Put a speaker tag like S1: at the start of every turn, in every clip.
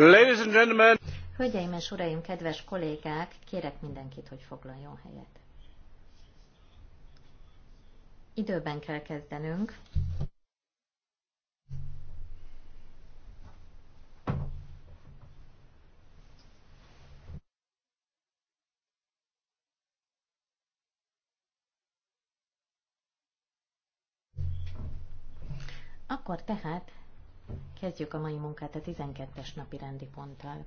S1: Hölgyeim
S2: és uraim, kedves kollégák, kérek mindenkit, hogy foglaljon helyet. Időben kell kezdenünk. Akkor tehát Kezdjük a mai munkát a 12-es napi rendi ponttal.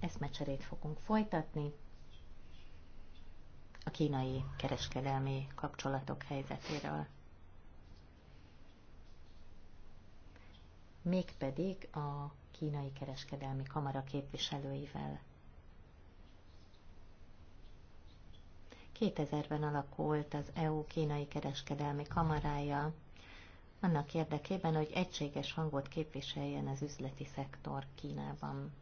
S2: Eszmecserét fogunk folytatni a kínai kereskedelmi kapcsolatok helyzetéről. Mégpedig a kínai kereskedelmi kamara képviselőivel 2000-ben alakult az EU-kínai kereskedelmi kamarája, annak érdekében, hogy egységes hangot képviseljen az üzleti szektor Kínában.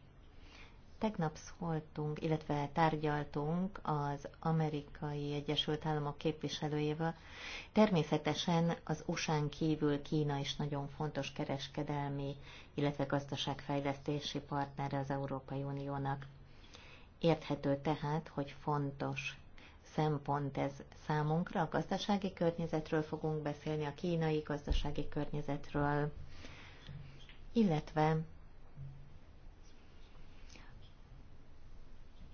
S2: Tegnap szóltunk, illetve tárgyaltunk az amerikai Egyesült Államok képviselőjével. Természetesen az usa kívül Kína is nagyon fontos kereskedelmi, illetve gazdaságfejlesztési partnere az Európai Uniónak. Érthető tehát, hogy fontos szempont ez számunkra. A gazdasági környezetről fogunk beszélni, a kínai gazdasági környezetről, illetve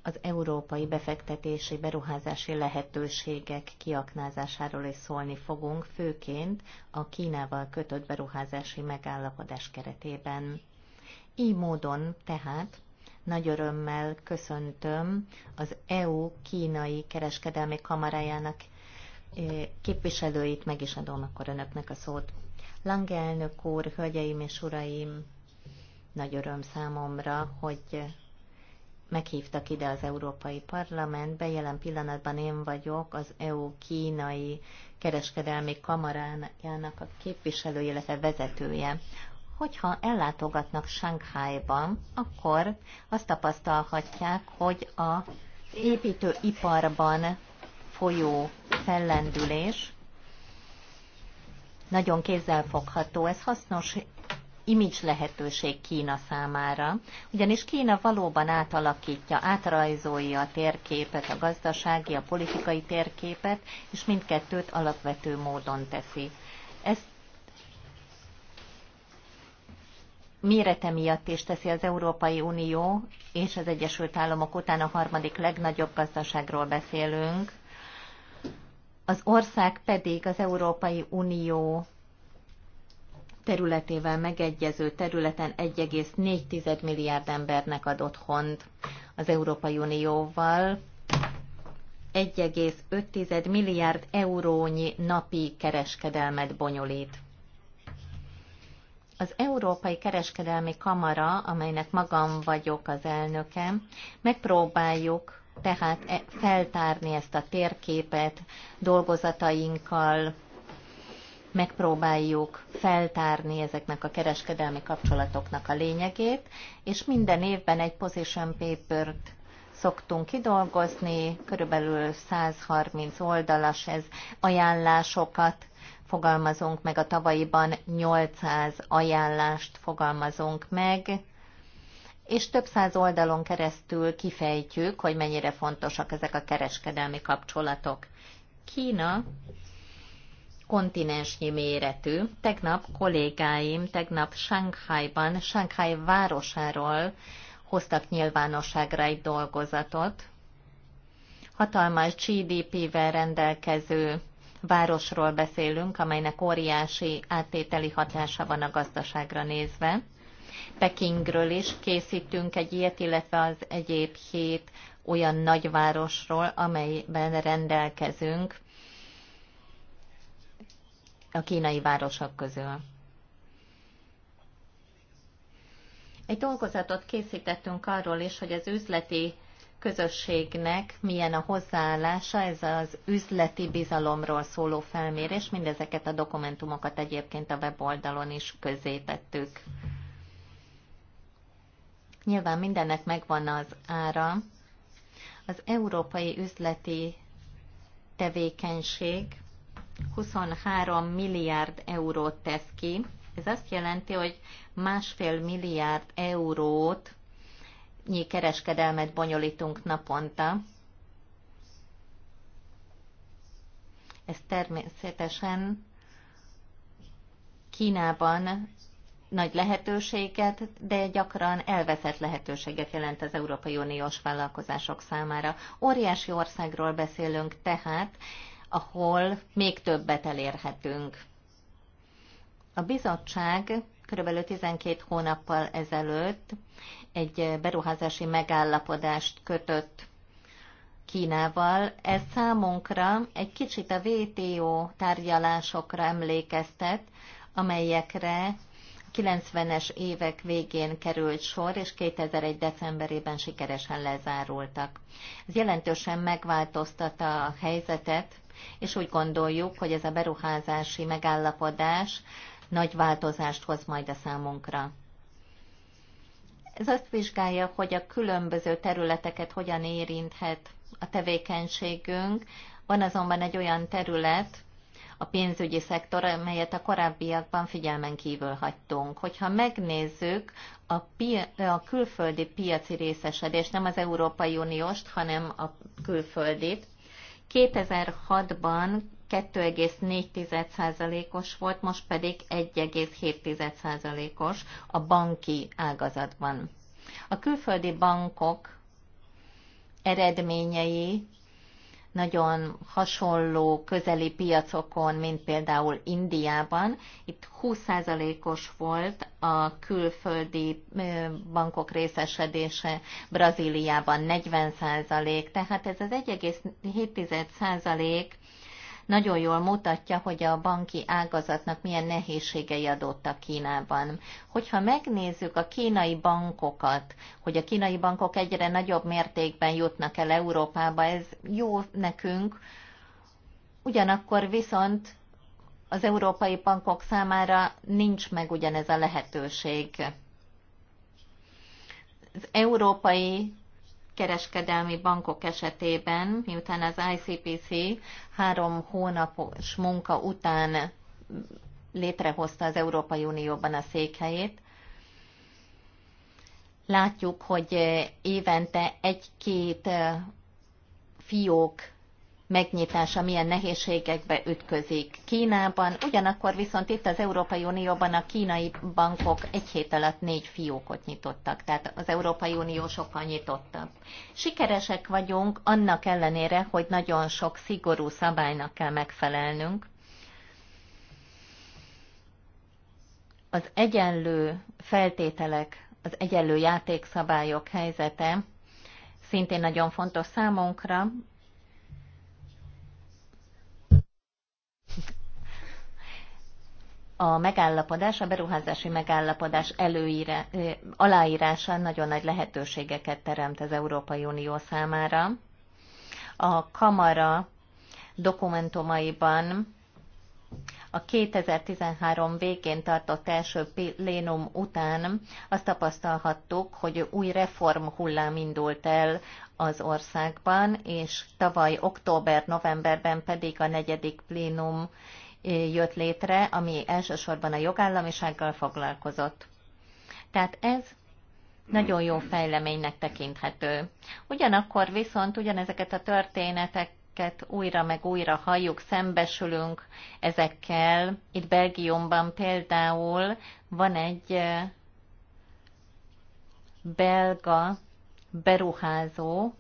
S2: az európai befektetési, beruházási lehetőségek kiaknázásáról is szólni fogunk, főként a Kínával kötött beruházási megállapodás keretében. Így módon tehát nagy örömmel köszöntöm az EU kínai kereskedelmi kamarájának eh, képviselőit, meg is adom akkor önöknek a szót. Lange elnök úr, hölgyeim és uraim, nagy öröm számomra, hogy meghívtak ide az Európai Parlamentbe. Jelen pillanatban én vagyok az EU-kínai kereskedelmi kamarájának a képviselője, illetve vezetője hogyha ellátogatnak Sánkhájban, akkor azt tapasztalhatják, hogy a építőiparban folyó fellendülés nagyon kézzelfogható. Ez hasznos image lehetőség Kína számára, ugyanis Kína valóban átalakítja, átrajzolja a térképet, a gazdasági, a politikai térképet, és mindkettőt alapvető módon teszi. Ezt mérete miatt is teszi az Európai Unió és az Egyesült Államok után a harmadik legnagyobb gazdaságról beszélünk. Az ország pedig az Európai Unió területével megegyező területen 1,4 milliárd embernek ad otthont az Európai Unióval. 1,5 milliárd eurónyi napi kereskedelmet bonyolít. Az Európai Kereskedelmi Kamara, amelynek magam vagyok az elnökem, megpróbáljuk tehát e- feltárni ezt a térképet dolgozatainkkal, megpróbáljuk feltárni ezeknek a kereskedelmi kapcsolatoknak a lényegét, és minden évben egy position paper-t szoktunk kidolgozni, körülbelül 130 oldalas ez ajánlásokat fogalmazunk meg, a tavalyiban 800 ajánlást fogalmazunk meg, és több száz oldalon keresztül kifejtjük, hogy mennyire fontosak ezek a kereskedelmi kapcsolatok. Kína kontinensnyi méretű. Tegnap kollégáim, tegnap Shanghai-ban, Shanghai városáról hoztak nyilvánosságra egy dolgozatot. Hatalmas GDP-vel rendelkező városról beszélünk, amelynek óriási áttételi hatása van a gazdaságra nézve. Pekingről is készítünk egy ilyet, illetve az egyéb hét olyan nagyvárosról, amelyben rendelkezünk a kínai városok közül. Egy dolgozatot készítettünk arról is, hogy az üzleti közösségnek milyen a hozzáállása, ez az üzleti bizalomról szóló felmérés, mindezeket a dokumentumokat egyébként a weboldalon is közzétettük. Nyilván mindennek megvan az ára. Az európai üzleti tevékenység 23 milliárd eurót tesz ki. Ez azt jelenti, hogy másfél milliárd eurót nyi kereskedelmet bonyolítunk naponta. Ez természetesen Kínában nagy lehetőséget, de gyakran elveszett lehetőséget jelent az Európai Uniós vállalkozások számára. Óriási országról beszélünk tehát, ahol még többet elérhetünk. A bizottság körülbelül 12 hónappal ezelőtt egy beruházási megállapodást kötött Kínával. Ez számunkra egy kicsit a WTO tárgyalásokra emlékeztet, amelyekre 90-es évek végén került sor, és 2001. decemberében sikeresen lezárultak. Ez jelentősen megváltoztatta a helyzetet, és úgy gondoljuk, hogy ez a beruházási megállapodás nagy változást hoz majd a számunkra. Ez azt vizsgálja, hogy a különböző területeket hogyan érinthet a tevékenységünk. Van azonban egy olyan terület, a pénzügyi szektor, amelyet a korábbiakban figyelmen kívül hagytunk. Hogyha megnézzük a, pi- a külföldi piaci részesedést, nem az Európai Unióst, hanem a külföldit, 2006-ban 2,4%-os volt, most pedig 1,7%-os a banki ágazatban. A külföldi bankok eredményei nagyon hasonló közeli piacokon, mint például Indiában. Itt 20%-os volt a külföldi bankok részesedése, Brazíliában 40%, tehát ez az 1,7% nagyon jól mutatja, hogy a banki ágazatnak milyen nehézségei adottak Kínában. Hogyha megnézzük a kínai bankokat, hogy a kínai bankok egyre nagyobb mértékben jutnak el Európába, ez jó nekünk, ugyanakkor viszont az európai bankok számára nincs meg ugyanez a lehetőség. Az európai kereskedelmi bankok esetében, miután az ICPC három hónapos munka után létrehozta az Európai Unióban a székhelyét, látjuk, hogy évente egy-két fiók megnyitása milyen nehézségekbe ütközik Kínában, ugyanakkor viszont itt az Európai Unióban a kínai bankok egy hét alatt négy fiókot nyitottak, tehát az Európai Unió sokkal nyitottabb. Sikeresek vagyunk annak ellenére, hogy nagyon sok szigorú szabálynak kell megfelelnünk. Az egyenlő feltételek, az egyenlő játékszabályok helyzete szintén nagyon fontos számunkra, a megállapodás, a beruházási megállapodás előíre, aláírása nagyon nagy lehetőségeket teremt az Európai Unió számára. A kamara dokumentumaiban a 2013 végén tartott első plénum után azt tapasztalhattuk, hogy új reform hullám indult el az országban, és tavaly október-novemberben pedig a negyedik plénum jött létre, ami elsősorban a jogállamisággal foglalkozott. Tehát ez nagyon jó fejleménynek tekinthető. Ugyanakkor viszont ugyanezeket a történeteket újra meg újra halljuk, szembesülünk ezekkel. Itt Belgiumban például van egy eh, belga beruházó,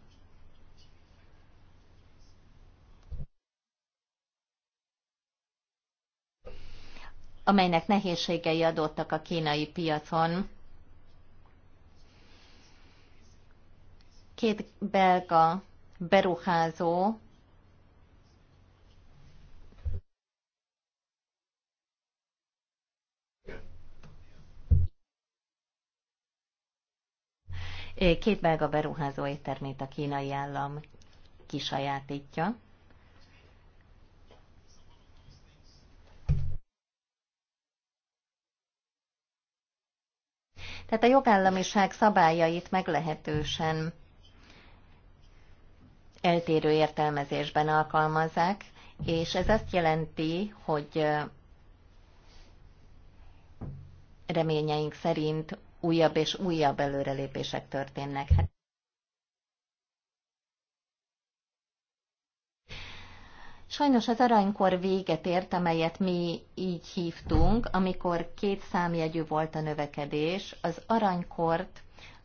S2: amelynek nehézségei adottak a kínai piacon. Két belga beruházó Két belga beruházó éttermét a kínai állam kisajátítja. Tehát a jogállamiság szabályait meglehetősen eltérő értelmezésben alkalmazzák, és ez azt jelenti, hogy reményeink szerint újabb és újabb előrelépések történnek. Sajnos az aranykor véget ért, amelyet mi így hívtunk, amikor két számjegyű volt a növekedés, az aranykort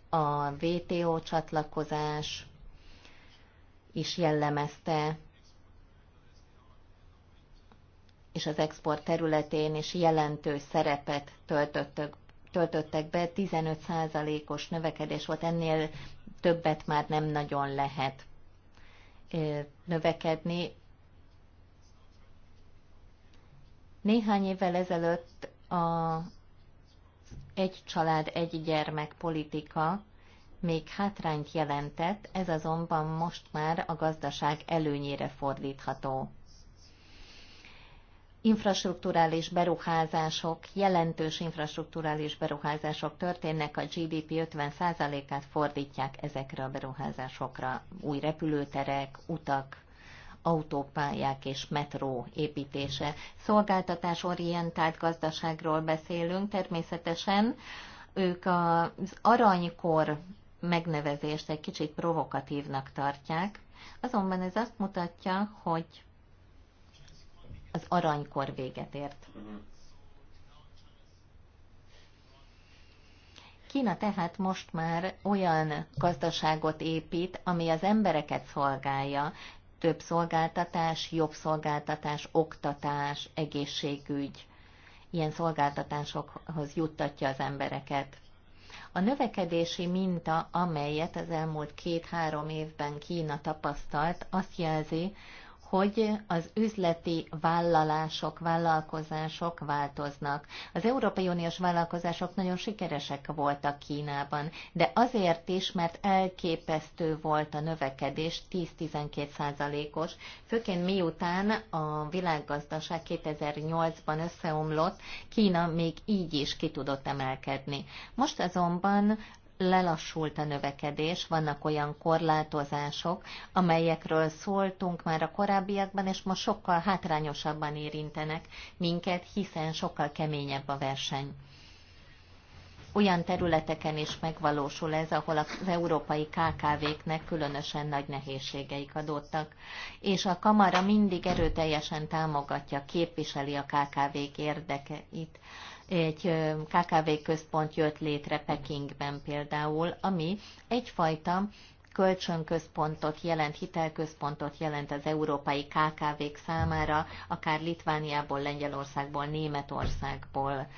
S2: a WTO csatlakozás is jellemezte, és az export területén is jelentős szerepet töltöttek, töltöttek be, 15%-os növekedés volt, ennél többet már nem nagyon lehet növekedni, Néhány évvel ezelőtt a egy család, egy gyermek politika még hátrányt jelentett, ez azonban most már a gazdaság előnyére fordítható. Infrastruktúrális beruházások, jelentős infrastruktúrális beruházások történnek, a GDP 50%-át fordítják ezekre a beruházásokra. Új repülőterek, utak, autópályák és metró építése. Szolgáltatásorientált gazdaságról beszélünk természetesen. Ők az aranykor megnevezést egy kicsit provokatívnak tartják, azonban ez azt mutatja, hogy az aranykor véget ért. Kína tehát most már olyan gazdaságot épít, ami az embereket szolgálja, több szolgáltatás, jobb szolgáltatás, oktatás, egészségügy, ilyen szolgáltatásokhoz juttatja az embereket. A növekedési minta, amelyet az elmúlt két-három évben Kína tapasztalt, azt jelzi, hogy az üzleti vállalások, vállalkozások változnak. Az Európai Uniós vállalkozások nagyon sikeresek voltak Kínában, de azért is, mert elképesztő volt a növekedés, 10-12 százalékos, főként miután a világgazdaság 2008-ban összeomlott, Kína még így is ki tudott emelkedni. Most azonban lelassult a növekedés, vannak olyan korlátozások, amelyekről szóltunk már a korábbiakban, és most sokkal hátrányosabban érintenek minket, hiszen sokkal keményebb a verseny. Olyan területeken is megvalósul ez, ahol az európai KKV-knek különösen nagy nehézségeik adottak, és a kamara mindig erőteljesen támogatja, képviseli a KKV-k érdekeit egy KKV központ jött létre Pekingben például, ami egyfajta kölcsönközpontot jelent, hitelközpontot jelent az európai KKV-k számára, akár Litvániából, Lengyelországból, Németországból.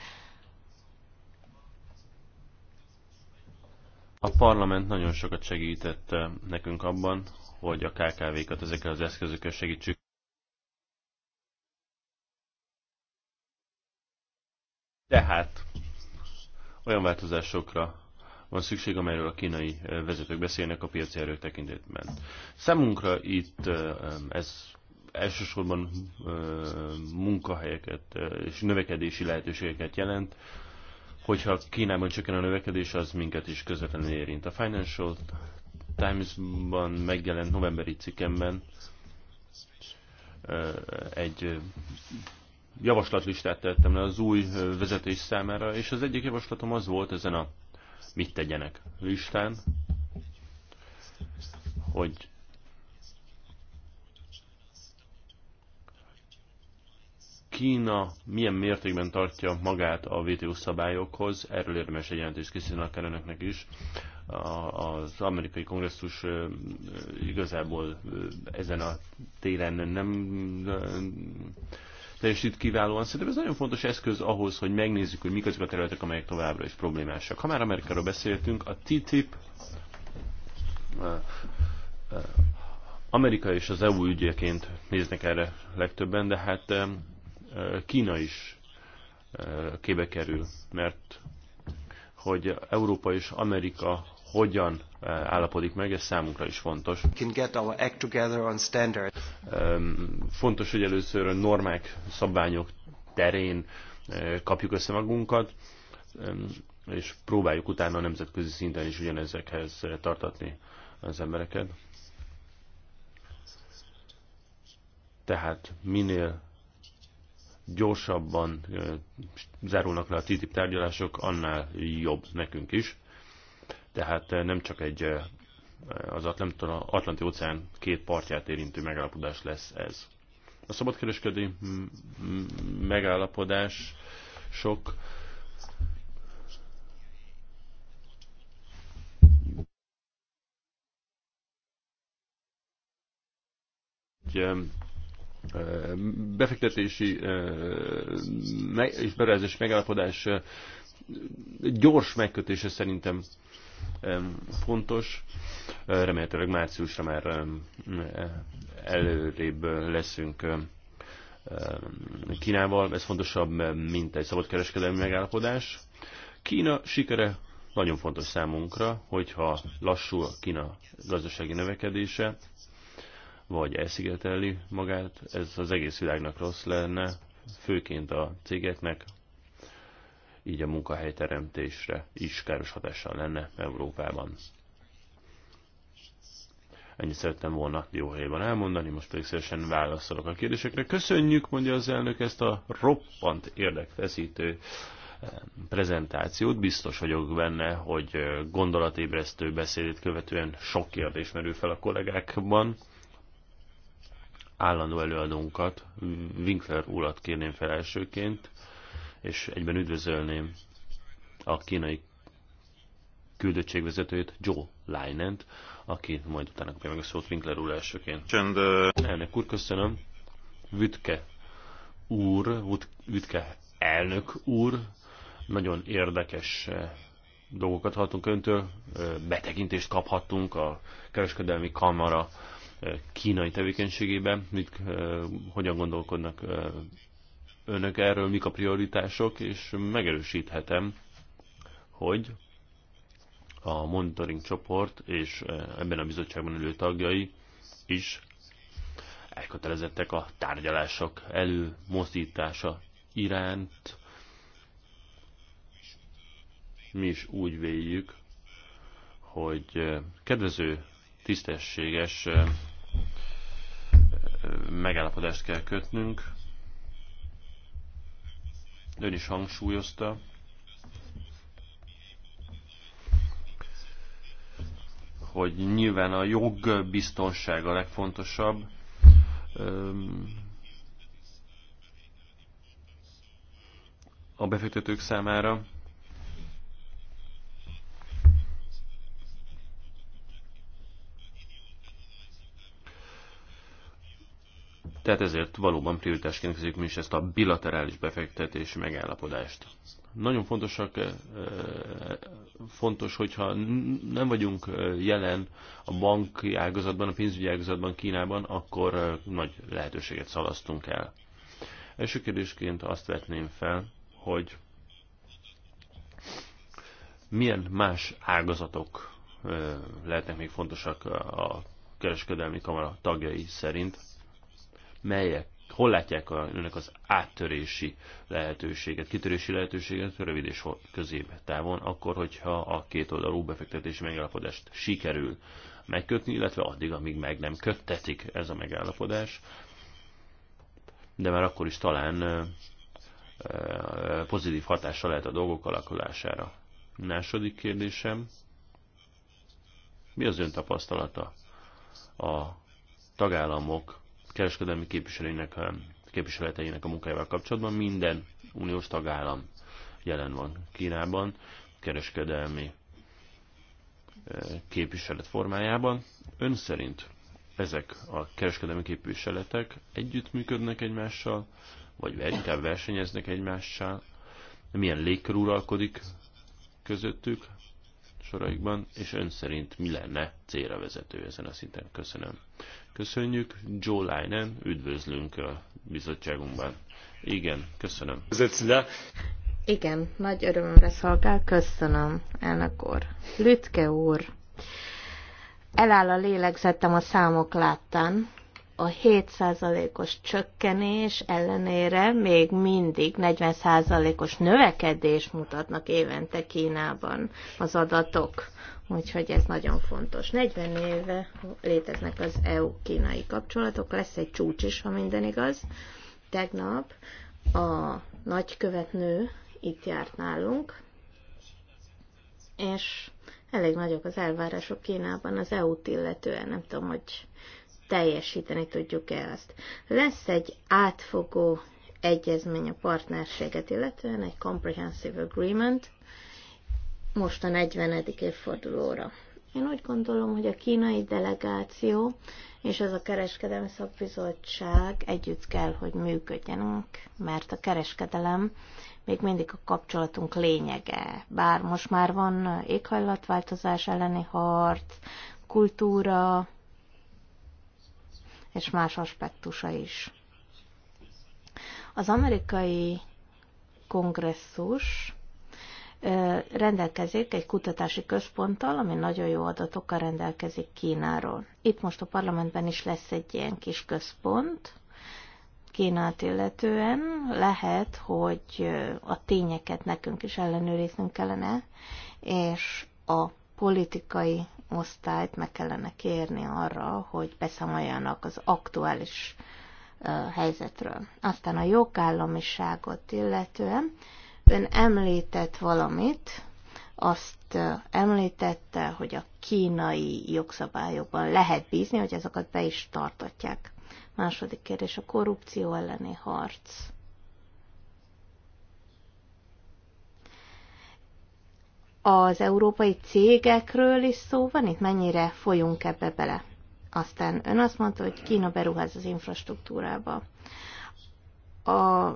S3: A parlament nagyon sokat segített nekünk abban, hogy a KKV-kat ezekkel az eszközökkel segítsük. Tehát olyan változásokra van szükség, amelyről a kínai vezetők beszélnek a piaci erők tekintetben. Számunkra itt ez elsősorban munkahelyeket és növekedési lehetőségeket jelent, hogyha Kínában csökken a növekedés, az minket is közvetlenül érint. A Financial Times-ban megjelent novemberi cikkemben egy javaslatlistát tettem le az új vezetés számára, és az egyik javaslatom az volt ezen a mit tegyenek listán, hogy Kína milyen mértékben tartja magát a WTO szabályokhoz, erről érdemes egy jelentést készíteni a önöknek is. Az amerikai kongresszus igazából ezen a téren nem teljesít kiválóan. Szerintem ez nagyon fontos eszköz ahhoz, hogy megnézzük, hogy mik azok a területek, amelyek továbbra is problémásak. Ha már Amerikáról beszéltünk, a TTIP, Amerika és az EU ügyeként néznek erre legtöbben, de hát Kína is kébe kerül, mert hogy Európa és Amerika hogyan eh, állapodik meg, ez számunkra is fontos. Fontos, hogy először a normák, szabványok terén eh, kapjuk össze magunkat, és próbáljuk utána a nemzetközi szinten is ugyanezekhez tartatni az embereket. Tehát minél gyorsabban eh, zárulnak le a TTIP tárgyalások, annál jobb nekünk is. Tehát eh, nem csak egy eh, az Atlanti óceán két partját érintő megállapodás lesz ez. A szabadkereskedő megállapodás sok eh, befektetési és berezés megállapodás gyors megkötése szerintem fontos. Remélhetőleg márciusra már előrébb leszünk Kínával, ez fontosabb, mint egy szabadkereskedelmi megállapodás. Kína sikere nagyon fontos számunkra, hogyha lassú a Kína gazdasági növekedése, vagy elszigeteli magát, ez az egész világnak rossz lenne, főként a cégeknek, így a munkahelyteremtésre is káros hatással lenne Európában. Ennyit szerettem volna jó helyben elmondani, most pedig szívesen válaszolok a kérdésekre. Köszönjük, mondja az elnök, ezt a roppant érdekfeszítő eh, prezentációt. Biztos vagyok benne, hogy eh, gondolatébresztő beszédét követően sok kérdés merül fel a kollégákban. Állandó előadónkat, Winkler úrat kérném fel elsőként, és egyben üdvözölném a kínai küldöttségvezetőjét, Joe Lynent, aki majd utána kapja meg a szót Winkler úr elsőként. Csend. Elnök úr, köszönöm. Vütke úr, Vütke elnök úr, nagyon érdekes dolgokat hallottunk öntől, betekintést kaphattunk a kereskedelmi kamara kínai tevékenységében, mit, hogyan gondolkodnak önök erről, mik a prioritások, és megerősíthetem, hogy a monitoring csoport és eh, ebben a bizottságban ülő tagjai is elkötelezettek a tárgyalások előmozdítása iránt. Mi is úgy véljük, hogy eh, kedvező, tisztességes eh, megállapodást kell kötnünk, Ön is hangsúlyozta. hogy nyilván a jog a legfontosabb. a befektetők számára. Tehát ezért valóban prioritásként kezdjük mi is ezt a bilaterális befektetési megállapodást. Nagyon fontosak, fontos, hogyha nem vagyunk jelen a banki ágazatban, a pénzügyi ágazatban Kínában, akkor nagy lehetőséget szalasztunk el. Első kérdésként azt vetném fel, hogy milyen más ágazatok lehetnek még fontosak a kereskedelmi kamara tagjai szerint melyek hol látják a, önök az áttörési lehetőséget, kitörési lehetőséget rövid és középtávon, akkor, hogyha a két oldalú befektetési megállapodást sikerül megkötni, illetve addig, amíg meg nem köttetik ez a megállapodás, de már akkor is talán pozitív hatása lehet a dolgok alakulására. Második kérdésem, mi az ön tapasztalata a tagállamok kereskedelmi képviselőinek, képviseleteinek a munkájával kapcsolatban minden uniós tagállam jelen van Kínában, kereskedelmi képviselet formájában. Ön szerint ezek a kereskedelmi képviseletek együttműködnek egymással, vagy inkább versenyeznek egymással? Milyen légkör uralkodik közöttük? soraikban, és ön szerint mi lenne célra vezető ezen a szinten? Köszönöm. Köszönjük, Joe Linen, üdvözlünk a bizottságunkban. Igen, köszönöm.
S4: Igen, nagy örömömre szolgál, köszönöm, elnök úr. Lütke úr, eláll a lélegzetem a számok láttán, a 7%-os csökkenés ellenére még mindig 40%-os növekedés mutatnak évente Kínában az adatok. Úgyhogy ez nagyon fontos. 40 éve léteznek az EU-kínai kapcsolatok, lesz egy csúcs is, ha minden igaz. Tegnap a nagykövetnő itt járt nálunk, és elég nagyok az elvárások Kínában az EU-t illetően. Nem tudom, hogy teljesíteni tudjuk-e azt. Lesz egy átfogó egyezmény a partnerséget, illetően egy Comprehensive Agreement most a 40. évfordulóra. Én úgy gondolom, hogy a kínai delegáció és az a kereskedelmi szakbizottság együtt kell, hogy működjenek, mert a kereskedelem még mindig a kapcsolatunk lényege. Bár most már van éghajlatváltozás elleni harc, kultúra, és más aspektusa is. Az amerikai kongresszus rendelkezik egy kutatási központtal, ami nagyon jó adatokkal rendelkezik Kínáról. Itt most a parlamentben is lesz egy ilyen kis központ, Kínát illetően lehet, hogy a tényeket nekünk is ellenőriznünk kellene, és a politikai osztályt meg kellene kérni arra, hogy beszámoljanak az aktuális helyzetről. Aztán a jogállamiságot illetően ön említett valamit, azt említette, hogy a kínai jogszabályokban lehet bízni, hogy ezeket be is tartatják. Második kérdés, a korrupció elleni harc. az európai cégekről is szó van itt, mennyire folyunk ebbe bele. Aztán ön azt mondta, hogy Kína beruház az infrastruktúrába. A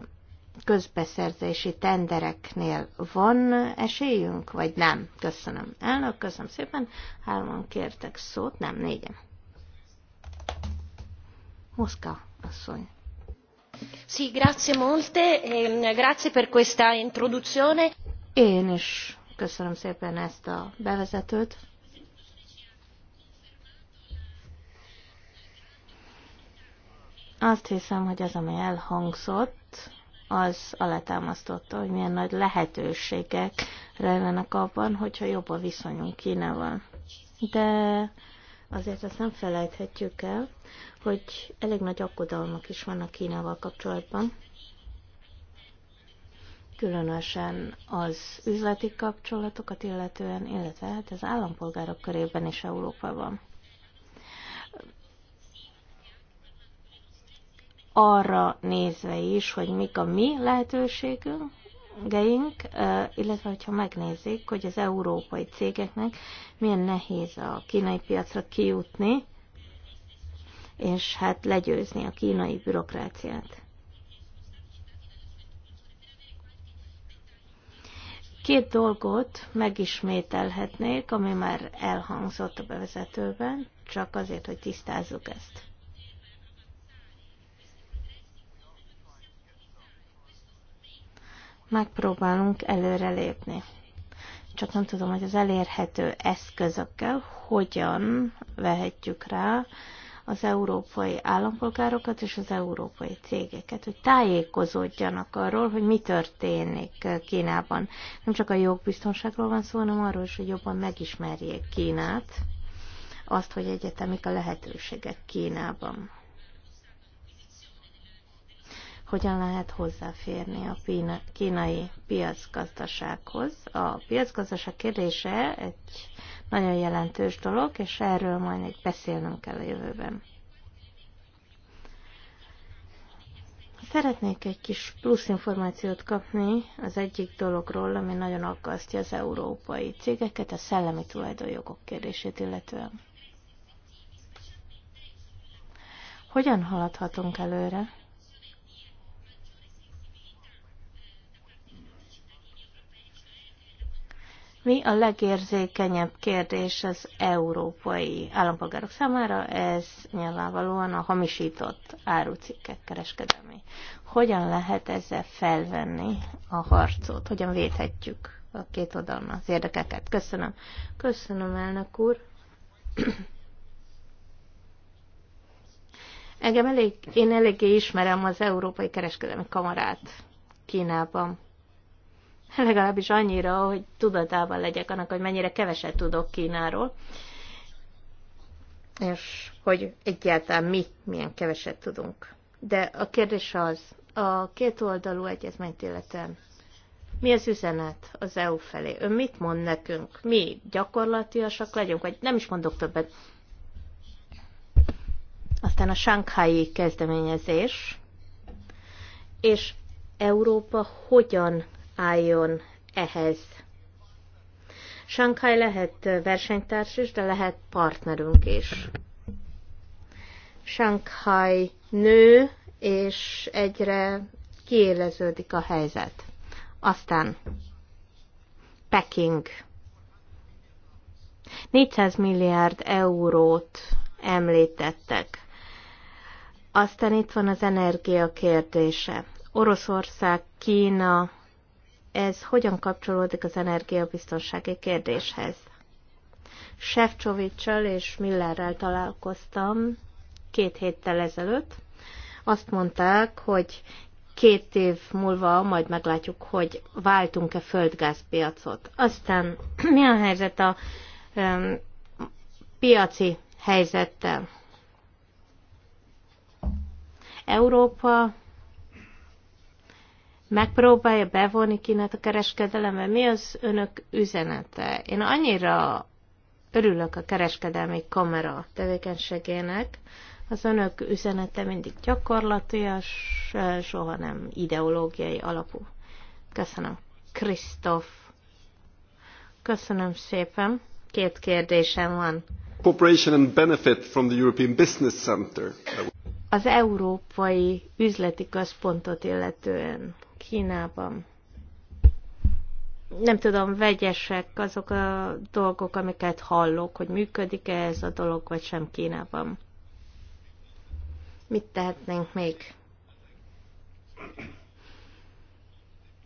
S4: közbeszerzési tendereknél van esélyünk, vagy nem? Köszönöm. Elnök, köszönöm szépen. Hárman kértek szót, nem négyen. Moszka asszony. Sì, grazie molte, e, grazie per questa introduzione. Én is Köszönöm szépen ezt a bevezetőt. Azt hiszem, hogy az, ami elhangzott, az alátámasztotta, hogy milyen nagy lehetőségek rejlenek abban, hogyha jobb a viszonyunk Kínával. De azért azt nem felejthetjük el, hogy elég nagy aggodalmak is vannak Kínával kapcsolatban különösen az üzleti kapcsolatokat illetően, illetve hát az állampolgárok körében is Európában. Arra nézve is, hogy mik a mi lehetőségünk, geink, illetve hogyha megnézik, hogy az európai cégeknek milyen nehéz a kínai piacra kijutni, és hát legyőzni a kínai bürokráciát. Két dolgot megismételhetnék, ami már elhangzott a bevezetőben, csak azért, hogy tisztázzuk ezt. Megpróbálunk előrelépni. Csak nem tudom, hogy az elérhető eszközökkel hogyan vehetjük rá az európai állampolgárokat és az európai cégeket, hogy tájékozódjanak arról, hogy mi történik Kínában. Nem csak a jogbiztonságról van szó, hanem arról is, hogy jobban megismerjék Kínát, azt, hogy egyetemik a lehetőségek Kínában. Hogyan lehet hozzáférni a kínai piacgazdasághoz? A piacgazdaság kérdése egy nagyon jelentős dolog, és erről majd még beszélnünk kell a jövőben. Szeretnék egy kis plusz információt kapni az egyik dologról, ami nagyon aggasztja az európai cégeket, a szellemi tulajdonjogok kérdését illetően. Hogyan haladhatunk előre? Mi a legérzékenyebb kérdés az európai állampolgárok számára? Ez nyilvánvalóan a hamisított árucikkek kereskedelmi. Hogyan lehet ezzel felvenni a harcot? Hogyan védhetjük a két oldalon az érdekeket? Köszönöm. Köszönöm, elnök úr. Engem elég, én eléggé ismerem az Európai Kereskedelmi Kamarát Kínában legalábbis annyira, hogy tudatában legyek annak, hogy mennyire keveset tudok Kínáról, és hogy egyáltalán mi milyen keveset tudunk. De a kérdés az, a két oldalú egyezményt illetően, mi az üzenet az EU felé? Ön mit mond nekünk? Mi gyakorlatiasak legyünk, vagy nem is mondok többet. Aztán a sánkhái kezdeményezés, és Európa hogyan álljon ehhez. Sankai lehet versenytárs is, de lehet partnerünk is. Sankai nő, és egyre kiéleződik a helyzet. Aztán Peking. 400 milliárd eurót említettek. Aztán itt van az energia kérdése. Oroszország, Kína, ez hogyan kapcsolódik az energiabiztonsági kérdéshez. Sefcsovicsal és Millerrel találkoztam két héttel ezelőtt. Azt mondták, hogy két év múlva majd meglátjuk, hogy váltunk-e földgázpiacot. Aztán mi a helyzet a um, piaci helyzettel? Európa megpróbálja bevonni Kínát a kereskedelembe. Mi az önök üzenete? Én annyira örülök a kereskedelmi kamera tevékenységének. Az önök üzenete mindig gyakorlatilag, soha nem ideológiai alapú. Köszönöm. Krisztof. Köszönöm szépen. Két kérdésem van.
S1: Cooperation and benefit from the European Business Center
S4: az európai üzleti központot illetően Kínában. Nem tudom, vegyesek azok a dolgok, amiket hallok, hogy működik-e ez a dolog, vagy sem Kínában. Mit tehetnénk még?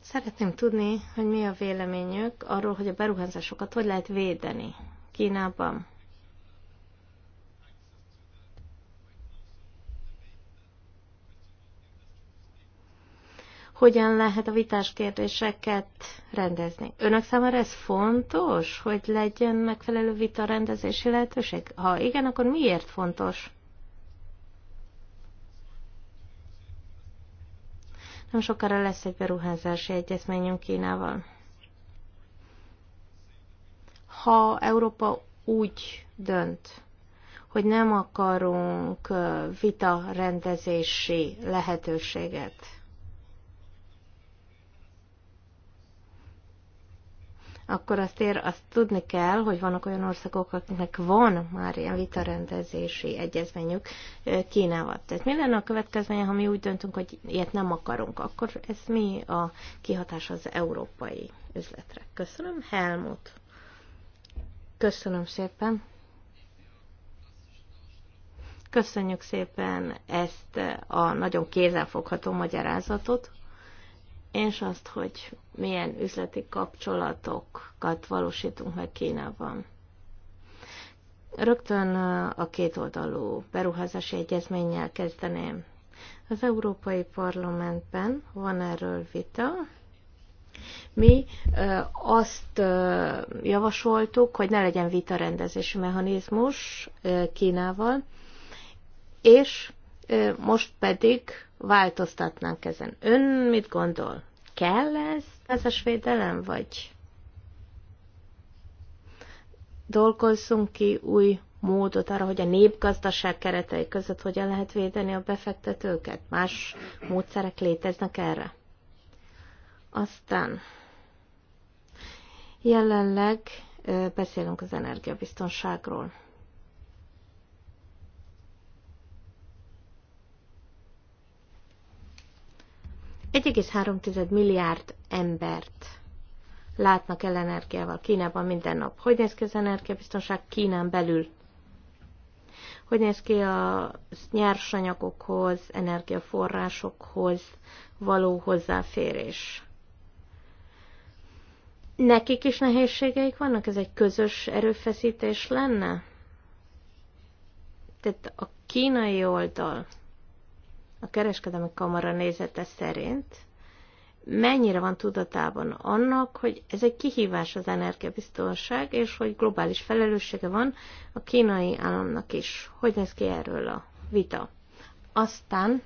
S4: Szeretném tudni, hogy mi a véleményük arról, hogy a beruházásokat hogy lehet védeni Kínában. hogyan lehet a vitás kérdéseket rendezni. Önök számára ez fontos, hogy legyen megfelelő vita rendezési lehetőség? Ha igen, akkor miért fontos? Nem sokára lesz egy beruházási egyezményünk Kínával. Ha Európa úgy dönt, hogy nem akarunk vita rendezési lehetőséget, akkor azért azt tudni kell, hogy vannak olyan országok, akiknek van már ilyen vitarendezési egyezményük Kínával. Tehát mi lenne a következménye, ha mi úgy döntünk, hogy ilyet nem akarunk? Akkor ez mi a kihatás az európai üzletre? Köszönöm, Helmut. Köszönöm szépen. Köszönjük szépen ezt a nagyon kézzelfogható magyarázatot és azt, hogy milyen üzleti kapcsolatokat valósítunk meg Kínában. Rögtön a kétoldalú beruházási egyezménnyel kezdeném. Az Európai Parlamentben van erről vita. Mi azt javasoltuk, hogy ne legyen vitarendezési mechanizmus Kínával, és most pedig változtatnánk ezen. Ön mit gondol? Kell ez, ez a svédelem, vagy dolgozzunk ki új módot arra, hogy a népgazdaság keretei között hogyan lehet védeni a befektetőket? Más módszerek léteznek erre? Aztán jelenleg beszélünk az energiabiztonságról. 1,3 milliárd embert látnak el energiával Kínában minden nap. Hogy néz ki az energiabiztonság Kínán belül? Hogy néz ki a nyersanyagokhoz, energiaforrásokhoz való hozzáférés? Nekik is nehézségeik vannak? Ez egy közös erőfeszítés lenne? Tehát a kínai oldal a kereskedelmi kamara nézete szerint mennyire van tudatában annak, hogy ez egy kihívás az energiabiztonság, és hogy globális felelőssége van a kínai államnak is. Hogy néz ki erről a vita? Aztán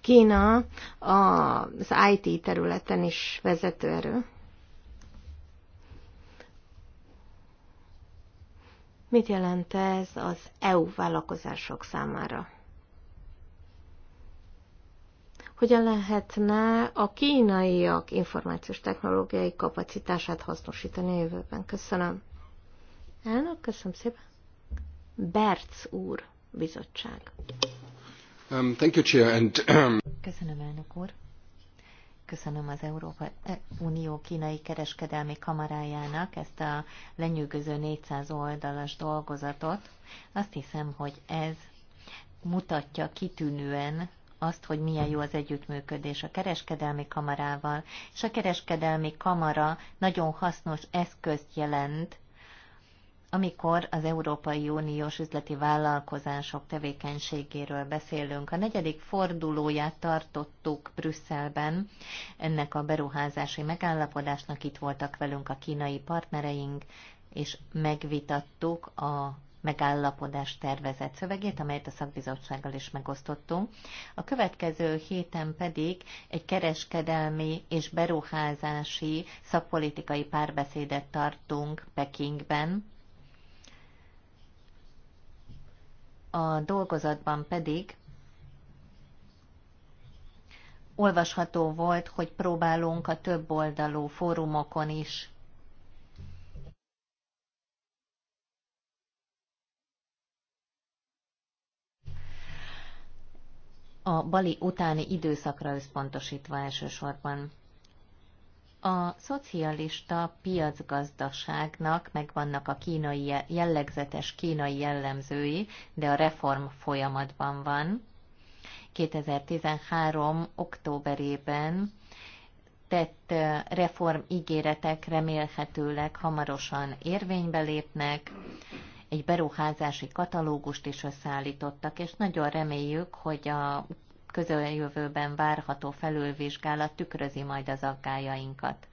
S4: Kína az IT területen is vezető erő. Mit jelent ez az EU vállalkozások számára? hogyan lehetne a kínaiak információs technológiai kapacitását hasznosítani a jövőben. Köszönöm. Elnök, köszönöm szépen. Berc úr, bizottság.
S1: Um, thank you, Chair, and, um...
S4: Köszönöm, elnök úr.
S2: Köszönöm az Európa eh, Unió kínai kereskedelmi kamarájának ezt a lenyűgöző 400 oldalas dolgozatot. Azt hiszem, hogy ez mutatja kitűnően azt, hogy milyen jó az együttműködés a kereskedelmi kamarával, és a kereskedelmi kamara nagyon hasznos eszközt jelent, amikor az Európai Uniós üzleti vállalkozások tevékenységéről beszélünk. A negyedik fordulóját tartottuk Brüsszelben ennek a beruházási megállapodásnak, itt voltak velünk a kínai partnereink, és megvitattuk a megállapodás tervezett szövegét, amelyet a szakbizottsággal is megosztottunk. A következő héten pedig egy kereskedelmi és beruházási szakpolitikai párbeszédet tartunk Pekingben. A dolgozatban pedig olvasható volt, hogy próbálunk a több oldalú fórumokon is a bali utáni időszakra összpontosítva elsősorban. A szocialista piacgazdaságnak megvannak a kínai jellegzetes kínai jellemzői, de a reform folyamatban van. 2013. októberében tett reform ígéretek remélhetőleg hamarosan érvénybe lépnek egy beruházási katalógust is összeállítottak, és nagyon reméljük, hogy a közeljövőben várható felülvizsgálat tükrözi majd az aggájainkat.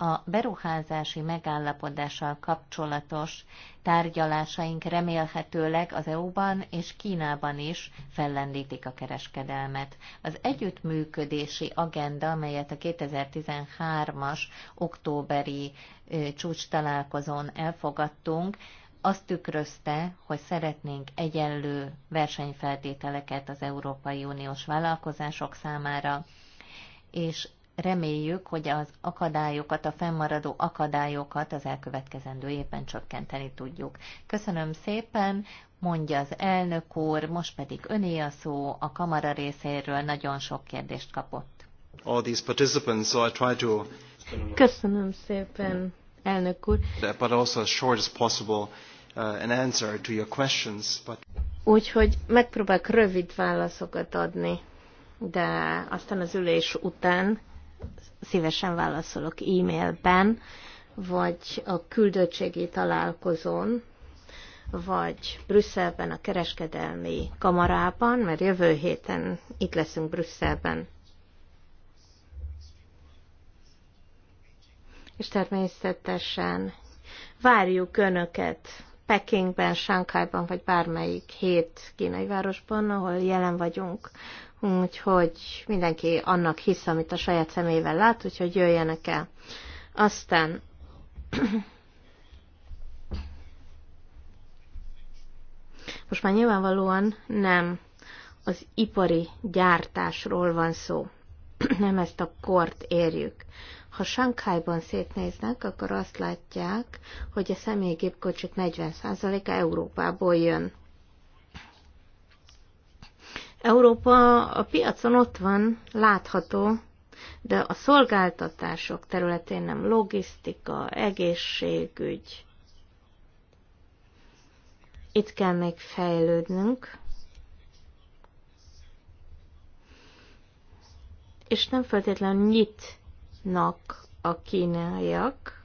S2: A beruházási megállapodással kapcsolatos tárgyalásaink remélhetőleg az EU-ban és Kínában is fellendítik a kereskedelmet. Az együttműködési agenda, amelyet a 2013-as októberi csúcs találkozón elfogadtunk, azt tükrözte, hogy szeretnénk egyenlő versenyfeltételeket az Európai Uniós vállalkozások számára, és reméljük, hogy az akadályokat, a fennmaradó akadályokat az elkövetkezendő évben csökkenteni tudjuk. Köszönöm szépen, mondja az elnök úr, most pedig öné a szó, a kamara részéről nagyon sok kérdést kapott.
S1: All these participants, so I try to...
S4: Köszönöm szépen elnök úr.
S1: But also as short as possible uh, an answer to your questions. But...
S4: Úgyhogy megpróbálok rövid válaszokat adni, de aztán az ülés után szívesen válaszolok e-mailben, vagy a küldöttségi találkozón, vagy Brüsszelben, a kereskedelmi kamarában, mert jövő héten itt leszünk Brüsszelben. és természetesen várjuk Önöket Pekingben, Sánkájban, vagy bármelyik hét kínai városban, ahol jelen vagyunk. Úgyhogy mindenki annak hisz, amit a saját szemével lát, úgyhogy jöjjenek el. Aztán most már nyilvánvalóan nem az ipari gyártásról van szó, nem ezt a kort érjük, ha Sánkhájban szétnéznek, akkor azt látják, hogy a személygépkocsik 40%-a Európából jön. Európa a piacon ott van, látható, de a szolgáltatások területén nem logisztika, egészségügy. Itt kell még fejlődnünk. És nem feltétlenül nyit Nak, a kínaiak.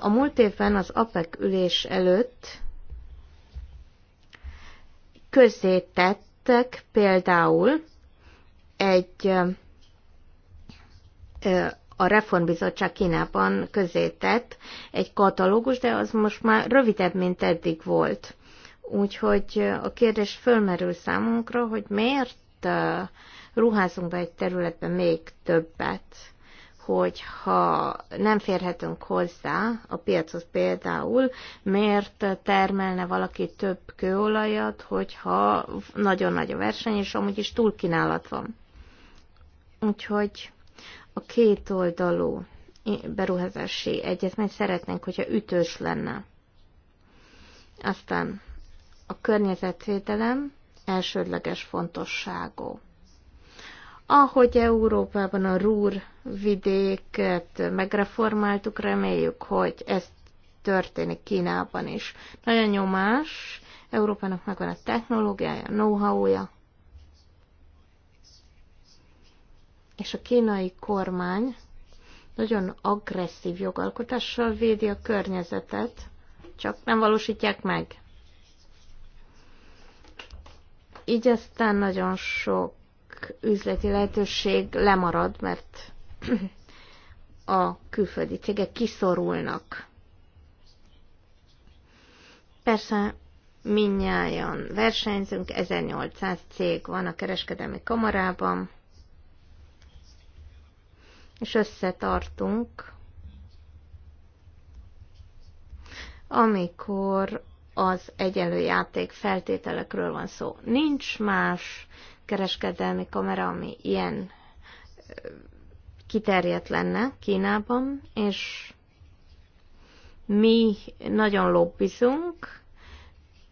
S4: A múlt évben az APEC ülés előtt tettek például egy a Reformbizottság Kínában tett egy katalógus, de az most már rövidebb, mint eddig volt. Úgyhogy a kérdés fölmerül számunkra, hogy miért ruházunk be egy területbe még többet, hogyha nem férhetünk hozzá a piachoz például, miért termelne valaki több kőolajat, hogyha nagyon nagy a verseny, és amúgy is túl kínálat van. Úgyhogy a két oldalú beruházási egyezmény szeretnénk, hogyha ütős lenne. Aztán a környezetvédelem, elsődleges fontosságú. Ahogy Európában a Rúr vidéket megreformáltuk, reméljük, hogy ez történik Kínában is. Nagyon nyomás, Európának megvan a technológiája, know-how-ja, és a kínai kormány nagyon agresszív jogalkotással védi a környezetet, csak nem valósítják meg. Így aztán nagyon sok üzleti lehetőség lemarad, mert a külföldi cégek kiszorulnak. Persze minnyáján versenyzünk, 1800 cég van a kereskedelmi kamarában, és összetartunk, amikor az egyenlő játék feltételekről van szó. Nincs más kereskedelmi kamera, ami ilyen kiterjedt lenne Kínában, és mi nagyon lobbizunk,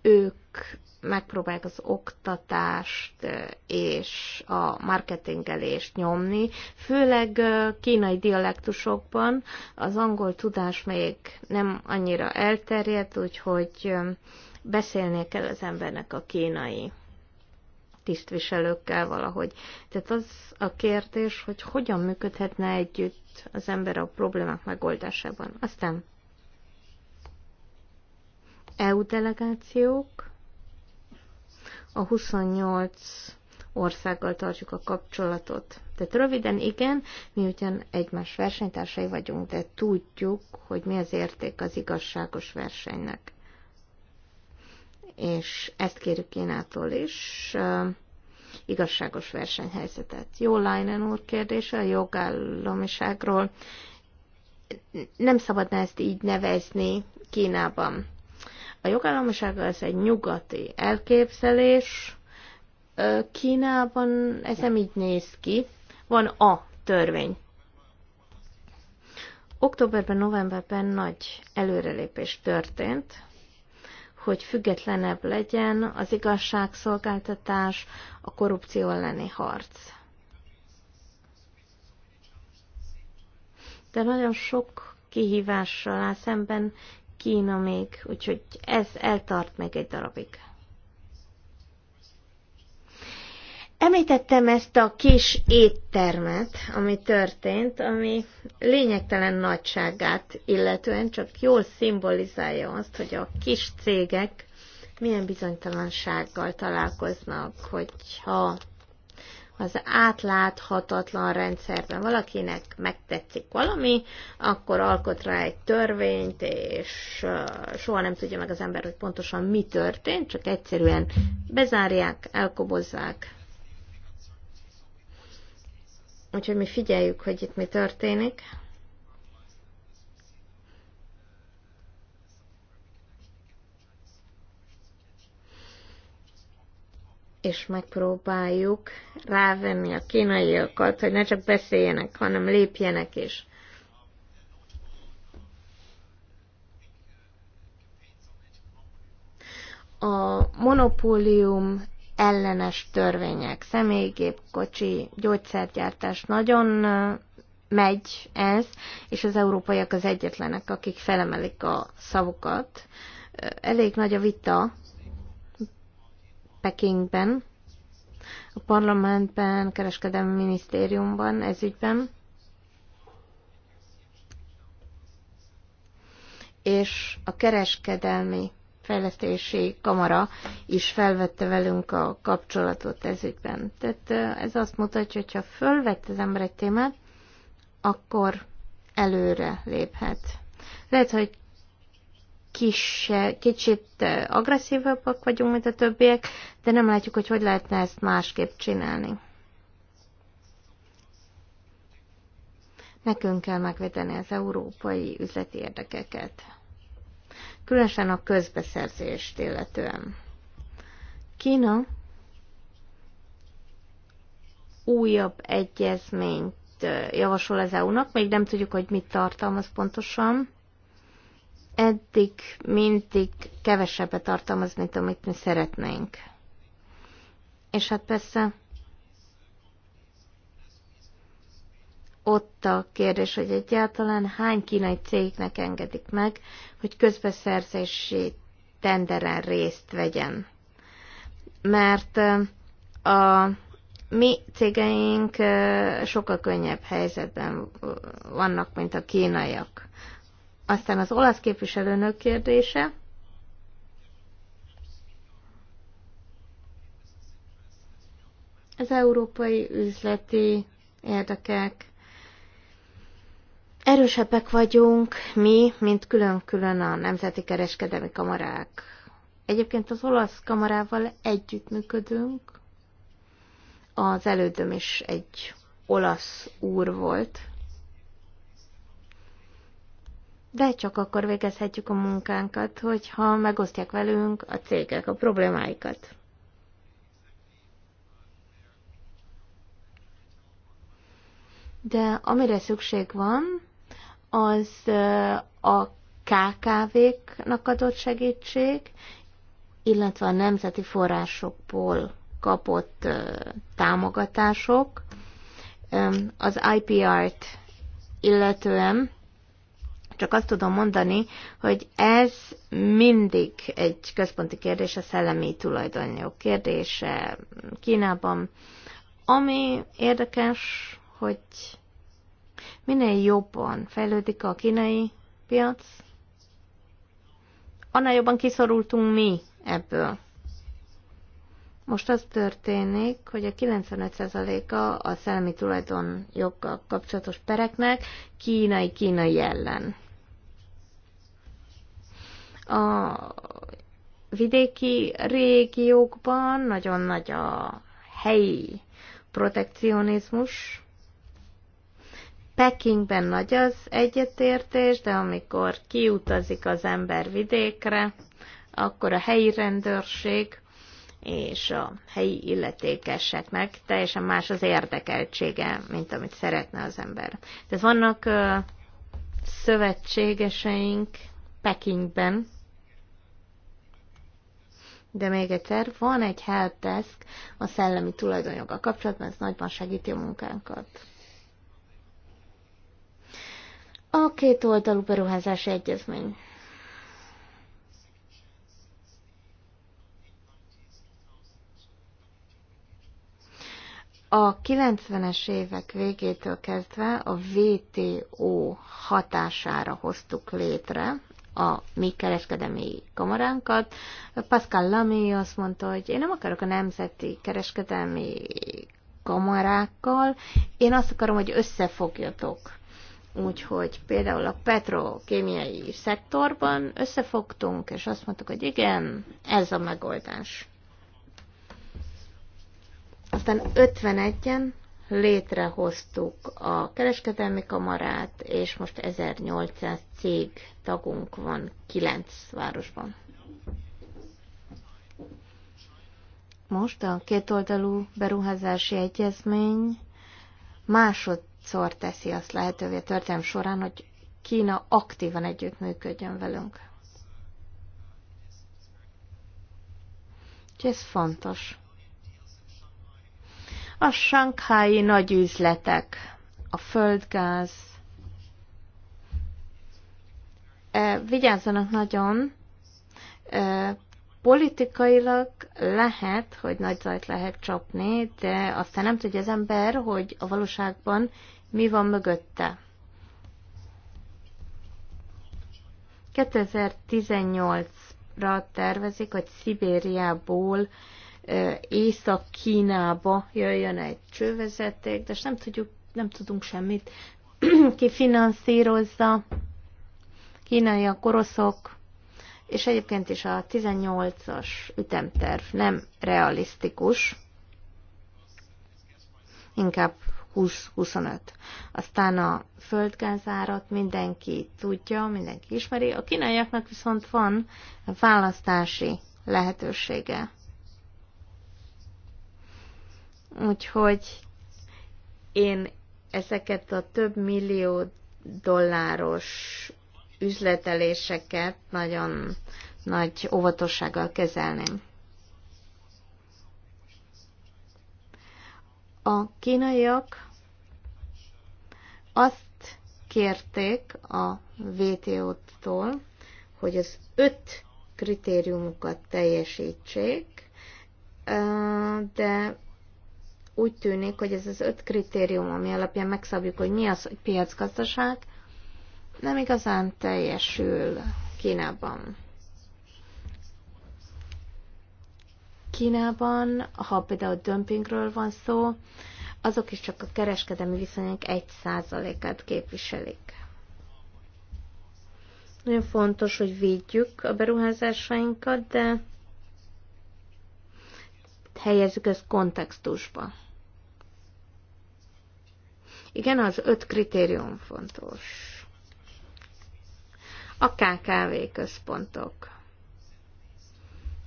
S4: ők megpróbálják az oktatást és a marketingelést nyomni, főleg kínai dialektusokban az angol tudás még nem annyira elterjedt, úgyhogy beszélnie kell az embernek a kínai tisztviselőkkel valahogy. Tehát az a kérdés, hogy hogyan működhetne együtt az ember a problémák megoldásában. Aztán EU delegációk, a 28 országgal tartjuk a kapcsolatot. Tehát röviden igen, mi ugyan egymás versenytársai vagyunk, de tudjuk, hogy mi az érték az igazságos versenynek. És ezt kérjük Kínától is, igazságos versenyhelyzetet. Jó Leinen úr kérdése a jogállamiságról. Nem szabadna ezt így nevezni Kínában. A jogállamiság az egy nyugati elképzelés. Kínában ez nem így néz ki. Van a törvény. Októberben, novemberben nagy előrelépés történt, hogy függetlenebb legyen az igazságszolgáltatás, a korrupció elleni harc. De nagyon sok kihívással áll szemben Kína még, úgyhogy ez eltart még egy darabig. Említettem ezt a kis éttermet, ami történt, ami lényegtelen nagyságát illetően csak jól szimbolizálja azt, hogy a kis cégek milyen bizonytalansággal találkoznak, hogyha az átláthatatlan rendszerben valakinek megtetszik valami, akkor alkot rá egy törvényt, és soha nem tudja meg az ember, hogy pontosan mi történt, csak egyszerűen bezárják, elkobozzák. Úgyhogy mi figyeljük, hogy itt mi történik. és megpróbáljuk rávenni a kínaiakat, hogy ne csak beszéljenek, hanem lépjenek is. A monopólium ellenes törvények, személygép, kocsi, gyógyszergyártás nagyon megy ez, és az európaiak az egyetlenek, akik felemelik a szavukat. Elég nagy a vita Pekingben, a parlamentben, a kereskedelmi minisztériumban ez ügyben. És a kereskedelmi fejlesztési kamara is felvette velünk a kapcsolatot ez ügyben. Tehát ez azt mutatja, hogy ha fölvett az ember egy témát, akkor előre léphet. Lehet, hogy kis, kicsit agresszívabbak vagyunk, mint a többiek, de nem látjuk, hogy hogy lehetne ezt másképp csinálni. Nekünk kell megvédeni az európai üzleti érdekeket. Különösen a közbeszerzést illetően. Kína újabb egyezményt javasol az EU-nak, még nem tudjuk, hogy mit tartalmaz pontosan, eddig mindig kevesebbet tartalmaz, mint amit mi szeretnénk. És hát persze ott a kérdés, hogy egyáltalán hány kínai cégnek engedik meg, hogy közbeszerzési tenderen részt vegyen. Mert a mi cégeink sokkal könnyebb helyzetben vannak, mint a kínaiak. Aztán az olasz képviselőnök kérdése. Az európai üzleti érdekek. Erősebbek vagyunk mi, mint külön-külön a nemzeti kereskedelmi kamarák. Egyébként az olasz kamarával együttműködünk. Az elődöm is egy olasz úr volt, de csak akkor végezhetjük a munkánkat, hogyha megosztják velünk a cégek a problémáikat. De amire szükség van, az a KKV-knak adott segítség, illetve a nemzeti forrásokból kapott támogatások, az IPR-t illetően csak azt tudom mondani, hogy ez mindig egy központi kérdés, a szellemi tulajdonjog kérdése Kínában. Ami érdekes, hogy minél jobban fejlődik a kínai piac, annál jobban kiszorultunk mi ebből. Most az történik, hogy a 95%-a a szellemi tulajdonjoggal kapcsolatos pereknek kínai-kínai ellen. A vidéki régiókban nagyon nagy a helyi protekcionizmus. Pekingben nagy az egyetértés, de amikor kiutazik az ember vidékre, akkor a helyi rendőrség és a helyi illetékeseknek teljesen más az érdekeltsége, mint amit szeretne az ember. Tehát vannak szövetségeseink, Pekingben, de még egyszer, van egy helpdesk a szellemi tulajdonjoga kapcsolatban, ez nagyban segíti a munkánkat. A két oldalú beruházási egyezmény. A 90-es évek végétől kezdve a VTO hatására hoztuk létre a mi kereskedelmi kamaránkat. Pascal Lamy azt mondta, hogy én nem akarok a nemzeti kereskedelmi kamarákkal, én azt akarom, hogy összefogjatok. Úgyhogy például a petrokémiai szektorban összefogtunk, és azt mondtuk, hogy igen, ez a megoldás. Aztán 51-en létrehoztuk a kereskedelmi kamarát, és most 1800 cég tagunk van 9 városban. Most a kétoldalú beruházási egyezmény másodszor teszi azt lehetővé a történelm során, hogy Kína aktívan együttműködjön velünk. Úgyhogy ez fontos. A sankhái nagyüzletek, a földgáz, e, vigyázzanak nagyon, e, politikailag lehet, hogy nagy zajt lehet csapni, de aztán nem tudja az ember, hogy a valóságban mi van mögötte. 2018-ra tervezik, hogy Szibériából Észak-Kínába jöjjön egy csővezeték, de nem, tudjuk, nem tudunk semmit. Ki finanszírozza? Kínaiak, oroszok, és egyébként is a 18-as ütemterv nem realisztikus, inkább 20-25. Aztán a földgázárat mindenki tudja, mindenki ismeri, a kínaiaknak viszont van választási lehetősége. Úgyhogy én ezeket a több millió dolláros üzleteléseket nagyon nagy óvatossággal kezelném. A kínaiak azt kérték a WTO-tól, hogy az öt kritériumukat teljesítsék, de úgy tűnik, hogy ez az öt kritérium, ami alapján megszabjuk, hogy mi az, hogy piacgazdaság, nem igazán teljesül Kínában. Kínában, ha például dömpingről van szó, azok is csak a kereskedelmi viszonyok 1%-át képviselik. Nagyon fontos, hogy védjük a beruházásainkat, de helyezzük ezt kontextusba. Igen, az öt kritérium fontos. A KKV központok.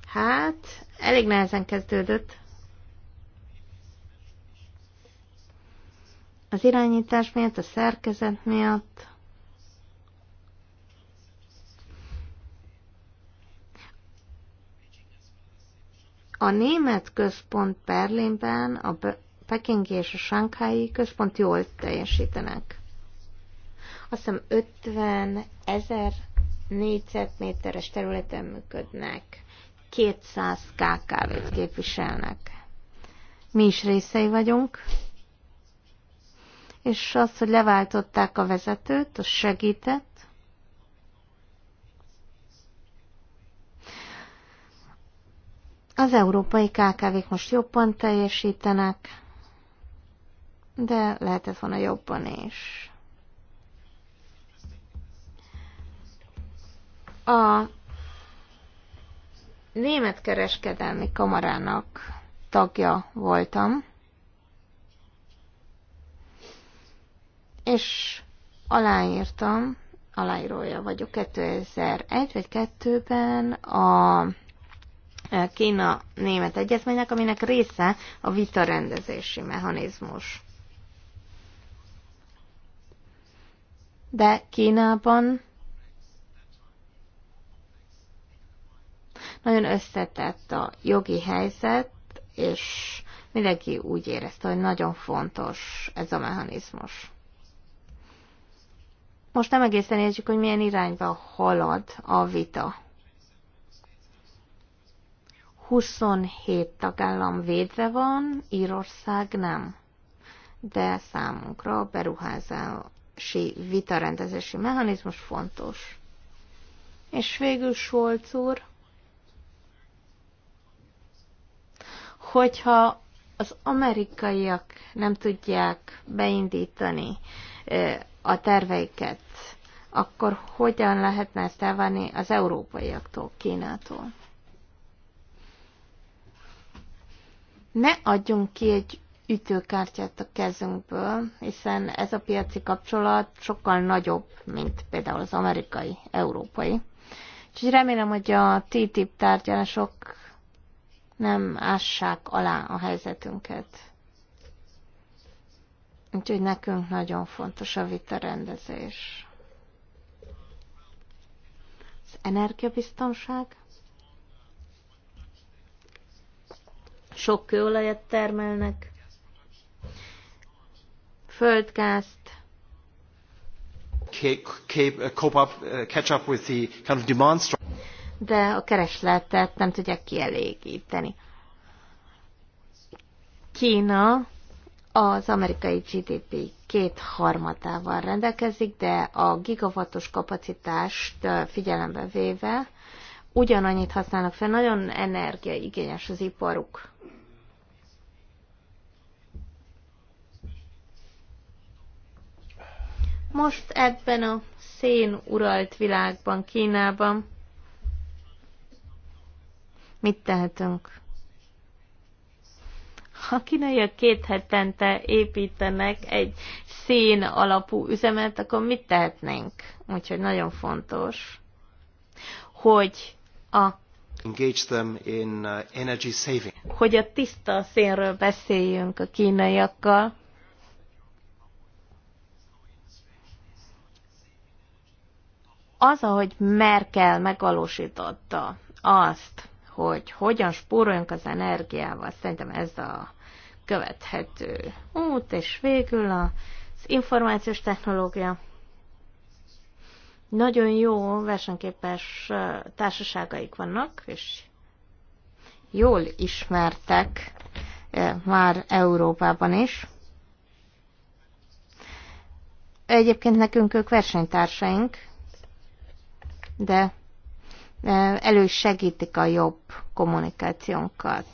S4: Hát, elég nehezen kezdődött. Az irányítás miatt, a szerkezet miatt. A német központ Berlinben a pekingi és a Sánkhái központ jól teljesítenek. Azt hiszem 50 ezer négyzetméteres területen működnek, 200 KKV-t képviselnek. Mi is részei vagyunk, és az, hogy leváltották a vezetőt, az segített. Az európai KKV-k most jobban teljesítenek, de lehetett volna jobban is. A német kereskedelmi kamarának tagja voltam, és aláírtam, aláírója vagyok 2001 vagy 2002-ben a Kína-német egyezménynek, aminek része a vitarendezési mechanizmus. de Kínában nagyon összetett a jogi helyzet, és mindenki úgy érezte, hogy nagyon fontos ez a mechanizmus. Most nem egészen értjük, hogy milyen irányba halad a vita. 27 tagállam védve van, Írország nem. De számunkra a beruházás vitarendezési mechanizmus fontos. És végül Solc úr, hogyha az amerikaiak nem tudják beindítani a terveiket, akkor hogyan lehetne ezt elvárni az európaiaktól, Kínától? Ne adjunk ki egy ütőkártyát a kezünkből, hiszen ez a piaci kapcsolat sokkal nagyobb, mint például az amerikai, európai. Úgyhogy remélem, hogy a TTIP tárgyalások nem ássák alá a helyzetünket. Úgyhogy nekünk nagyon fontos a vitarendezés. Az energiabiztonság. Sok kőolajat termelnek, földgázt. De a keresletet nem tudják kielégíteni. Kína az amerikai GDP harmadával rendelkezik, de a gigavatos kapacitást uh, figyelembe véve ugyanannyit használnak fel, nagyon energiaigényes az iparuk. Most ebben a szén uralt világban, Kínában mit tehetünk? A kínaiak két hetente építenek egy szén alapú üzemet, akkor mit tehetnénk? Úgyhogy nagyon fontos, hogy a engage them in uh, energy saving. Hogy a tiszta szénről beszéljünk a kínaiakkal, Az, ahogy Merkel megvalósította azt, hogy hogyan spóroljunk az energiával, szerintem ez a követhető út, és végül az információs technológia nagyon jó versenyképes társaságaik vannak, és jól ismertek már Európában is. Egyébként nekünk ők versenytársaink, de eh, elősegítik a jobb kommunikációnkat.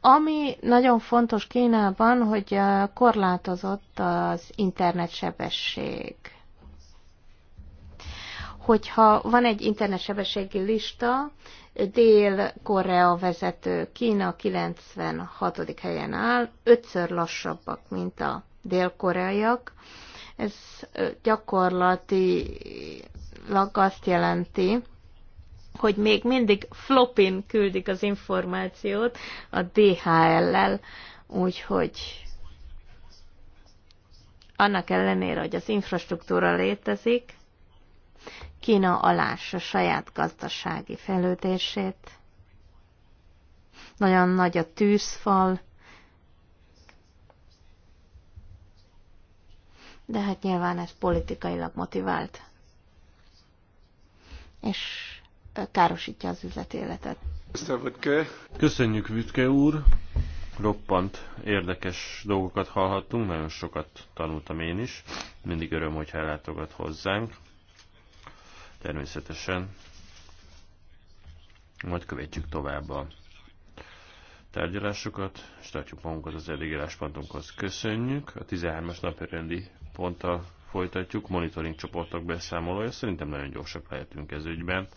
S4: Ami nagyon fontos Kínában, hogy eh, korlátozott az internetsebesség. Hogyha van egy internetsebességi lista, Dél-Korea vezető Kína 96. helyen áll, ötször lassabbak, mint a dél-koreaiak, ez gyakorlatilag azt jelenti, hogy még mindig flopin küldik az információt a DHL-lel, úgyhogy annak ellenére, hogy az infrastruktúra létezik, Kína a saját gazdasági fejlődését. Nagyon nagy a tűzfal, de hát nyilván ez politikailag motivált, és károsítja az üzletéletet.
S3: Köszönjük, Vütke úr! Roppant érdekes dolgokat hallhattunk, nagyon sokat tanultam én is. Mindig öröm, hogy ellátogat hozzánk. Természetesen majd követjük tovább a tárgyalásokat, és tartjuk magunkat az eddig Köszönjük a 13-as napi rendi ponttal folytatjuk, monitoring csoportok beszámolója, szerintem nagyon gyorsak lehetünk ez ügyben.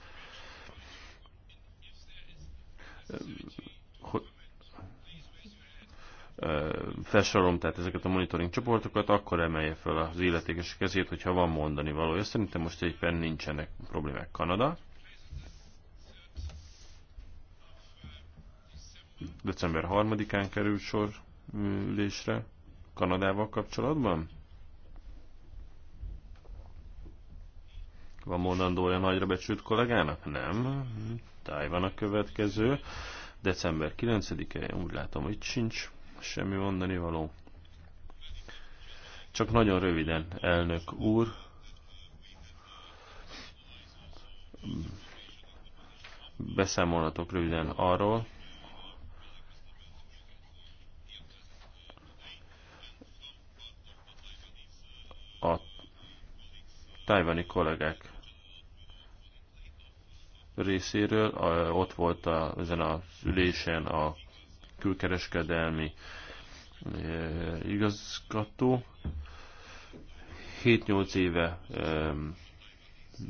S3: felsorolom tehát ezeket a monitoring csoportokat, akkor emelje fel az illetékes kezét, hogyha van mondani valója. Szerintem most éppen nincsenek problémák Kanada. December 3-án került sor ülésre Kanadával kapcsolatban. Van mondandója nagyra becsült kollégának? Nem. Tájvan a következő. December 9-e, úgy látom, itt sincs semmi mondani való. Csak nagyon röviden, elnök úr. Beszámolhatok röviden arról, tájvani kollégák részéről. Ott volt a, ezen az ülésen a külkereskedelmi e, igazgató. 7-8 éve e,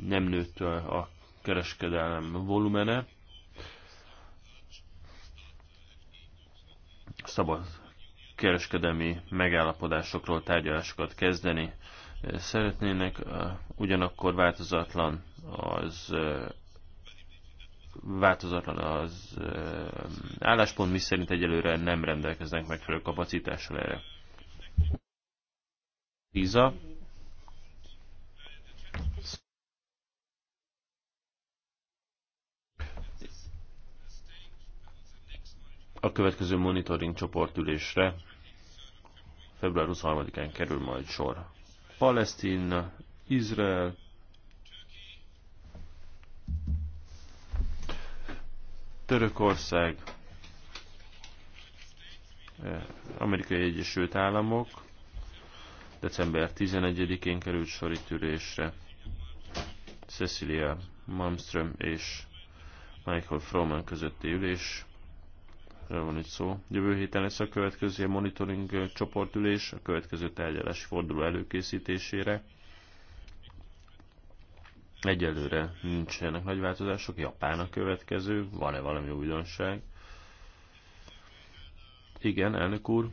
S3: nem nőtt a kereskedelem volumene. Szabad kereskedelmi megállapodásokról tárgyalásokat kezdeni szeretnének, ugyanakkor változatlan az változatlan az álláspont, mi szerint egyelőre nem rendelkeznek megfelelő kapacitással erre. Iza. A következő monitoring csoportülésre február 23-án kerül majd sor. Palesztina, Izrael, Törökország, Amerikai Egyesült Államok, december 11-én került sorítülésre. Cecilia Malmström és Michael Froman közötti ülés erről van itt szó. Jövő héten lesz a következő monitoring eh, csoportülés, a következő tárgyalási forduló előkészítésére. Egyelőre nincsenek nagy változások, Japán a következő, van-e valami újdonság? Igen, elnök úr.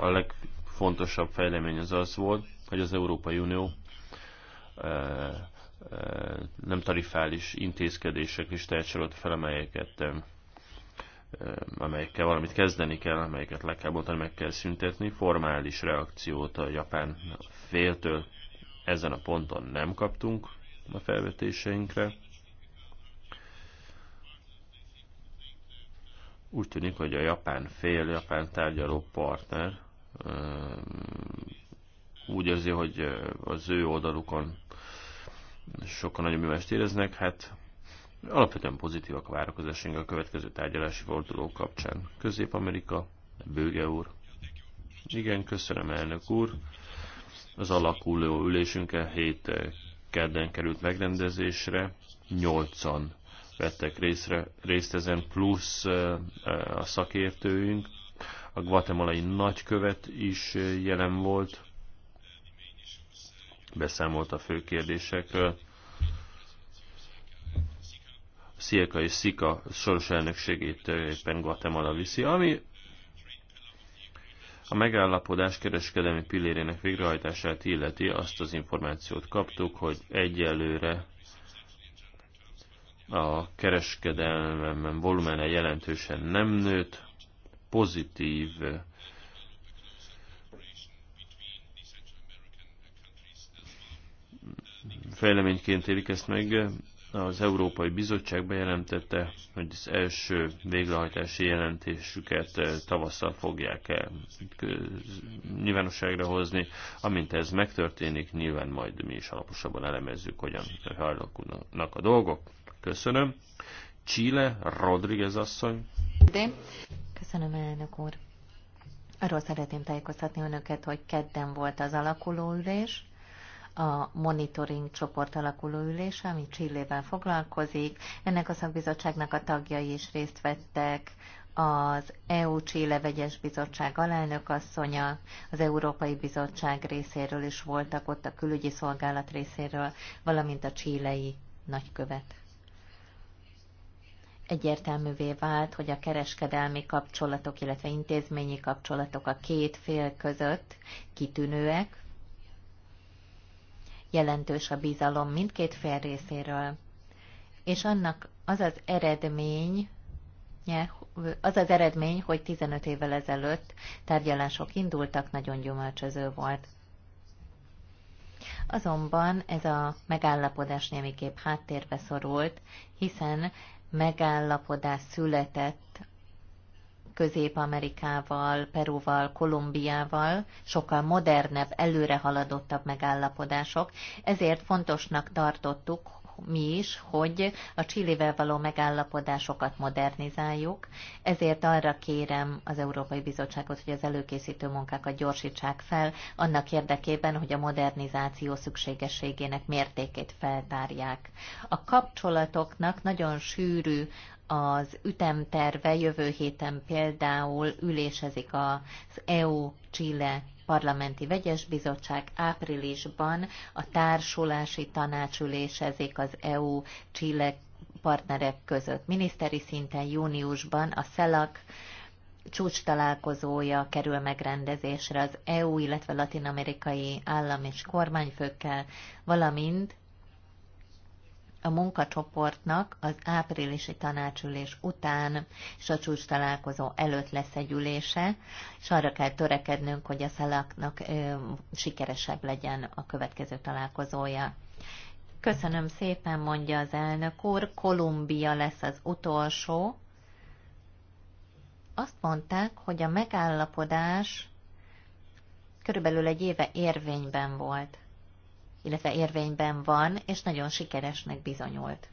S3: A legfontosabb fejlemény az az volt, hogy az Európai Unió eh, nem tarifális intézkedések és tehetsorolt fel, amelyeket amelyekkel valamit kezdeni kell, amelyeket le kell bontani, meg kell szüntetni. Formális reakciót a japán féltől ezen a ponton nem kaptunk a felvetéseinkre. Úgy tűnik, hogy a japán fél, a japán tárgyaló partner úgy érzi, hogy az ő oldalukon sokkal nagyobb nyomást éreznek, hát alapvetően pozitívak a várakozásaink a következő tárgyalási forduló kapcsán. Közép-Amerika, Bőge úr. Igen, köszönöm elnök úr. Az alakuló ülésünkkel hét e, kedden került megrendezésre, nyolcan vettek részre, részt ezen, plusz e, e, a szakértőink, a guatemalai nagykövet is jelen volt, beszámolt a fő kérdésekről. Szieka és Szika soros elnökségét eh, éppen Guatemala viszi, ami a megállapodás kereskedelmi pillérének végrehajtását illeti, azt az információt kaptuk, hogy egyelőre a kereskedelmem volumene jelentősen nem nőtt, pozitív eh, fejleményként élik ezt meg. Az Európai Bizottság bejelentette, hogy az első végrehajtási jelentésüket tavasszal fogják el nyilvánosságra hozni. Amint ez megtörténik, nyilván majd mi is alaposabban elemezzük, hogyan hajlakulnak a dolgok. Köszönöm. Chile, Rodriguez asszony.
S1: De.
S2: Köszönöm, elnök úr. Arról szeretném tájékoztatni önöket, hogy kedden volt az alakuló ülés, a monitoring csoport alakuló ülése, ami Csillével foglalkozik. Ennek a szakbizottságnak a tagjai is részt vettek, az EU Csile Vegyes Bizottság asszonya, az Európai Bizottság részéről is voltak ott a külügyi szolgálat részéről, valamint a csilei nagykövet. Egyértelművé vált, hogy a kereskedelmi kapcsolatok, illetve intézményi kapcsolatok a két fél között kitűnőek, jelentős a bizalom mindkét fél részéről, és annak az az eredmény, az az eredmény, hogy 15 évvel ezelőtt tárgyalások indultak, nagyon gyümölcsöző volt. Azonban ez a megállapodás némiképp háttérbe szorult, hiszen megállapodás született Közép-Amerikával, Peruval, Kolumbiával, sokkal modernebb, előre haladottabb megállapodások. Ezért fontosnak tartottuk, mi is, hogy a Csillivel való megállapodásokat modernizáljuk, ezért arra kérem az Európai Bizottságot, hogy az előkészítő munkákat gyorsítsák fel, annak érdekében, hogy a modernizáció szükségességének mértékét feltárják. A kapcsolatoknak nagyon sűrű az ütemterve jövő héten például ülésezik az EU-Chile parlamenti vegyes bizottság áprilisban a társulási tanács ülésezik az EU-Chile partnerek között. Miniszteri szinten júniusban a CELAC csúcs találkozója kerül megrendezésre az EU, illetve latinamerikai állam és kormányfőkkel, valamint a munkacsoportnak az áprilisi tanácsülés után és a csúcs találkozó előtt lesz egy ülése, és arra kell törekednünk, hogy a szalaknak sikeresebb legyen a következő találkozója. Köszönöm szépen, mondja az elnök úr. Kolumbia lesz az utolsó. Azt mondták, hogy a megállapodás körülbelül egy éve érvényben volt illetve érvényben van, és nagyon sikeresnek bizonyult.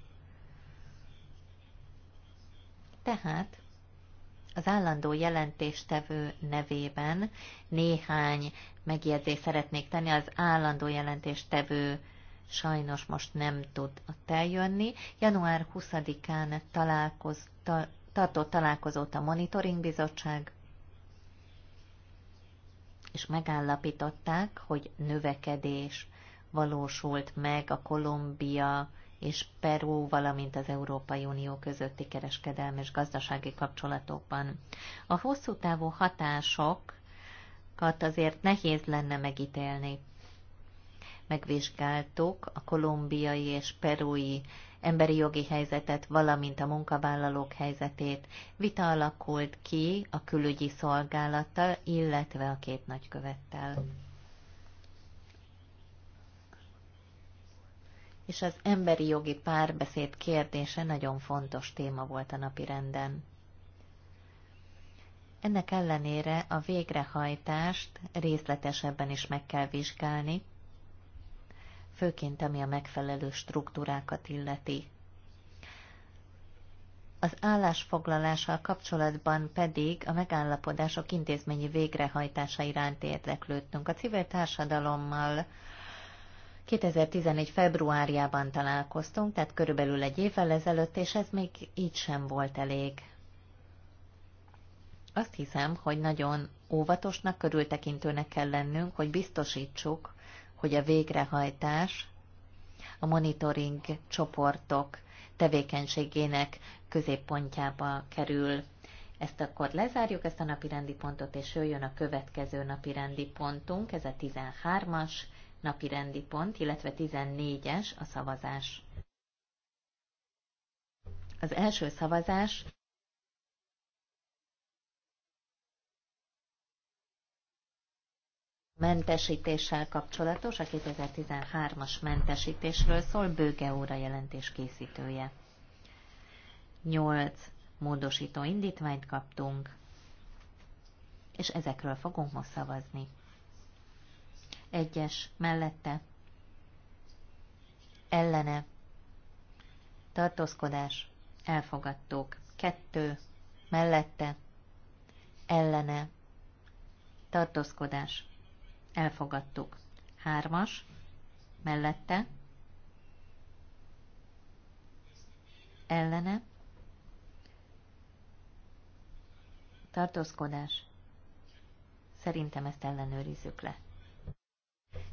S2: Tehát az állandó jelentéstevő nevében néhány megjegyzést szeretnék tenni. Az állandó jelentéstevő sajnos most nem tud ott eljönni. Január 20-án találkoz, ta, tartott találkozót a Monitoring Bizottság, és megállapították, hogy növekedés valósult meg a Kolumbia és Peru, valamint az Európai Unió közötti kereskedelmi és gazdasági kapcsolatokban. A hosszú távú hatásokat azért nehéz lenne megítélni. Megvizsgáltuk a kolumbiai és perui emberi jogi helyzetet, valamint a munkavállalók helyzetét. Vita alakult ki a külügyi szolgálattal, illetve a két nagykövettel. és az emberi jogi párbeszéd kérdése nagyon fontos téma volt a napi renden. Ennek ellenére a végrehajtást részletesebben is meg kell vizsgálni, főként ami a megfelelő struktúrákat illeti. Az állásfoglalással kapcsolatban pedig a megállapodások intézményi végrehajtása iránt érdeklődtünk. A civil társadalommal 2014. februárjában találkoztunk, tehát körülbelül egy évvel ezelőtt, és ez még így sem volt elég. Azt hiszem, hogy nagyon óvatosnak, körültekintőnek kell lennünk, hogy biztosítsuk, hogy a végrehajtás a monitoring csoportok tevékenységének középpontjába kerül. Ezt akkor lezárjuk, ezt a rendi pontot, és jöjjön a következő rendi pontunk, ez a 13-as, napi rendi pont, illetve 14-es a szavazás. Az első szavazás mentesítéssel kapcsolatos, a 2013-as mentesítésről szól, Bőge óra jelentés készítője. 8 módosító indítványt kaptunk, és ezekről fogunk most szavazni egyes mellette. Ellene. Tartózkodás. Elfogadtuk. Kettő. Mellette. Ellene. Tartózkodás. Elfogadtuk. Hármas. Mellette. Ellene. Tartózkodás. Szerintem ezt ellenőrizzük le.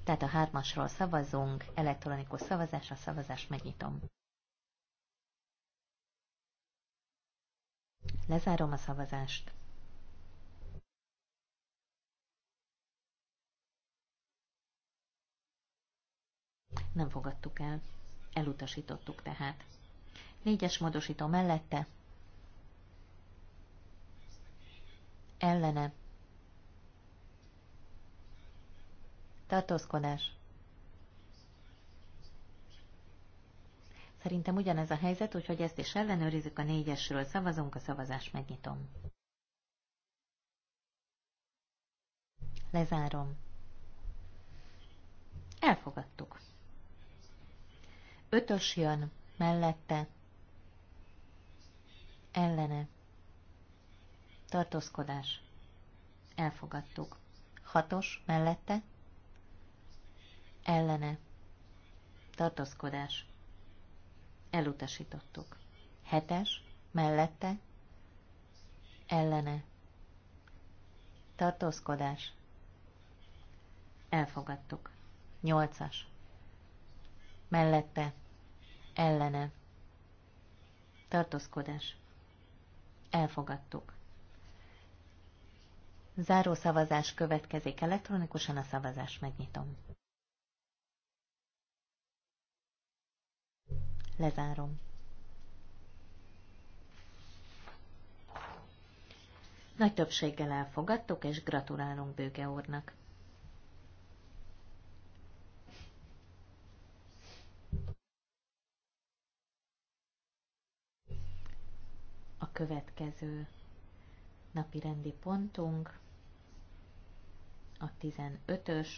S2: Tehát a hármasról szavazunk, elektronikus szavazás, a szavazást megnyitom. Lezárom a szavazást. Nem fogadtuk el. Elutasítottuk tehát. Négyes módosító mellette. Ellene Tartózkodás. Szerintem ugyanez a helyzet, úgyhogy ezt is ellenőrizzük a négyesről. Szavazunk, a szavazást megnyitom. Lezárom. Elfogadtuk. Ötös jön, mellette, ellene, tartózkodás. Elfogadtuk. Hatos, mellette, ellene, tartózkodás, elutasítottuk. Hetes, mellette, ellene, tartózkodás, elfogadtuk. Nyolcas, mellette, ellene, tartózkodás, elfogadtuk. Záró szavazás következik elektronikusan, a szavazást megnyitom. Lezárom. Nagy többséggel elfogadtuk, és gratulálunk Bőge úrnak. A következő napi rendi pontunk a 15-ös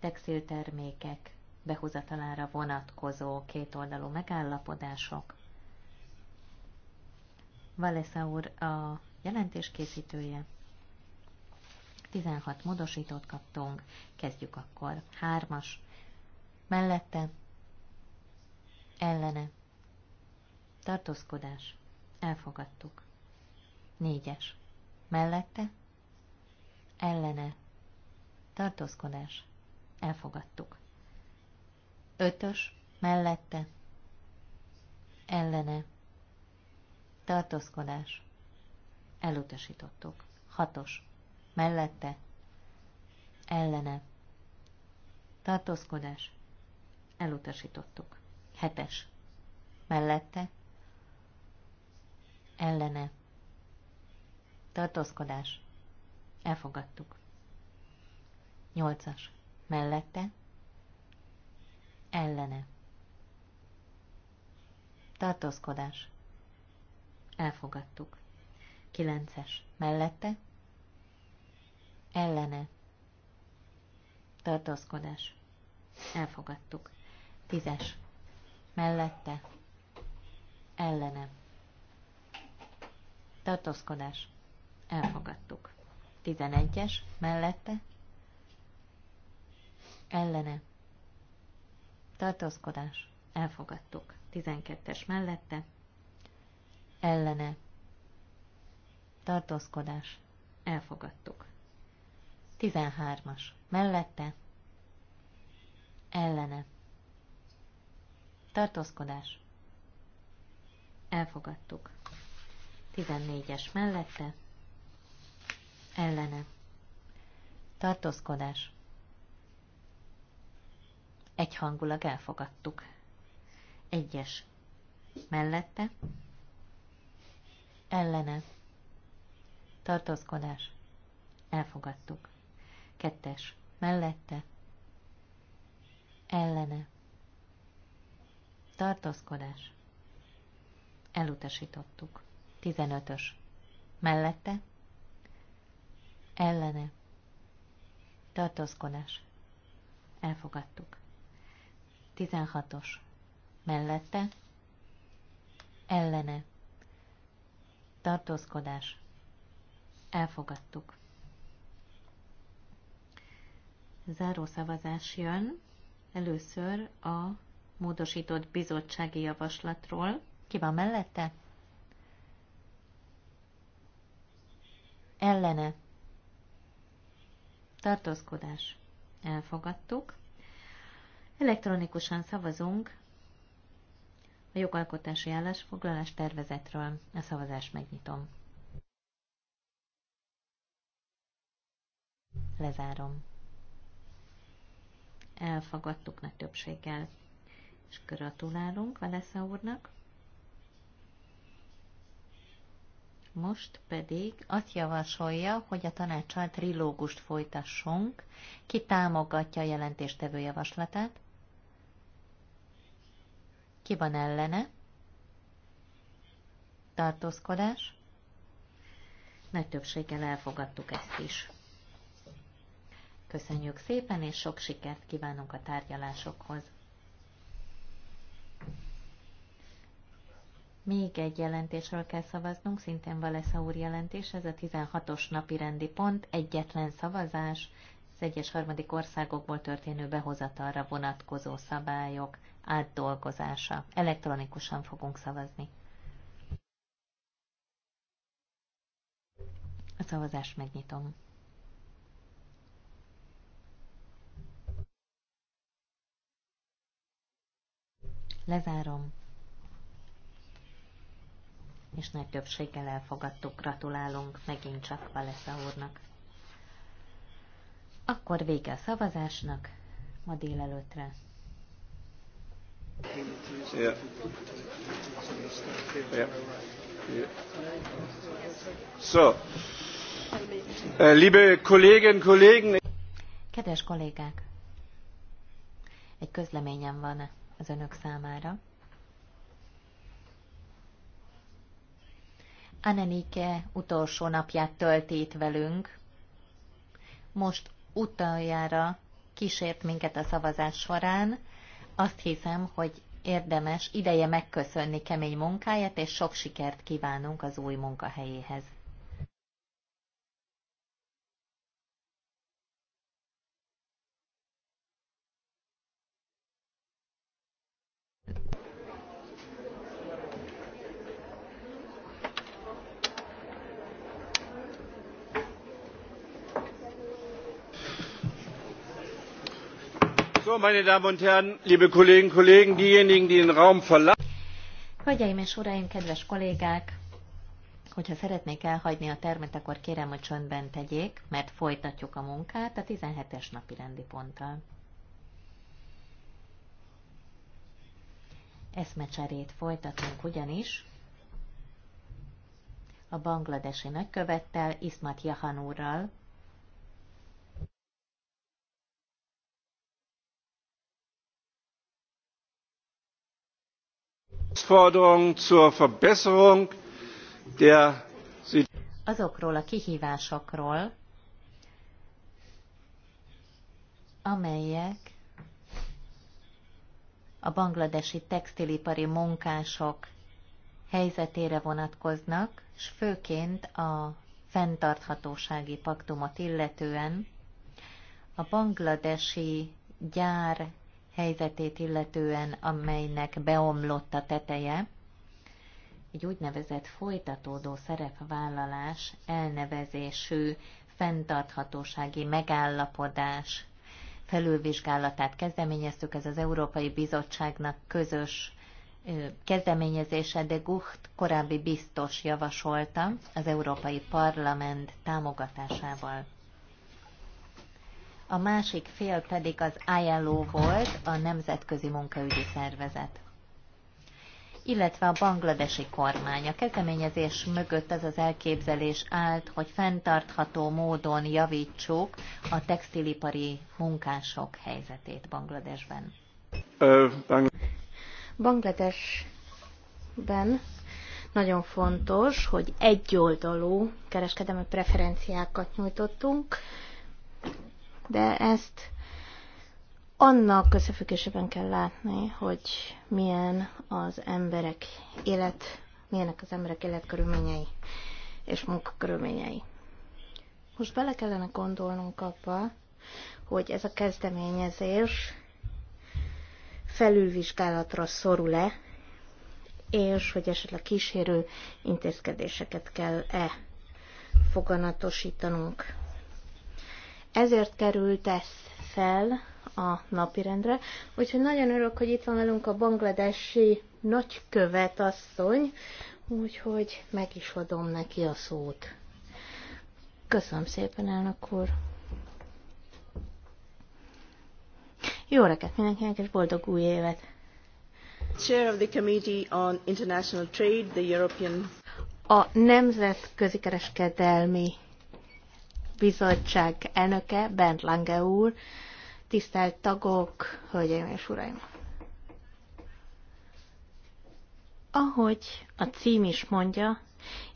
S2: textiltermékek behozatalára vonatkozó kétoldalú megállapodások. Valesza úr a jelentés készítője. 16 módosítót kaptunk, kezdjük akkor. Hármas. Mellette. Ellene. Tartózkodás. Elfogadtuk. Négyes. Mellette. Ellene. Tartózkodás. Elfogadtuk. Ötös mellette ellene tartózkodás elutasítottuk. Hatos mellette ellene tartózkodás elutasítottuk. Hetes mellette ellene tartózkodás elfogadtuk. Nyolcas mellette ellene. Tartózkodás. Elfogadtuk. Kilences. Mellette. Ellene. Tartózkodás. Elfogadtuk. Tízes. Mellette. Ellene. Tartózkodás. Elfogadtuk. Tizenegyes. Mellette. Ellene tartózkodás, elfogadtuk. 12-es mellette, ellene, tartózkodás, elfogadtuk. 13-as mellette, ellene, tartózkodás, elfogadtuk. 14-es mellette, ellene, tartózkodás, egyhangulag elfogadtuk. Egyes. Mellette. Ellene. Tartózkodás. Elfogadtuk. Kettes. Mellette. Ellene. Tartózkodás. Elutasítottuk. Tizenötös. Mellette. Ellene. Tartózkodás. Elfogadtuk. 16-os. Mellette. Ellene. Tartózkodás. Elfogadtuk. Záró szavazás jön. Először a módosított bizottsági javaslatról. Ki van mellette? Ellene. Tartózkodás. Elfogadtuk. Elektronikusan szavazunk a jogalkotási állásfoglalás tervezetről. A szavazást megnyitom. Lezárom. Elfogadtuk nagy többséggel, és gratulálunk Valesza úrnak. Most pedig azt javasolja, hogy a tanácsal trilógust folytassunk, ki támogatja a jelentéstevő javaslatát, ki van ellene? Tartózkodás. Nagy többséggel elfogadtuk ezt is. Köszönjük szépen, és sok sikert kívánunk a tárgyalásokhoz. Még egy jelentésről kell szavaznunk, szintén Valesza úr jelentés, ez a 16-os napi rendi pont, egyetlen szavazás, az egyes harmadik országokból történő behozatalra vonatkozó szabályok átdolgozása. Elektronikusan fogunk szavazni. A szavazást megnyitom. Lezárom. És nagy többséggel elfogadtuk. Gratulálunk megint csak Valesza úrnak. Akkor vége a szavazásnak ma délelőttre.
S1: Yeah.
S3: Yeah. Yeah.
S1: So, uh, liebe Kolleginnen, Kollegen. Kedves
S2: kollégák, egy közleményem van az önök számára. Anenike utolsó napját töltít velünk. Most utoljára kísért minket a szavazás során, azt hiszem, hogy érdemes ideje megköszönni kemény munkáját, és sok sikert kívánunk az új munkahelyéhez.
S1: meine Damen und Herren, liebe Kolleginnen und Kollegen, diejenigen, die den Raum verlassen.
S2: Hölgyeim és uraim, kedves kollégák! Hogyha szeretnék elhagyni a termet, akkor kérem, hogy csöndben tegyék, mert folytatjuk a munkát a 17-es napi rendi ponttal. Eszmecserét folytatunk ugyanis a bangladesi nagykövettel, Ismat Jahan úrral, azokról a kihívásokról, amelyek a bangladesi textilipari munkások helyzetére vonatkoznak, és főként a fenntarthatósági paktumot illetően a bangladesi gyár helyzetét illetően, amelynek beomlott a teteje, egy úgynevezett folytatódó szerepvállalás elnevezésű fenntarthatósági megállapodás felülvizsgálatát kezdeményeztük. Ez az Európai Bizottságnak közös kezdeményezése, de Gucht korábbi biztos javasolta az Európai Parlament támogatásával a másik fél pedig az ILO volt, a Nemzetközi Munkaügyi Szervezet illetve a bangladesi kormány. A kezdeményezés mögött az az elképzelés állt, hogy fenntartható módon javítsuk a textilipari munkások helyzetét Bangladesben.
S1: Uh, bang
S2: Bangladesben
S4: nagyon fontos, hogy egyoldalú kereskedelmi preferenciákat nyújtottunk, de ezt annak összefüggésében kell látni, hogy milyen az emberek élet, milyenek az emberek életkörülményei és munkakörülményei. Most bele kellene gondolnunk abba, hogy ez a kezdeményezés felülvizsgálatra szorul-e, és hogy esetleg kísérő intézkedéseket kell-e foganatosítanunk. Ezért került ez fel a napirendre. Úgyhogy nagyon örülök, hogy itt van velünk a bangladesi nagykövet asszony, úgyhogy meg is adom neki a szót. Köszönöm szépen, elnök úr. Jó reggelt mindenkinek, és boldog új évet!
S1: Chair of the Committee on International Trade, the European...
S4: A Nemzetközi Kereskedelmi bizottság elnöke, Bent Lange úr, tisztelt tagok, hölgyeim és uraim! Ahogy a cím is mondja,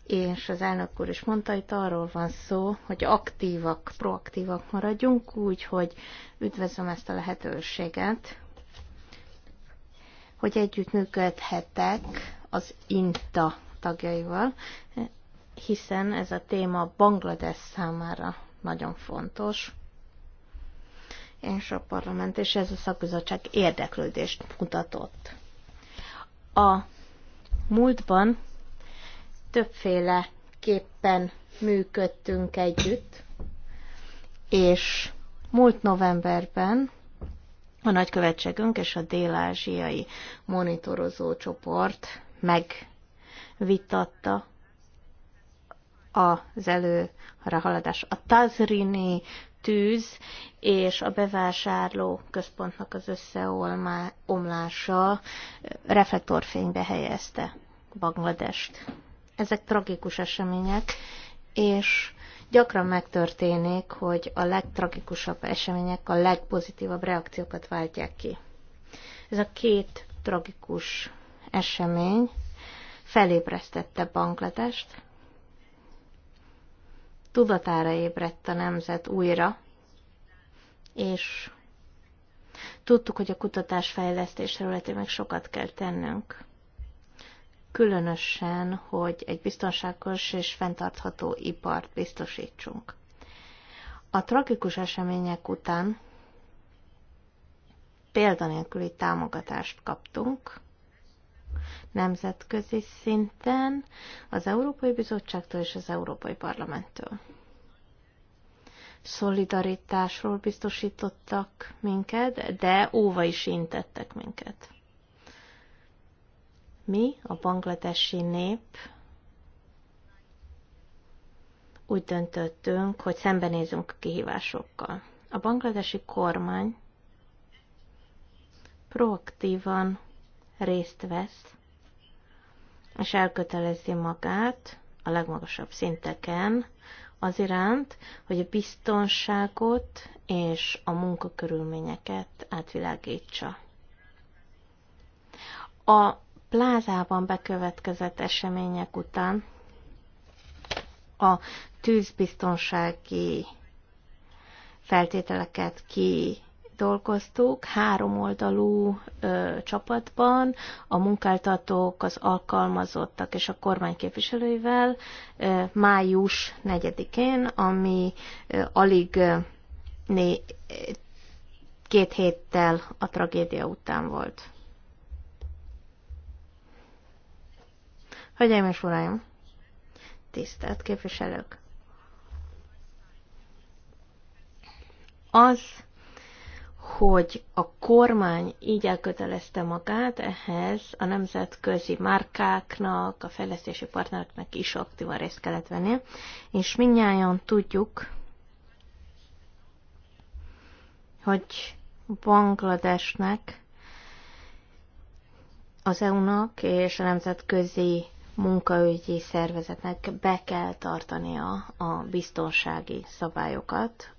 S4: és az elnök úr is mondta, itt arról van szó, hogy aktívak, proaktívak maradjunk, úgyhogy üdvözlöm ezt a lehetőséget, hogy együttműködhetek az INTA tagjaival hiszen ez a téma Banglades számára nagyon fontos, és a parlament és ez a szakbizottság érdeklődést mutatott. A múltban többféleképpen működtünk együtt, és múlt novemberben a nagykövetségünk és a dél-ázsiai monitorozó csoport megvitatta az haladás. A Tazrini tűz és a bevásárló központnak az összeomlása eh, reflektorfénybe helyezte Bangladest. Ezek tragikus események, és gyakran megtörténik, hogy a legtragikusabb események a legpozitívabb reakciókat váltják ki. Ez a két tragikus esemény felébresztette Bangladest, tudatára ébredt a nemzet újra, és tudtuk, hogy a kutatás-fejlesztés területén még sokat kell tennünk. Különösen, hogy egy biztonságos és fenntartható ipart biztosítsunk. A tragikus események után példanélküli támogatást kaptunk, nemzetközi szinten, az Európai Bizottságtól és az Európai Parlamenttől. Szolidaritásról biztosítottak minket, de óva is intettek minket. Mi, a bangladesi nép, úgy döntöttünk, hogy szembenézünk a kihívásokkal. A bangladesi kormány proaktívan részt vesz és elkötelezi magát a legmagasabb szinteken az iránt, hogy a biztonságot és a munkakörülményeket átvilágítsa. A plázában bekövetkezett események után a tűzbiztonsági feltételeket ki dolgoztuk, három oldalú ö, csapatban, a munkáltatók, az alkalmazottak és a kormány képviselőivel ö, május 4-én, ami ö, alig ö, né, két héttel a tragédia után volt. Hölgyeim és uraim, tisztelt képviselők! Az, hogy a kormány így elkötelezte magát, ehhez a nemzetközi márkáknak, a fejlesztési partnereknek is aktívan részt kellett venni, és mindnyáján tudjuk, hogy Bangladesnek, az EU-nak és a nemzetközi munkaügyi szervezetnek be kell tartania a biztonsági szabályokat,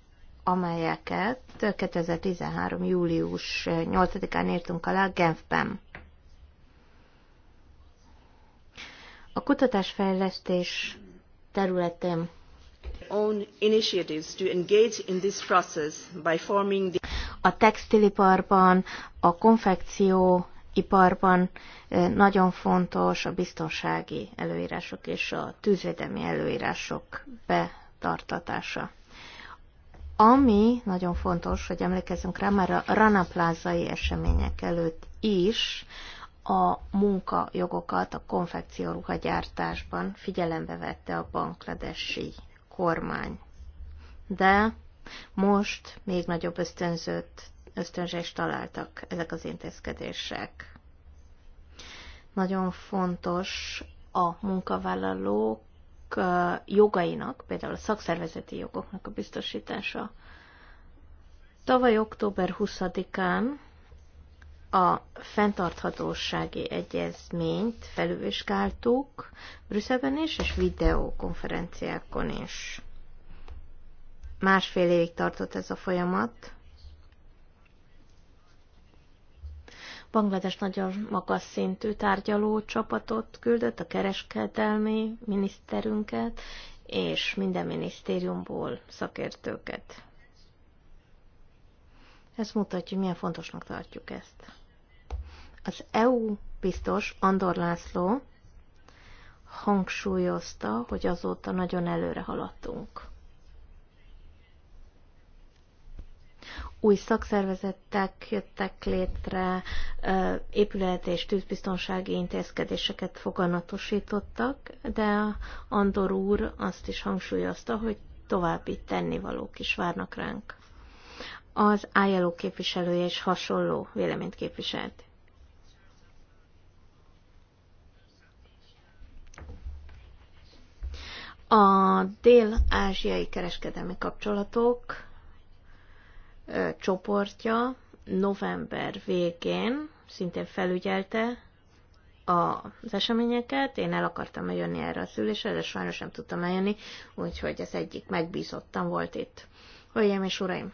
S4: amelyeket 2013. július 8-án írtunk alá Genfben. A kutatásfejlesztés területén
S1: own initiatives to engage in this process by forming the
S4: a textiliparban, a konfekcióiparban eh, nagyon fontos a biztonsági előírások és a tűzvédelmi előírások betartatása. Ami nagyon fontos, hogy emlékezzünk rá, már a Rana plázai események előtt is a munkajogokat a konfekcióruhagyártásban figyelembe vette a bangladesi kormány. De most még nagyobb ösztönzőt, ösztönzést találtak ezek az intézkedések. Nagyon fontos a munkavállalók jogainak, például a szakszervezeti jogoknak a biztosítása. Tavaly október 20-án a fenntarthatósági egyezményt felülvizsgáltuk Brüsszelben is, és videokonferenciákon is. Másfél évig tartott ez a folyamat, Banglades nagyon magas szintű tárgyaló csapatot küldött, a kereskedelmi miniszterünket, és minden minisztériumból szakértőket. Ez mutatja, hogy milyen fontosnak tartjuk ezt. Az EU biztos Andor László hangsúlyozta, hogy azóta nagyon előre haladtunk. új szakszervezetek jöttek létre, épület és tűzbiztonsági intézkedéseket foganatosítottak, de Andor úr azt is hangsúlyozta, hogy további tennivalók is várnak ránk. Az ILO képviselője is hasonló véleményt képviselt. A dél-ázsiai kereskedelmi kapcsolatok csoportja november végén szintén felügyelte az eseményeket. Én el akartam jönni erre a szülésre, de sajnos nem tudtam eljönni, úgyhogy az egyik megbízottam volt itt. Hölgyeim és uraim,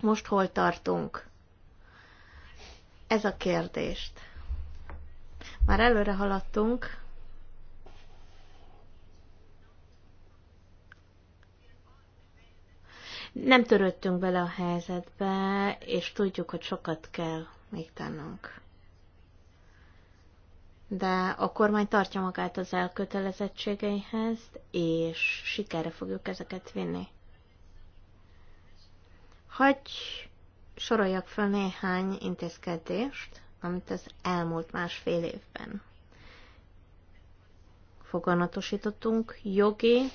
S4: most hol tartunk? Ez a kérdést. Már előre haladtunk, Nem törődtünk bele a helyzetbe, és tudjuk, hogy sokat kell még tennünk. De a kormány tartja magát az elkötelezettségeihez, és sikerre fogjuk ezeket vinni. Hagy soroljak fel néhány intézkedést, amit az elmúlt másfél évben foganatosítottunk jogi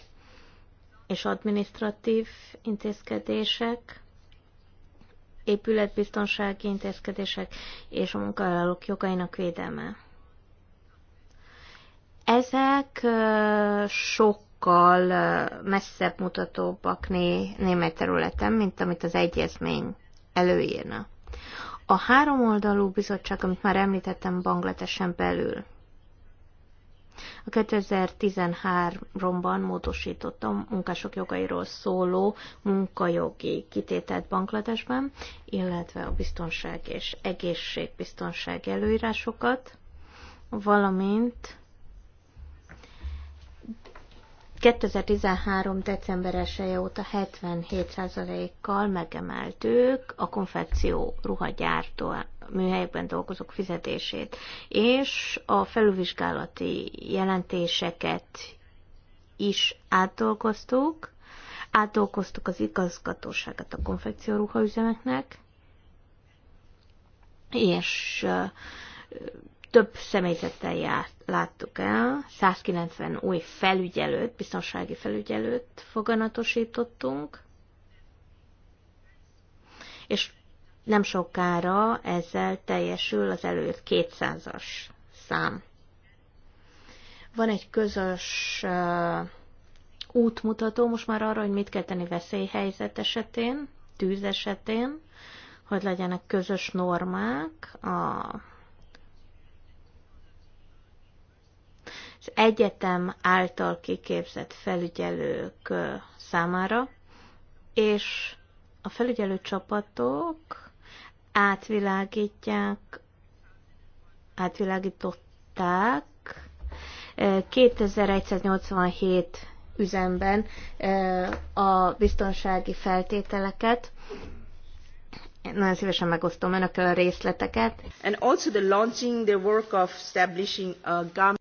S4: és adminisztratív intézkedések, épületbiztonsági intézkedések és a munkavállalók jogainak védelme. Ezek sokkal messzebb mutatóbbak né- német területen, mint amit az egyezmény előírna. A háromoldalú bizottság, amit már említettem, Bangladesen belül a 2013-ban módosított a munkások jogairól szóló munkajogi kitételt Bangladesben, illetve a biztonság és egészségbiztonság előírásokat, valamint 2013. december 1 óta 77%-kal megemeltük a konfekció ruhagyártó műhelyekben dolgozók fizetését, és a felülvizsgálati jelentéseket is átdolgoztuk, átdolgoztuk az igazgatóságot a konfekcióruhaüzemeknek, és több személyzettel járt, láttuk el, 190 új felügyelőt, biztonsági felügyelőt foganatosítottunk, és nem sokára ezzel teljesül az előtt 200-as szám. Van egy közös útmutató most már arra, hogy mit kell tenni veszélyhelyzet esetén, tűz esetén, hogy legyenek közös normák, a, az egyetem által kiképzett felügyelők számára, és a felügyelő csapatok átvilágítják, átvilágították 2187 üzemben a biztonsági feltételeket. Nagyon szívesen megosztom önökkel a részleteket.
S1: And also the launching the work of establishing a gum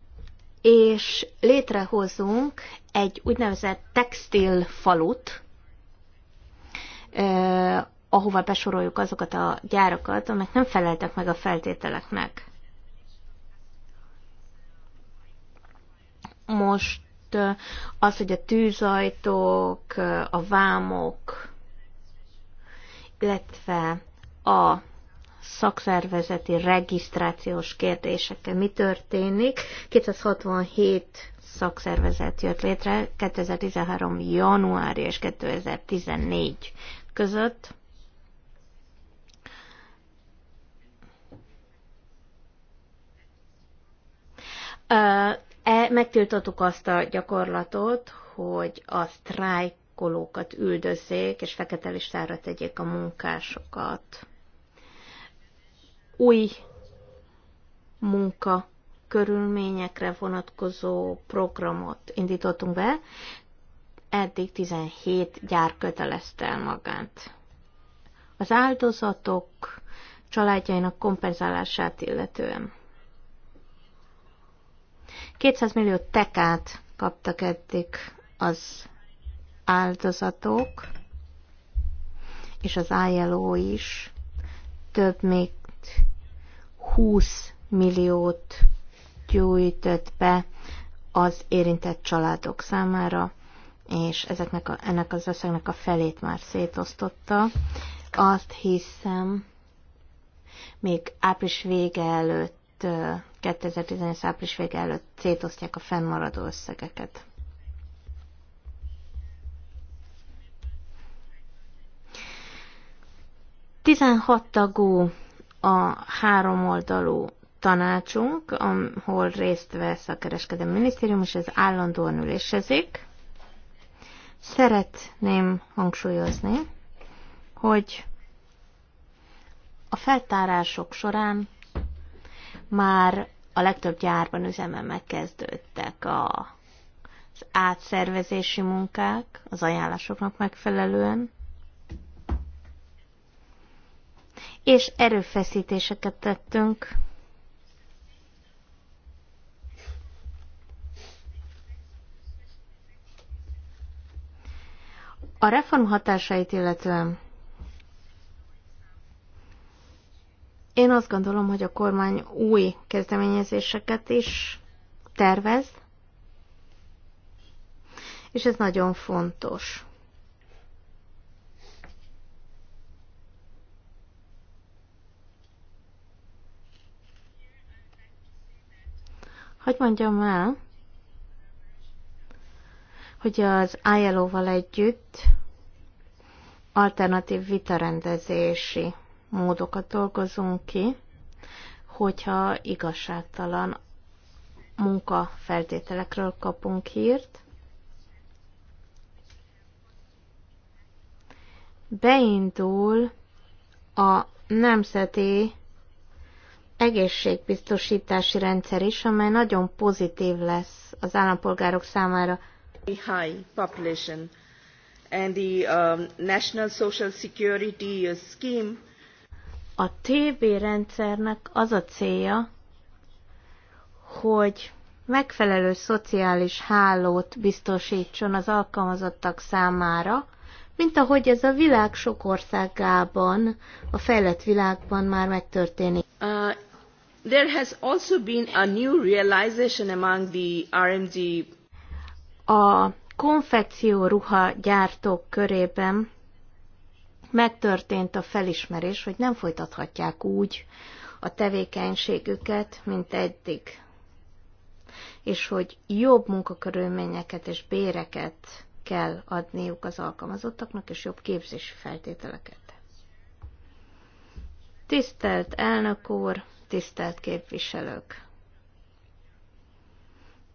S1: és létrehozunk egy
S4: úgynevezett textil falut, ahova besoroljuk azokat a gyárakat, amelyek nem feleltek meg a feltételeknek. Most az, hogy a tűzajtók, a vámok, illetve a szakszervezeti regisztrációs kérdésekkel mi történik. 267 szakszervezet jött létre 2013. január és 2014 között. E Megtiltottuk azt a gyakorlatot, hogy a sztrájkolókat üldözzék, és fekete listára tegyék a munkásokat. Új munka körülményekre vonatkozó programot indítottunk be, eddig 17 gyár kötelezte el magát. Az áldozatok családjainak kompenzálását illetően. 200 millió tekát kaptak eddig az áldozatok, és az ILO is több mint 20 milliót gyújtott be az érintett családok számára, és ezeknek a, ennek az összegnek a felét már szétosztotta. Azt hiszem, még április vége előtt mert 2011. április vége előtt szétosztják a fennmaradó összegeket. Tizenhat tagú a háromoldalú tanácsunk, ahol részt vesz a kereskedelmi minisztérium, és ez állandóan ülésezik. Szeretném hangsúlyozni, hogy a feltárások során már a legtöbb gyárban üzemben megkezdődtek a, az átszervezési munkák az ajánlásoknak megfelelően, és erőfeszítéseket tettünk A reform hatásait illetően Én azt gondolom, hogy a kormány új kezdeményezéseket is tervez, és ez nagyon fontos. Hogy mondjam el, hogy az ILO-val együtt alternatív vitarendezési módokat dolgozunk ki, hogyha igazságtalan munkafeltételekről kapunk hírt. Beindul a nemzeti egészségbiztosítási rendszer is, amely nagyon pozitív lesz az állampolgárok számára.
S1: High population and the um, National Social Security uh, Scheme
S4: a TB rendszernek az a célja, hogy megfelelő szociális hálót biztosítson az alkalmazottak számára, mint ahogy ez a világ sok országában, a fejlett világban már megtörténik.
S1: Uh, there has also been a new realization among the RMG. A
S4: konfekcióruha gyártók körében megtörtént a felismerés, hogy nem folytathatják úgy a tevékenységüket, mint eddig. És hogy jobb munkakörülményeket és béreket kell adniuk az alkalmazottaknak, és jobb képzési feltételeket. Tisztelt elnök úr, tisztelt képviselők!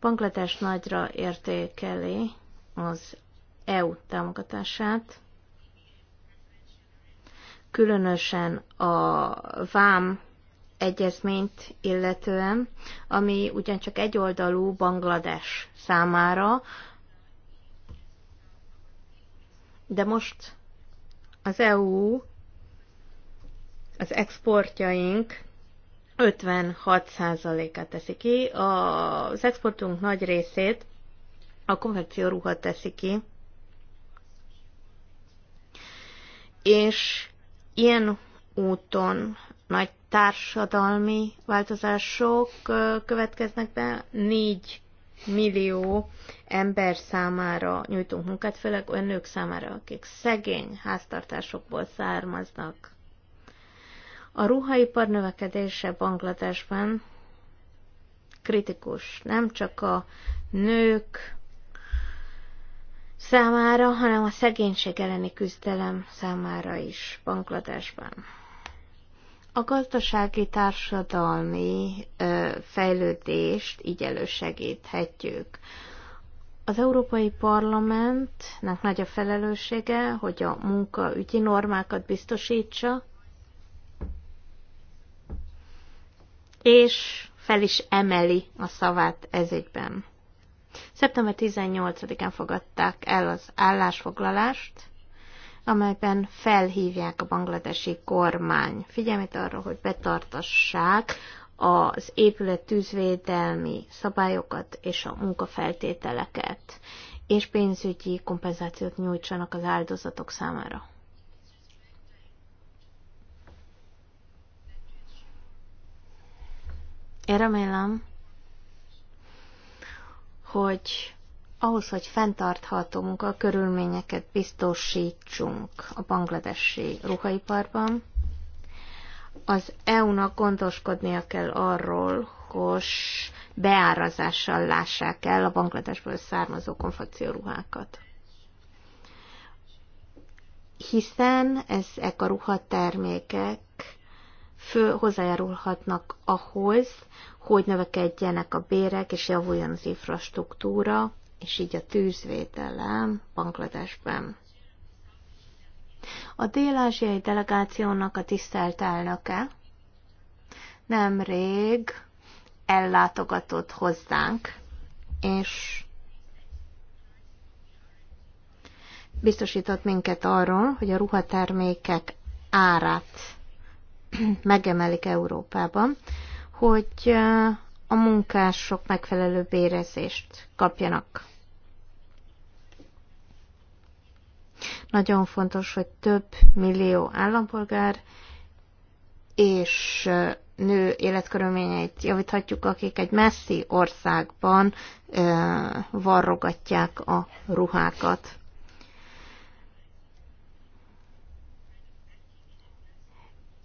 S4: Bangladesh nagyra értékeli az EU támogatását, különösen a vám egyezményt illetően, ami ugyancsak egyoldalú Banglades számára, de most az EU az exportjaink 56%-át teszi ki, az exportunk nagy részét a konfekcióruha teszi ki, és ilyen úton nagy társadalmi változások következnek be. Négy millió ember számára nyújtunk munkát, főleg olyan nők számára, akik szegény háztartásokból származnak. A ruhaipar növekedése Bangladesben kritikus, nem csak a nők számára, hanem a szegénység elleni küzdelem számára is Bangladesben. A gazdasági társadalmi ö, fejlődést így elősegíthetjük. Az Európai Parlamentnek nagy a felelőssége, hogy a munkaügyi normákat biztosítsa, és fel is emeli a szavát ezügyben. Szeptember 18-án fogadták el az állásfoglalást, amelyben felhívják a bangladesi kormány figyelmét arra, hogy betartassák az épület tűzvédelmi szabályokat és a munkafeltételeket, és pénzügyi kompenzációt nyújtsanak az áldozatok számára. Én remélem, hogy ahhoz, hogy fenntartható munkakörülményeket biztosítsunk a bangladesi ruhaiparban, az EU-nak gondoskodnia kell arról, hogy beárazással lássák el a Bangladesből származó konfekcióruhákat. Hiszen ezek a ruhatermékek fő hozzájárulhatnak ahhoz, hogy növekedjenek a bérek, és javuljon az infrastruktúra, és így a tűzvédelem Bangladesben. A dél-ázsiai delegációnak a tisztelt elnöke nemrég ellátogatott hozzánk, és biztosított minket arról, hogy a ruhatermékek árát megemelik Európában, hogy a munkások megfelelő bérezést kapjanak. Nagyon fontos, hogy több millió állampolgár és nő életkörülményeit javíthatjuk, akik egy messzi országban varrogatják a ruhákat.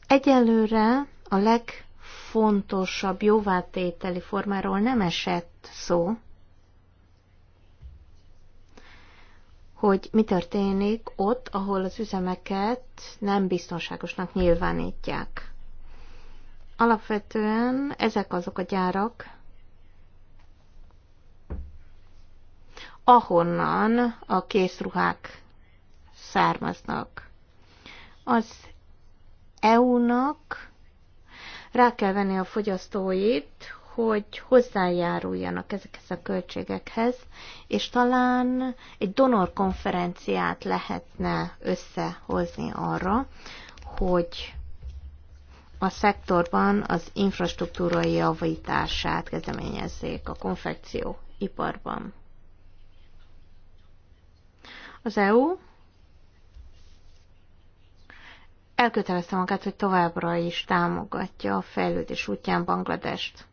S4: Egyelőre a legfontosabb jóvátételi formáról nem esett szó, hogy mi történik ott, ahol az üzemeket nem biztonságosnak nyilvánítják. Alapvetően ezek azok a gyárak, ahonnan a készruhák származnak. Az EU-nak rá kell venni a fogyasztóit, hogy hozzájáruljanak ezekhez a költségekhez, és talán egy donor konferenciát lehetne összehozni arra, hogy a szektorban az infrastruktúrai javítását kezdeményezzék a konfekcióiparban. Az EU elkötelezte magát, hogy továbbra is támogatja a fejlődés útján Bangladest.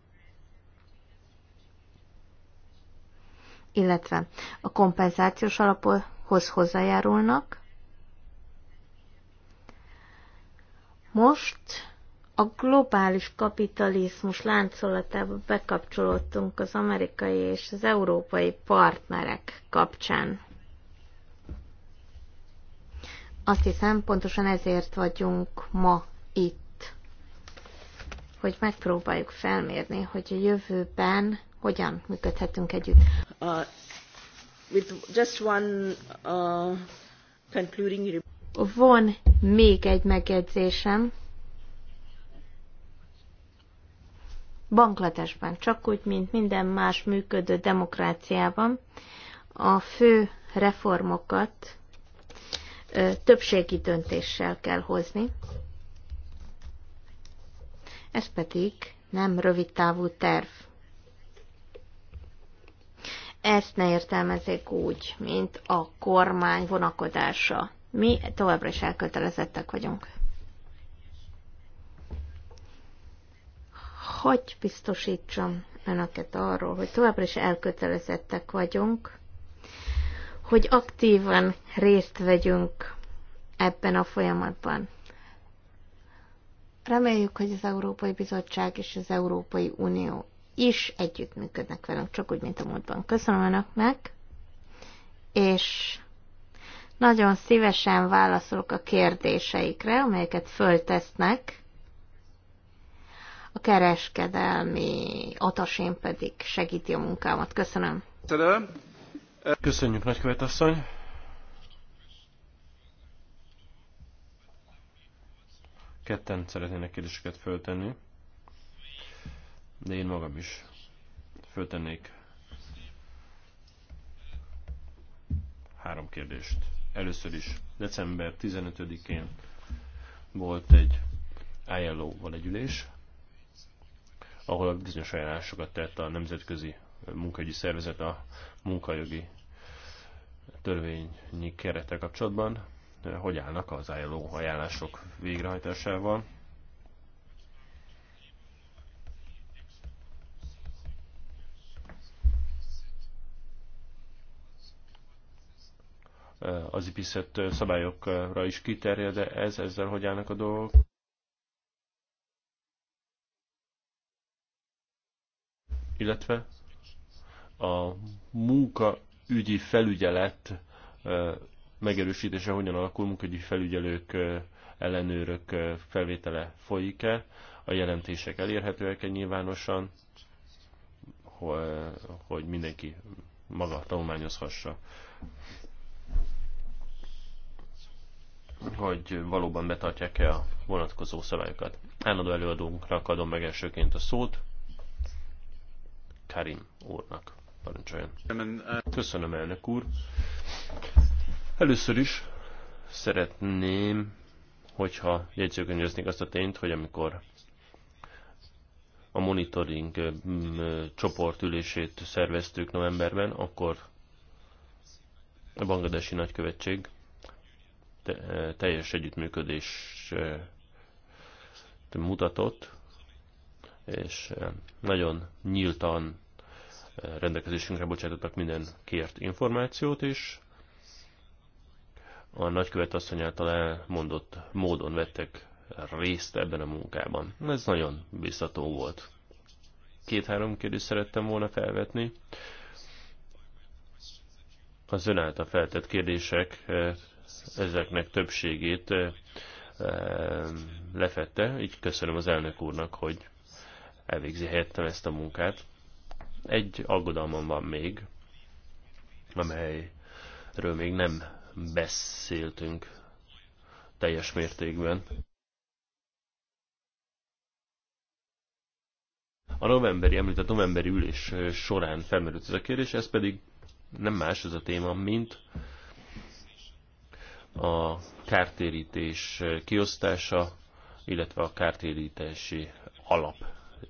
S4: Illetve a kompenzációs alaphoz hozzájárulnak. Most a globális kapitalizmus láncolatába bekapcsolódtunk az amerikai és az európai partnerek kapcsán. Azt hiszem, pontosan ezért vagyunk ma itt, hogy megpróbáljuk felmérni, hogy a jövőben hogyan működhetünk együtt.
S1: Uh, with just one uh, concluding
S4: Van még egy megjegyzésem. Bangladesben, csak úgy, mint minden más működő demokráciában, a fő reformokat többségi döntéssel kell hozni. Ez pedig nem rövid távú terv. Ezt ne értelmezzék úgy, mint a kormány vonakodása. Mi továbbra is elkötelezettek vagyunk. Hogy biztosítsam önöket arról, hogy továbbra is elkötelezettek vagyunk hogy aktívan részt vegyünk ebben a folyamatban. Reméljük, hogy az Európai Bizottság és az Európai Unió is együttműködnek velünk, csak úgy, mint a múltban. Köszönöm Önöknek, és nagyon szívesen válaszolok a kérdéseikre, amelyeket föltesznek. A kereskedelmi atasén pedig segíti a munkámat. Köszönöm.
S3: Köszönöm. Köszönjük, nagykövet asszony. Ketten szeretnének kérdéseket föltenni, de én magam is föltennék három kérdést. Először is december 15-én volt egy ILO-val egy ülés, ahol bizonyos ajánlásokat tett a Nemzetközi Munkaügyi Szervezet a munkajogi törvényi kerete kapcsolatban, hogy állnak az ILO ajánlások végrehajtásával. Az ipiszett szabályokra is kiterjed, de ez ezzel hogy állnak a dolgok? Illetve a munka ügyi felügyelet megerősítése hogyan alakul, munkaügyi felügyelők, ellenőrök felvétele folyik-e, a jelentések elérhetőek-e nyilvánosan, hogy mindenki maga tanulmányozhassa, hogy valóban betartják-e a vonatkozó szabályokat. Állandó előadónkra adom meg elsőként a szót, Karim úrnak. Parancsoljon. Uh, Köszönöm, elnök úr. Először is szeretném, hogyha jegyzőkönyveznék azt a tényt, hogy amikor a monitoring um, csoportülését szerveztük novemberben, akkor a bangladesi nagykövetség teljes együttműködés uh, mutatott, és uh, nagyon nyíltan rendelkezésünkre bocsátottak minden kért információt, is a nagykövet asszony által elmondott módon vettek részt ebben a munkában. Ez nagyon biztató volt. Két-három kérdést szerettem volna felvetni. Az ön által feltett kérdések eh, ezeknek többségét eh, eh, lefette, így köszönöm az elnök úrnak, hogy elvégzi helyettem ezt a munkát. Egy aggodalmam van még, amelyről még nem beszéltünk teljes mértékben. A novemberi, említett novemberi ülés során felmerült ez a kérdés, ez pedig nem más ez a téma, mint a kártérítés kiosztása, illetve a kártérítési alap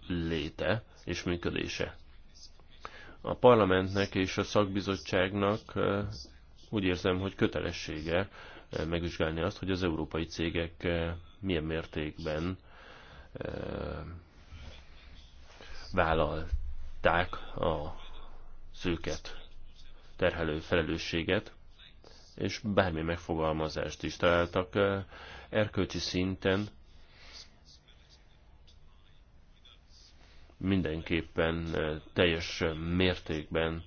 S3: léte és működése a parlamentnek és a szakbizottságnak úgy érzem, hogy kötelessége megvizsgálni azt, hogy az európai cégek milyen mértékben vállalták a szőket terhelő felelősséget, és bármi megfogalmazást is találtak erkölcsi szinten mindenképpen teljes mértékben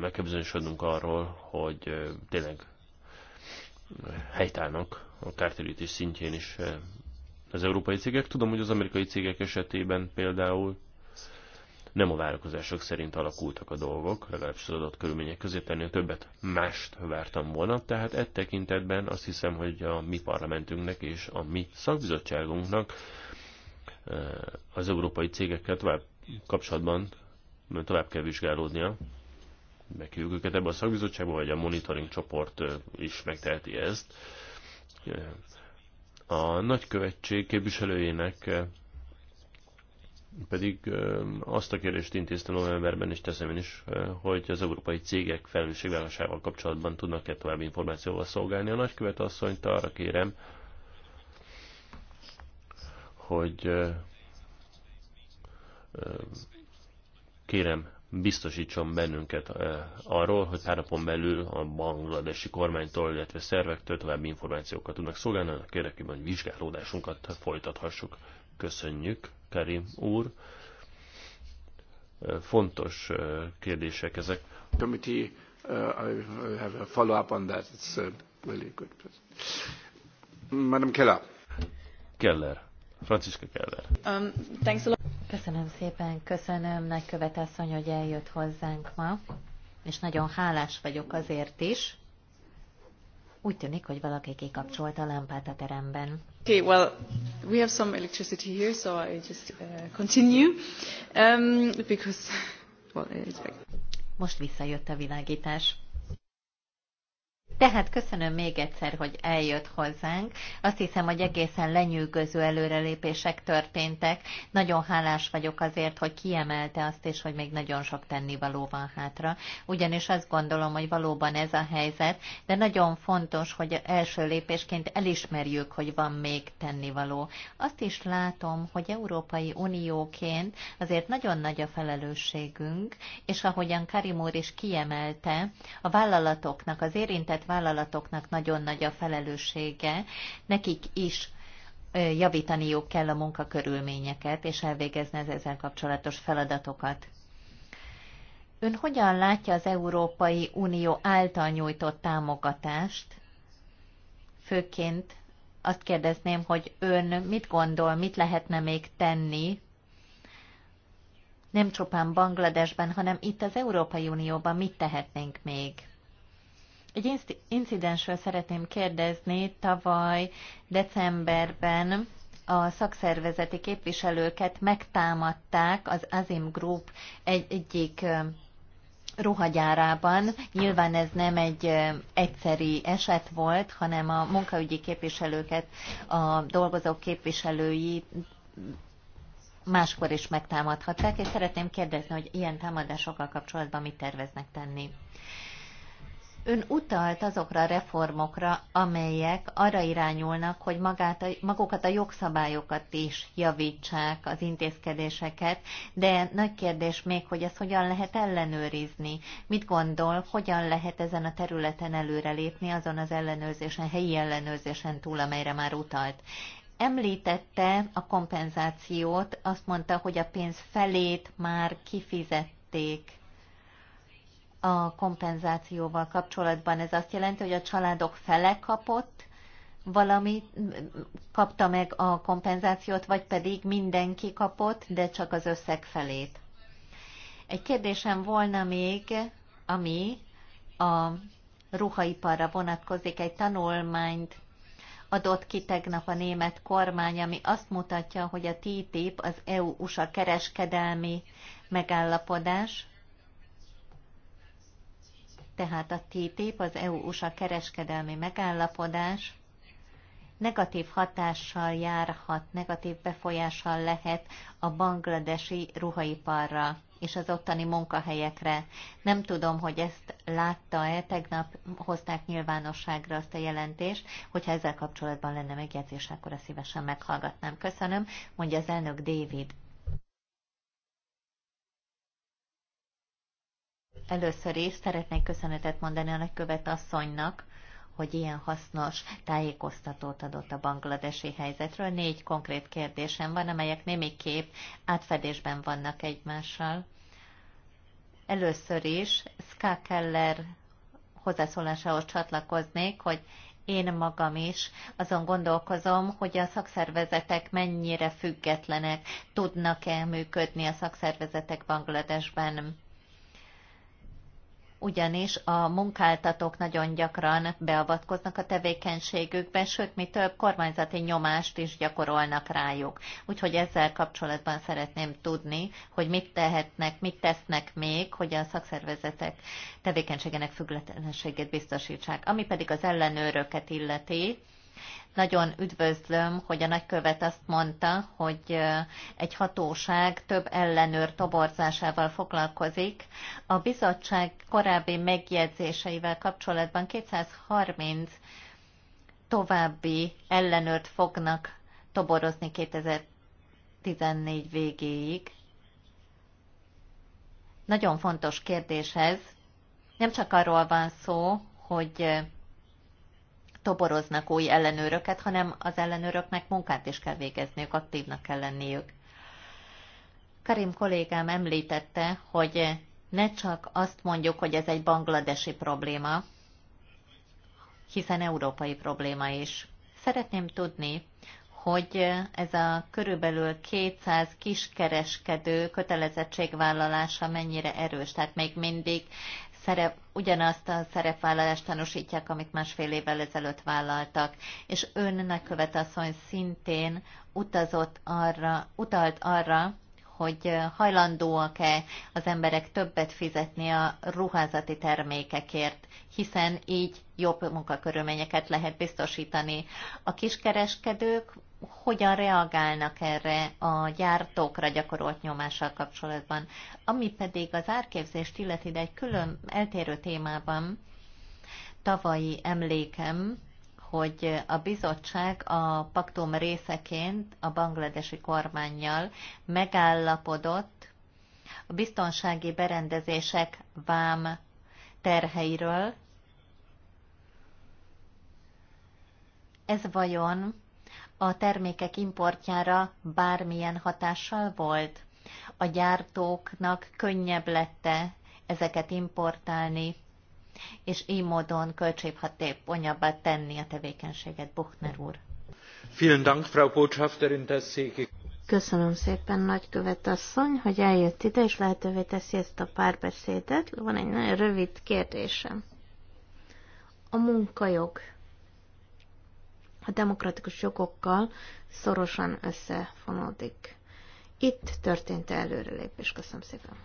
S3: meg kell bizonyosodnunk arról, hogy tényleg helytállnak a kártérítés szintjén is az európai cégek. Tudom, hogy az amerikai cégek esetében például nem a várakozások szerint alakultak a dolgok, legalábbis az adott körülmények között ennél többet mást vártam volna, tehát e tekintetben azt hiszem, hogy a mi parlamentünknek és a mi szakbizottságunknak az európai cégekkel tovább kapcsolatban tovább kell vizsgálódnia. Meghívjuk őket ebbe a szakbizottságba, vagy a monitoring csoport is megteheti ezt. A nagykövetség képviselőjének pedig azt a kérdést intéztem novemberben, és teszem én is, hogy az európai cégek felelősségvállásával kapcsolatban tudnak-e további információval szolgálni. A nagykövet asszonyt arra kérem, hogy kérem, biztosítson bennünket arról, hogy pár napon belül a bangladesi kormánytól, illetve szervektől további információkat tudnak szolgálni, a kérdekében, hogy vizsgálódásunkat folytathassuk. Köszönjük, Karim úr. Fontos kérdések ezek. Committee, uh,
S1: I have a follow-up on that. It's uh, really good. Madam Keller. Keller
S3: Franciska Keller.
S1: Um,
S2: thanks a lot. Köszönöm szépen, köszönöm nagykövet asszony, hogy eljött hozzánk ma, és nagyon hálás vagyok azért is. Úgy tűnik, hogy valaki kikapcsolt a lámpát a teremben.
S1: Okay, well, we have some electricity here, so I just uh,
S2: continue, um, because, well, it's back. Most visszajött a
S1: világítás.
S2: Tehát köszönöm még egyszer, hogy eljött hozzánk. Azt hiszem, hogy egészen lenyűgöző előrelépések történtek. Nagyon hálás vagyok azért, hogy kiemelte azt is, hogy még nagyon sok tennivaló van hátra. Ugyanis azt gondolom, hogy valóban ez a helyzet, de nagyon fontos, hogy első lépésként elismerjük, hogy van még tennivaló. Azt is látom, hogy Európai Unióként azért nagyon nagy a felelősségünk, és ahogyan Karim úr is kiemelte, a vállalatoknak, az érintett vállalatoknak nagyon nagy a felelőssége, nekik is javítaniuk kell a munkakörülményeket, és elvégezni az ezzel kapcsolatos feladatokat. Ön hogyan látja az Európai Unió által nyújtott támogatást? Főként azt kérdezném, hogy ön mit gondol, mit lehetne még tenni, nem csupán Bangladesben, hanem itt az Európai Unióban mit tehetnénk még? Egy incidensről szeretném kérdezni. Tavaly decemberben a szakszervezeti képviselőket megtámadták az Azim Group egy, egyik ruhagyárában. Nyilván ez nem egy egyszeri eset volt, hanem a munkaügyi képviselőket, a dolgozók képviselői máskor is megtámadhatták, és szeretném kérdezni, hogy ilyen támadásokkal kapcsolatban mit terveznek tenni. Ön utalt azokra a reformokra, amelyek arra irányulnak, hogy magát a, magukat a jogszabályokat is javítsák, az intézkedéseket, de nagy kérdés még, hogy ezt hogyan lehet ellenőrizni. Mit gondol, hogyan lehet ezen a területen előrelépni azon az ellenőrzésen, helyi ellenőrzésen túl, amelyre már utalt? Említette a kompenzációt, azt mondta, hogy a pénz felét már kifizették a kompenzációval kapcsolatban. Ez azt jelenti, hogy a családok fele kapott valami, kapta meg a kompenzációt, vagy pedig mindenki kapott, de csak az összeg felét. Egy kérdésem volna még, ami a ruhaiparra vonatkozik. Egy tanulmányt adott ki tegnap a német kormány, ami azt mutatja, hogy a TTIP az EU-USA kereskedelmi megállapodás tehát a TTIP, az EU-USA kereskedelmi megállapodás negatív hatással járhat, negatív befolyással lehet a bangladesi ruhaiparra és az ottani munkahelyekre. Nem tudom, hogy ezt látta-e, tegnap hozták nyilvánosságra azt a jelentést, hogyha ezzel kapcsolatban lenne megjegyzés, akkor ezt szívesen meghallgatnám. Köszönöm, mondja az elnök David. Először is szeretnék köszönetet mondani a nagykövet asszonynak, hogy ilyen hasznos tájékoztatót adott a bangladesi helyzetről. Négy konkrét kérdésem van, amelyek némiképp átfedésben vannak egymással. Először is Ska Keller hozzászólásához csatlakoznék, hogy én magam is azon gondolkozom, hogy a szakszervezetek mennyire függetlenek, tudnak-e működni a szakszervezetek Bangladesben ugyanis a munkáltatók nagyon gyakran beavatkoznak a tevékenységükbe, sőt, mi több kormányzati nyomást is gyakorolnak rájuk. Úgyhogy ezzel kapcsolatban szeretném tudni, hogy mit tehetnek, mit tesznek még, hogy a szakszervezetek tevékenységének függetlenségét biztosítsák. Ami pedig az ellenőröket illeti, nagyon üdvözlöm, hogy a nagykövet azt mondta, hogy egy hatóság több ellenőr toborzásával foglalkozik. A bizottság korábbi megjegyzéseivel kapcsolatban 230 további ellenőrt fognak toborozni 2014 végéig. Nagyon fontos kérdés ez. Nem csak arról van szó, hogy toboroznak új ellenőröket, hanem az ellenőröknek munkát is kell végezniük, aktívnak kell lenniük. Karim kollégám említette, hogy ne csak azt mondjuk, hogy ez egy bangladesi probléma, hiszen európai probléma is. Szeretném tudni, hogy ez a körülbelül 200 kiskereskedő kötelezettségvállalása mennyire erős. Tehát még mindig szerep, ugyanazt a szerepvállalást tanúsítják, amit másfél évvel ezelőtt vállaltak. És ön nagykövet asszony szintén utazott arra, utalt arra, hogy hajlandóak-e az emberek többet fizetni a ruházati termékekért, hiszen így jobb munkakörülményeket lehet biztosítani. A kiskereskedők hogyan reagálnak erre a gyártókra gyakorolt nyomással kapcsolatban. Ami pedig az árképzést illeti, de egy külön eltérő témában tavalyi emlékem, hogy a bizottság a paktum részeként a bangladesi kormányjal megállapodott a biztonsági berendezések vám terheiről. Ez vajon a termékek importjára bármilyen hatással volt? A gyártóknak könnyebb lette ezeket importálni, és így módon költséghatékonyabbá tenni a tevékenységet, Buchner úr.
S3: Vielen
S1: Dank, Frau Botschafterin, dass
S4: Köszönöm szépen, nagykövet asszony, hogy eljött ide, és lehetővé teszi ezt a párbeszédet. Van egy nagyon rövid kérdésem. A munkajog a demokratikus jogokkal szorosan összefonódik. Itt történt előrelépés. Köszönöm szépen.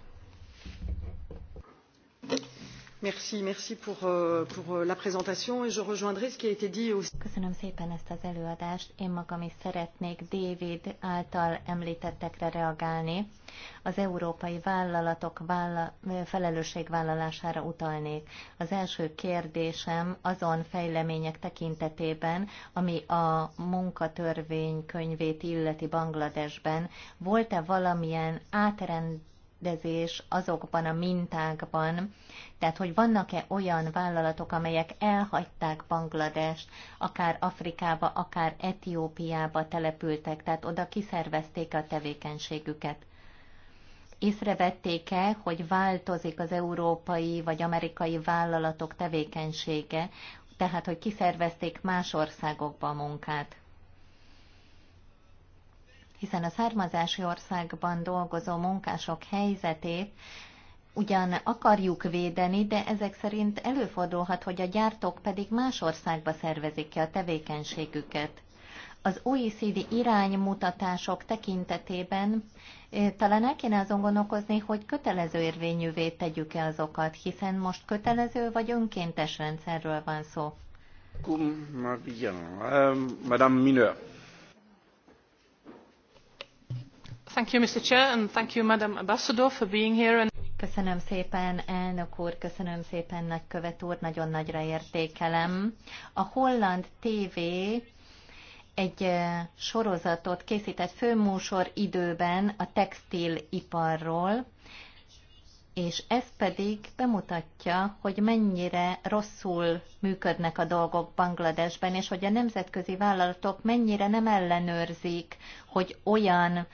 S1: Merci, pour, euh,
S3: euh, la présentation, et je rejoindrai ce qui a été dit
S1: aussi.
S2: Köszönöm szépen ezt az előadást. Én magam is szeretnék David által említettekre reagálni. Az európai vállalatok vállal, felelősségvállalására utalnék. Az első kérdésem azon fejlemények tekintetében, ami a munkatörvénykönyvét illeti Bangladesben. Volt-e valamilyen átrendezés kérdezés azokban a mintákban, tehát hogy vannak-e olyan vállalatok, amelyek elhagyták Bangladest, akár Afrikába, akár Etiópiába települtek, tehát oda kiszervezték a tevékenységüket. Észrevették-e, hogy változik az európai vagy amerikai vállalatok tevékenysége, tehát hogy kiszervezték más országokba a munkát? hiszen a származási országban dolgozó munkások helyzetét ugyan akarjuk védeni, de ezek szerint előfordulhat, hogy a gyártók pedig más országba szervezik ki a tevékenységüket. Az OECD iránymutatások tekintetében talán el kéne azon gondolkozni, hogy kötelező érvényűvé tegyük-e azokat, hiszen most kötelező vagy önkéntes rendszerről van szó.
S1: Madame Mineur.
S2: Köszönöm szépen, elnök úr, köszönöm szépen, nagykövet úr, nagyon nagyra értékelem. A holland TV egy sorozatot készített főmúsor időben a textiliparról, és ez pedig bemutatja, hogy mennyire rosszul működnek a dolgok Bangladesben, és hogy a nemzetközi vállalatok mennyire nem ellenőrzik, hogy olyan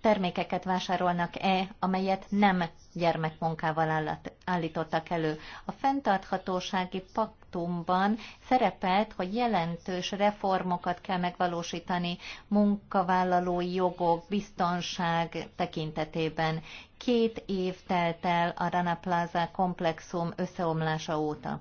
S2: termékeket vásárolnak-e, amelyet nem gyermekmunkával állítottak elő. A fenntarthatósági paktumban szerepelt, hogy jelentős reformokat kell megvalósítani munkavállalói jogok, biztonság tekintetében két év telt el a Rana Plaza komplexum összeomlása óta.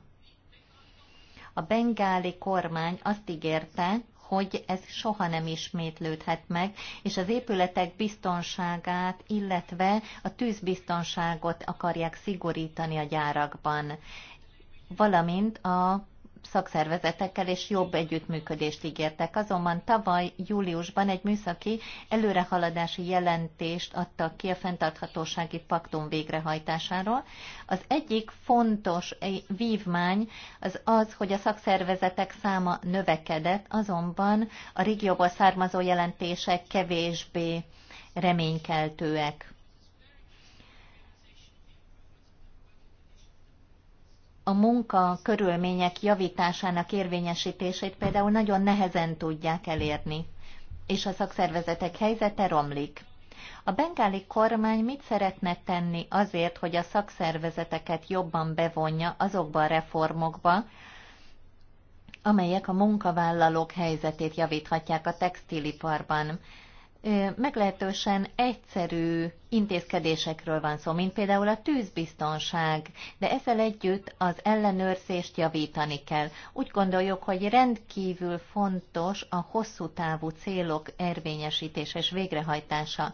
S2: A bengáli kormány azt ígérte, hogy ez soha nem ismétlődhet meg, és az épületek biztonságát, illetve a tűzbiztonságot akarják szigorítani a gyárakban, valamint a szakszervezetekkel és jobb együttműködést ígértek. Azonban tavaly júliusban egy műszaki előrehaladási jelentést adtak ki a fenntarthatósági paktum végrehajtásáról. Az egyik fontos vívmány az az, hogy a szakszervezetek száma növekedett, azonban a régióból származó jelentések kevésbé reménykeltőek. a munka körülmények javításának érvényesítését például nagyon nehezen tudják elérni, és a szakszervezetek helyzete romlik. A bengáli kormány mit szeretne tenni azért, hogy a szakszervezeteket jobban bevonja azokba a reformokba, amelyek a munkavállalók helyzetét javíthatják a textiliparban? meglehetősen egyszerű intézkedésekről van szó, mint például a tűzbiztonság, de ezzel együtt az ellenőrzést javítani kell. Úgy gondoljuk, hogy rendkívül fontos a hosszú távú célok érvényesítése és végrehajtása.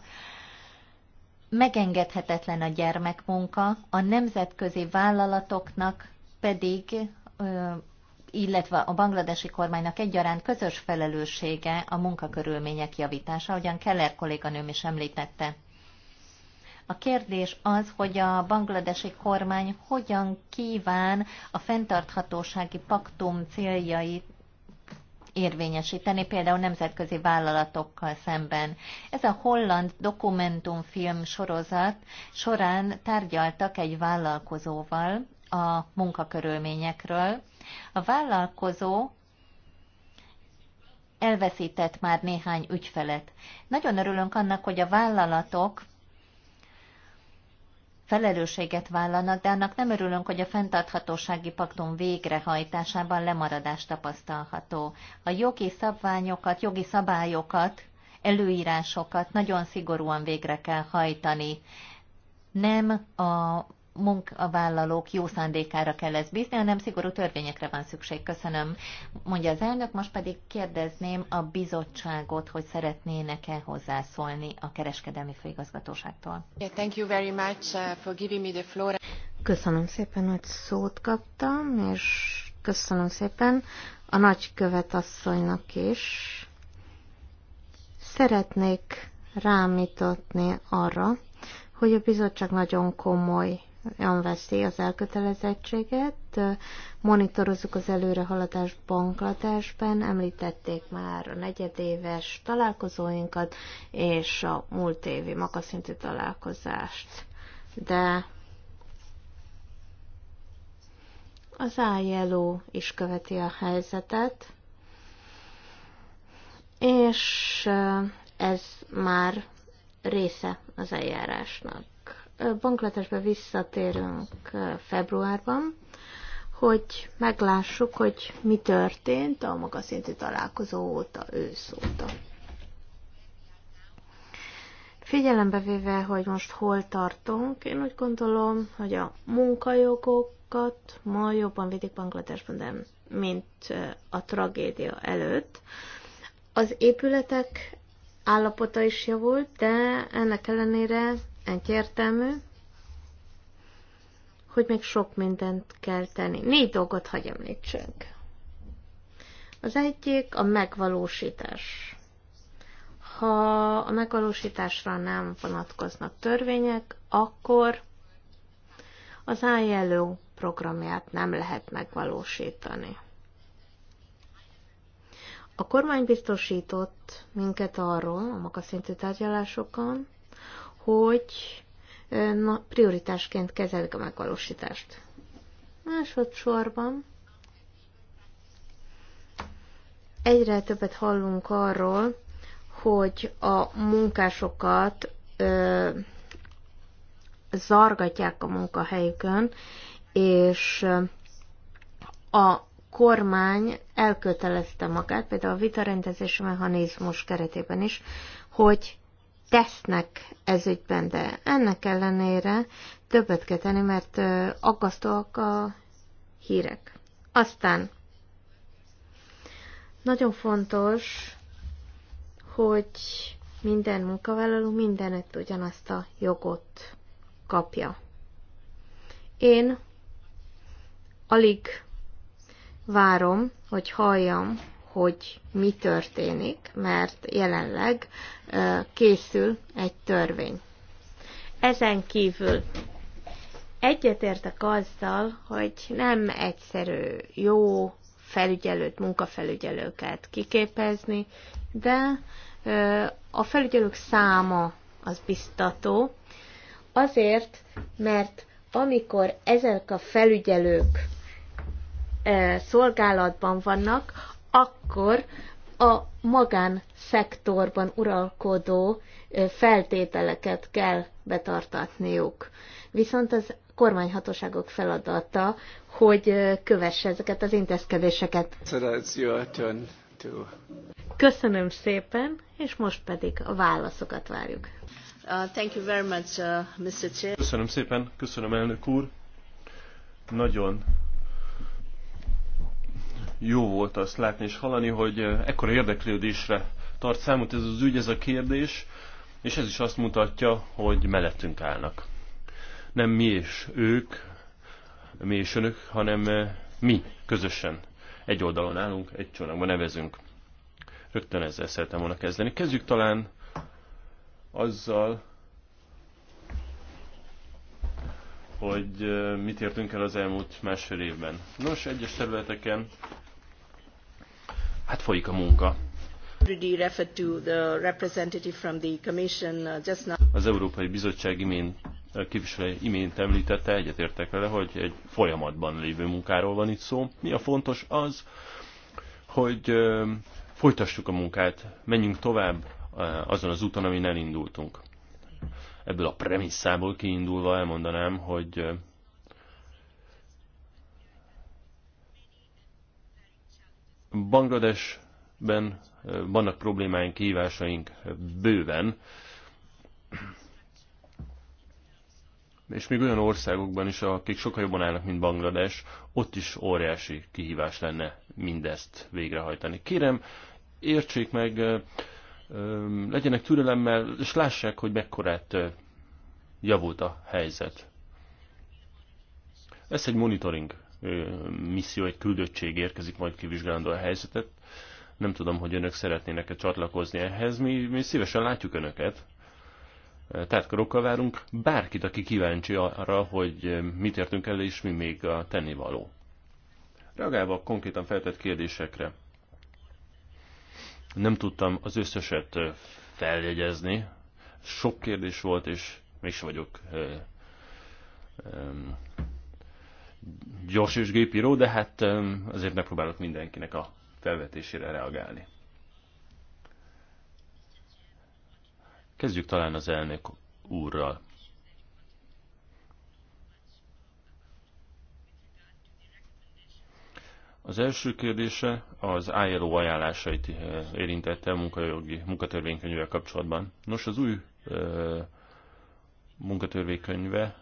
S2: Megengedhetetlen a gyermekmunka, a nemzetközi vállalatoknak pedig illetve a bangladesi kormánynak egyaránt közös felelőssége a munkakörülmények javítása, ahogyan Keller kolléganőm is említette. A kérdés az, hogy a bangladesi kormány hogyan kíván a fenntarthatósági paktum céljait érvényesíteni, például nemzetközi vállalatokkal szemben. Ez a holland dokumentumfilm sorozat során tárgyaltak egy vállalkozóval a munkakörülményekről, a vállalkozó elveszített már néhány ügyfelet. Nagyon örülünk annak, hogy a vállalatok felelősséget vállalnak, de annak nem örülünk, hogy a fenntarthatósági paktum végrehajtásában lemaradás tapasztalható. A jogi szabványokat, jogi szabályokat, előírásokat nagyon szigorúan végre kell hajtani. Nem a munkavállalók jó szándékára kell ezt bízni, hanem szigorú törvényekre van szükség. Köszönöm, mondja az elnök. Most pedig kérdezném a bizottságot, hogy szeretnének-e hozzászólni a kereskedelmi főigazgatóságtól.
S4: Yeah, thank you very much uh, for giving me the floor. Köszönöm szépen, hogy szót kaptam, és köszönöm szépen a nagykövet asszonynak is. Szeretnék rámítatni arra, hogy a bizottság nagyon komoly veszély az elkötelezettséget. Monitorozzuk az előrehaladás banklatásban, említették már a negyedéves találkozóinkat és a múlt évi makaszintű találkozást. De az ILO is követi a helyzetet, és ez már része az eljárásnak. Bangladesbe visszatérünk februárban, hogy meglássuk, hogy mi történt a magaszinti találkozó óta, ősz óta. Figyelembe véve, hogy most hol tartunk, én úgy gondolom, hogy a munkajogokat ma jobban védik Bangladesben, de mint a tragédia előtt. Az épületek állapota is javult, de ennek ellenére egyértelmű, hogy még sok mindent kell tenni. Négy dolgot hagy említsünk. Az egyik a megvalósítás. Ha a megvalósításra nem vonatkoznak törvények, akkor az ILO programját nem lehet megvalósítani. A kormány biztosított minket arról a magaszintű tárgyalásokon, hogy na, prioritásként kezelik a megvalósítást. Másodszorban egyre többet hallunk arról, hogy a munkásokat ö, zargatják a munkahelyükön, és a kormány elkötelezte magát, például a vitarendezési mechanizmus keretében is, hogy tesznek ez ügyben, de ennek ellenére többet kell tenni, mert aggasztóak a hírek. Aztán nagyon fontos, hogy minden munkavállaló mindenütt ugyanazt a jogot kapja. Én alig várom, hogy halljam, hogy mi történik, mert jelenleg készül egy törvény. Ezen kívül egyetértek azzal, hogy nem egyszerű jó felügyelőt, munkafelügyelőket kiképezni, de a felügyelők száma az biztató, azért, mert amikor ezek a felügyelők szolgálatban vannak, akkor a magánszektorban uralkodó feltételeket kell betartatniuk. Viszont az kormányhatóságok feladata, hogy kövesse ezeket az intézkedéseket. Köszönöm szépen, és most pedig a válaszokat várjuk. Uh, thank you very much, uh, Mr. Chair.
S3: Köszönöm szépen, köszönöm elnök úr. Nagyon jó volt azt látni és hallani, hogy ekkora érdeklődésre tart számot ez az ügy, ez a kérdés, és ez is azt mutatja, hogy mellettünk állnak. Nem mi és ők, mi és önök, hanem mi közösen egy oldalon állunk, egy csónakban nevezünk. Rögtön ezzel szeretem volna kezdeni. Kezdjük talán azzal, hogy mit értünk el az elmúlt másfél évben. Nos, egyes területeken Hát folyik a munka. Uh, az Európai Bizottság imént képviselő imént említette, egyetértek vele, hogy egy folyamatban lévő munkáról van itt szó. Mi a fontos az, hogy folytassuk a munkát, menjünk tovább azon az úton, amin elindultunk. Ebből a premisszából kiindulva elmondanám, hogy Bangladesben vannak problémáink, kihívásaink bőven, és még olyan országokban is, akik sokkal jobban állnak, mint Banglades, ott is óriási kihívás lenne mindezt végrehajtani. Kérem, értsék meg, legyenek türelemmel, és lássák, hogy mekkorát javult a helyzet. Ez egy monitoring misszió, egy küldöttség érkezik majd kivizsgálandó a helyzetet. Nem tudom, hogy önök szeretnének-e csatlakozni ehhez. Mi, mi szívesen látjuk önöket. Tehát karokkal várunk bárkit, aki kíváncsi arra, hogy mit értünk el, és mi még a tennivaló. Reagálva a konkrétan feltett kérdésekre. Nem tudtam az összeset feljegyezni. Sok kérdés volt, és még vagyok gyors és gépíró, de hát azért megpróbálok mindenkinek a felvetésére reagálni. Kezdjük talán az elnök úrral. Az első kérdése az ILO ajánlásait eh, érintette a munkajogi, munkatörvénykönyvvel kapcsolatban. Nos, az új ö, eh, munkatörvénykönyve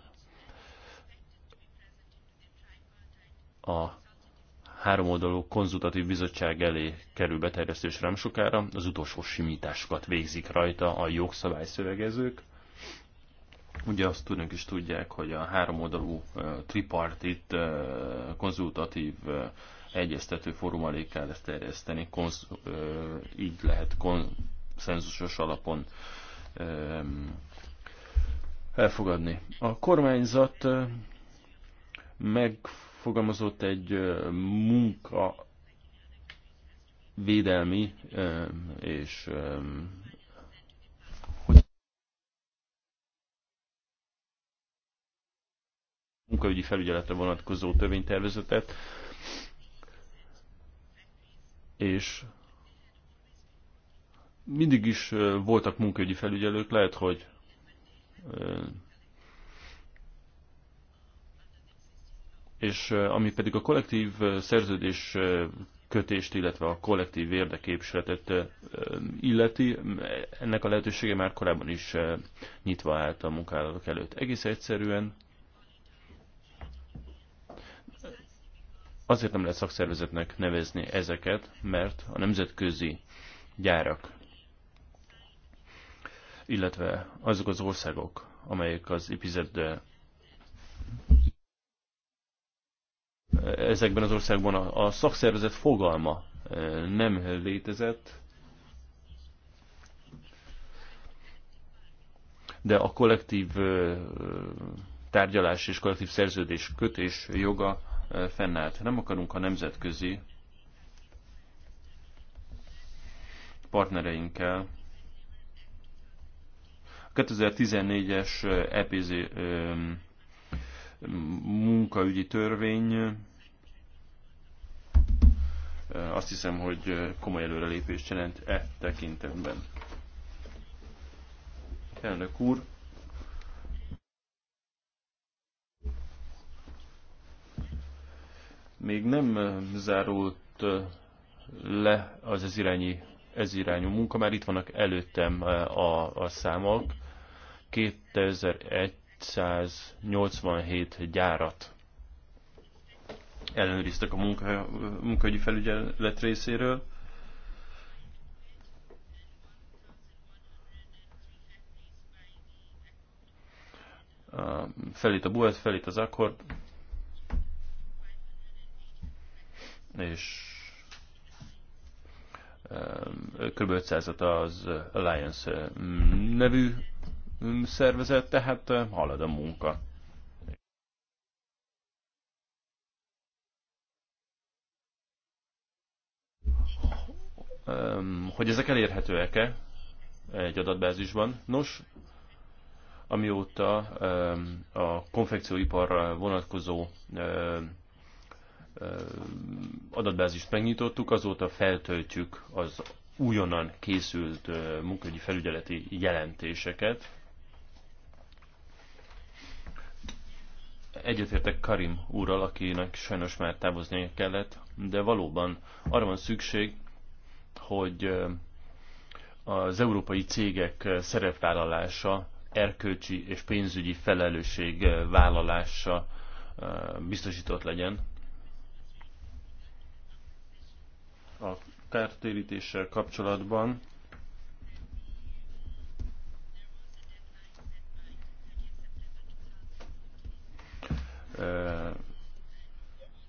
S3: a háromoldalú konzultatív bizottság elé kerül beterjesztésre nem sokára, az utolsó simításokat végzik rajta a jogszabályszövegezők. Ugye azt tudnak is tudják, hogy a háromoldalú tripartit konzultatív egyeztető fórum alé kell ezt terjeszteni, konz, így lehet konszenzusos alapon elfogadni. A kormányzat meg megfogalmazott egy munka védelmi és munkaügyi felügyeletre vonatkozó törvénytervezetet, és mindig is voltak munkaügyi felügyelők, lehet, hogy és ami pedig a kollektív szerződés kötést, illetve a kollektív érdeképviseletet illeti, ennek a lehetősége már korábban is nyitva állt a munkálatok előtt. Egész egyszerűen azért nem lehet szakszervezetnek nevezni ezeket, mert a nemzetközi gyárak, illetve azok az országok, amelyek az ipizet ezekben az országban a, a szakszervezet fogalma e, nem létezett, de a kollektív e, tárgyalás és kollektív szerződés kötés joga e, fennállt. Nem akarunk a nemzetközi partnereinkkel. A 2014-es EPZ munkaügyi törvény azt hiszem, hogy komoly előrelépést jelent e tekintetben. Elnök úr, még nem zárult le az ez, irányi, ez irányú munka, már itt vannak előttem a, a számok. 2001 287 gyárat ellenőriztek a munka, munkahogyi felügyelet részéről. Felít a Buet, felít az Akkord, és kb. 500 az Alliance nevű szervezet, tehát eh, halad a munka. Hogy ezek elérhetőek-e egy adatbázisban? Nos, amióta a konfekcióipar vonatkozó adatbázist megnyitottuk, azóta feltöltjük az újonnan készült munkahogyi felügyeleti jelentéseket. Egyetértek Karim úrral, akinek sajnos már távoznia kellett, de valóban arra van szükség, hogy az európai cégek szerepvállalása, erkölcsi és pénzügyi felelősség vállalása biztosított legyen. A kártérítéssel kapcsolatban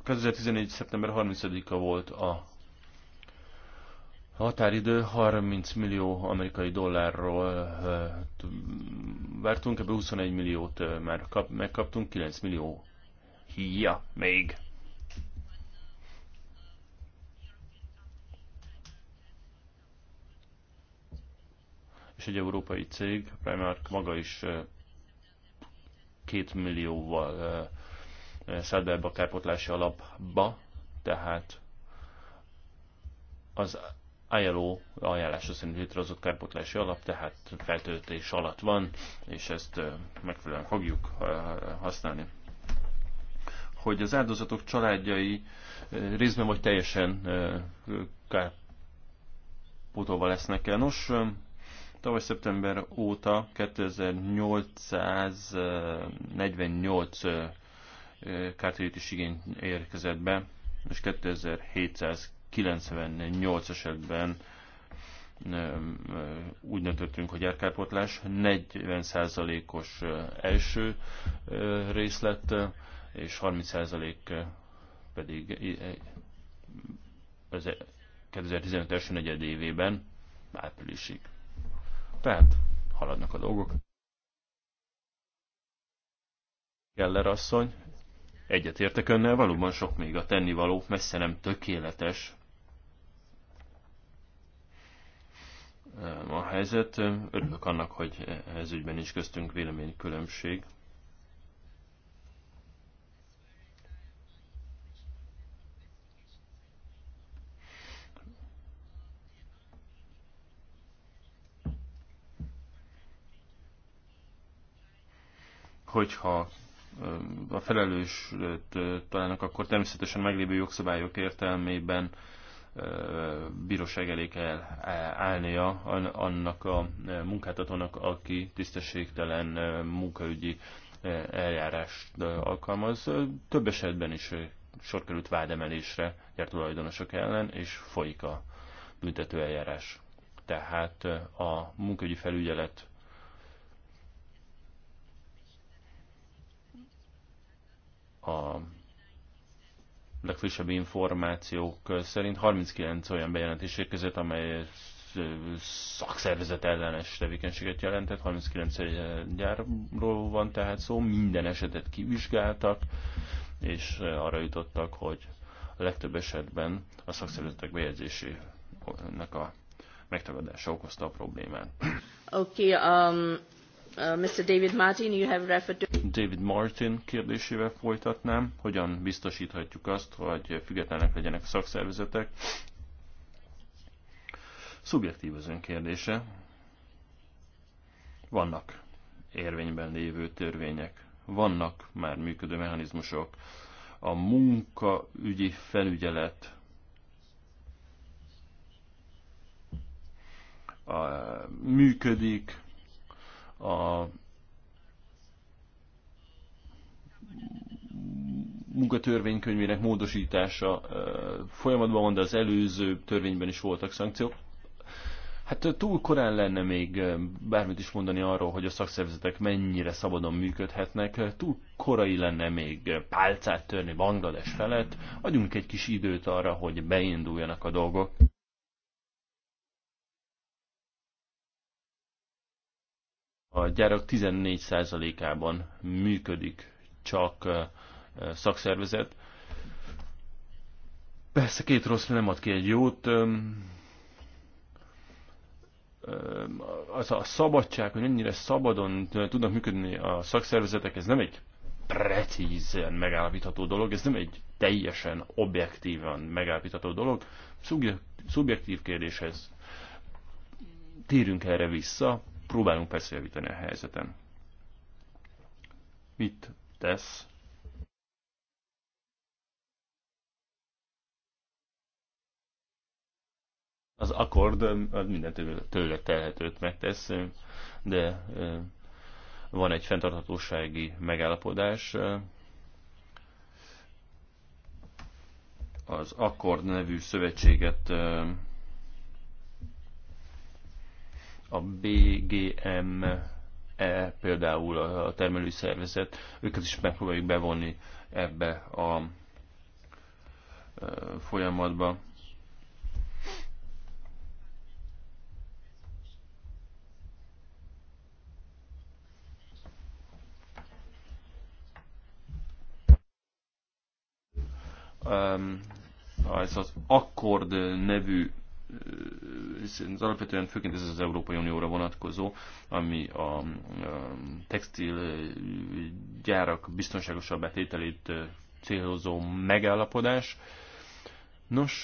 S3: 2014. szeptember 30-a volt a határidő, 30 millió amerikai dollárról vártunk, ebből 21 milliót már kap, megkaptunk, 9 millió híja még. És egy európai cég, Primark maga is 2 millióval a kárpotlási alapba, tehát az ILO ajánlása szerint létrehozott kárpotlási alap, tehát feltöltés alatt van, és ezt megfelelően fogjuk használni. Hogy az áldozatok családjai részben vagy teljesen kárpótolva lesznek el. Nos, tavaly szeptember óta 2848 kártérítés igény érkezett be, és 2798 esetben úgy döntöttünk, hogy árkárpotlás 40%-os első részlet, és 30% pedig az 2015 első negyed évében áprilisig. Tehát haladnak a dolgok. Keller asszony, Egyetértek önnel, valóban sok még a tennivaló, messze nem tökéletes a helyzet. Örülök annak, hogy ez ügyben nincs köztünk véleménykülönbség. Hogyha a felelős találnak, akkor természetesen meglévő jogszabályok értelmében bíróság elé kell állnia annak a munkáltatónak, aki tisztességtelen munkaügyi eljárást alkalmaz. Több esetben is sor került vádemelésre gyár tulajdonosok ellen, és folyik a büntető eljárás. Tehát a munkaügyi felügyelet a legfrissebb információk szerint 39 olyan bejelentés érkezett, amely szakszervezet ellenes tevékenységet jelentett, 39 gyárról van tehát szó, minden esetet kivizsgáltak, és arra jutottak, hogy a legtöbb esetben a szakszervezetek bejegyzésének a megtagadása okozta a problémát.
S1: Oké, okay, um, Uh, Mr. David Martin, you have referred to...
S3: David Martin kérdésével folytatnám, hogyan biztosíthatjuk azt, hogy függetlenek legyenek a szakszervezetek. Szubjektív az ön kérdése. Vannak érvényben lévő törvények, vannak már működő mechanizmusok. A munkaügyi felügyelet a, működik, a munkatörvénykönyvének módosítása folyamatban van, de az előző törvényben is voltak szankciók. Hát túl korán lenne még bármit is mondani arról, hogy a szakszervezetek mennyire szabadon működhetnek, túl korai lenne még pálcát törni Banglades felett, adjunk egy kis időt arra, hogy beinduljanak a dolgok. a gyárak 14%-ában működik csak szakszervezet. Persze két rossz nem ad ki egy jót. Az a szabadság, hogy ennyire szabadon tudnak működni a szakszervezetek, ez nem egy precízen megállapítható dolog, ez nem egy teljesen objektívan megállapítható dolog, szubjektív kérdéshez térünk erre vissza, Próbálunk persze javítani a helyzeten. Mit tesz az akkord az minden tőle telhetőt megtesz, de van egy fenntarthatósági megállapodás. Az akkord nevű szövetséget a BGM -e, például a termelői szervezet, őket is megpróbáljuk bevonni ebbe a e, folyamatba. ez az Akkord nevű ez alapvetően főként ez az Európai Unióra vonatkozó, ami a textilgyárak biztonságosabb betételét célozó megállapodás. Nos,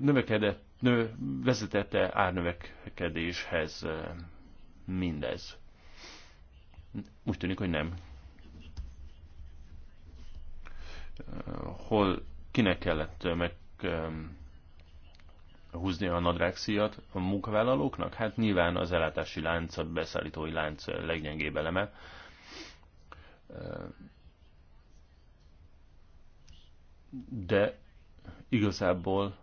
S3: növekedett, nő, vezetette árnövekedéshez mindez? Úgy tűnik, hogy nem. Hol kinek kellett meg húzni a nadrágszíjat a munkavállalóknak? Hát nyilván az ellátási lánc, a beszállítói lánc leggyengébb eleme. De igazából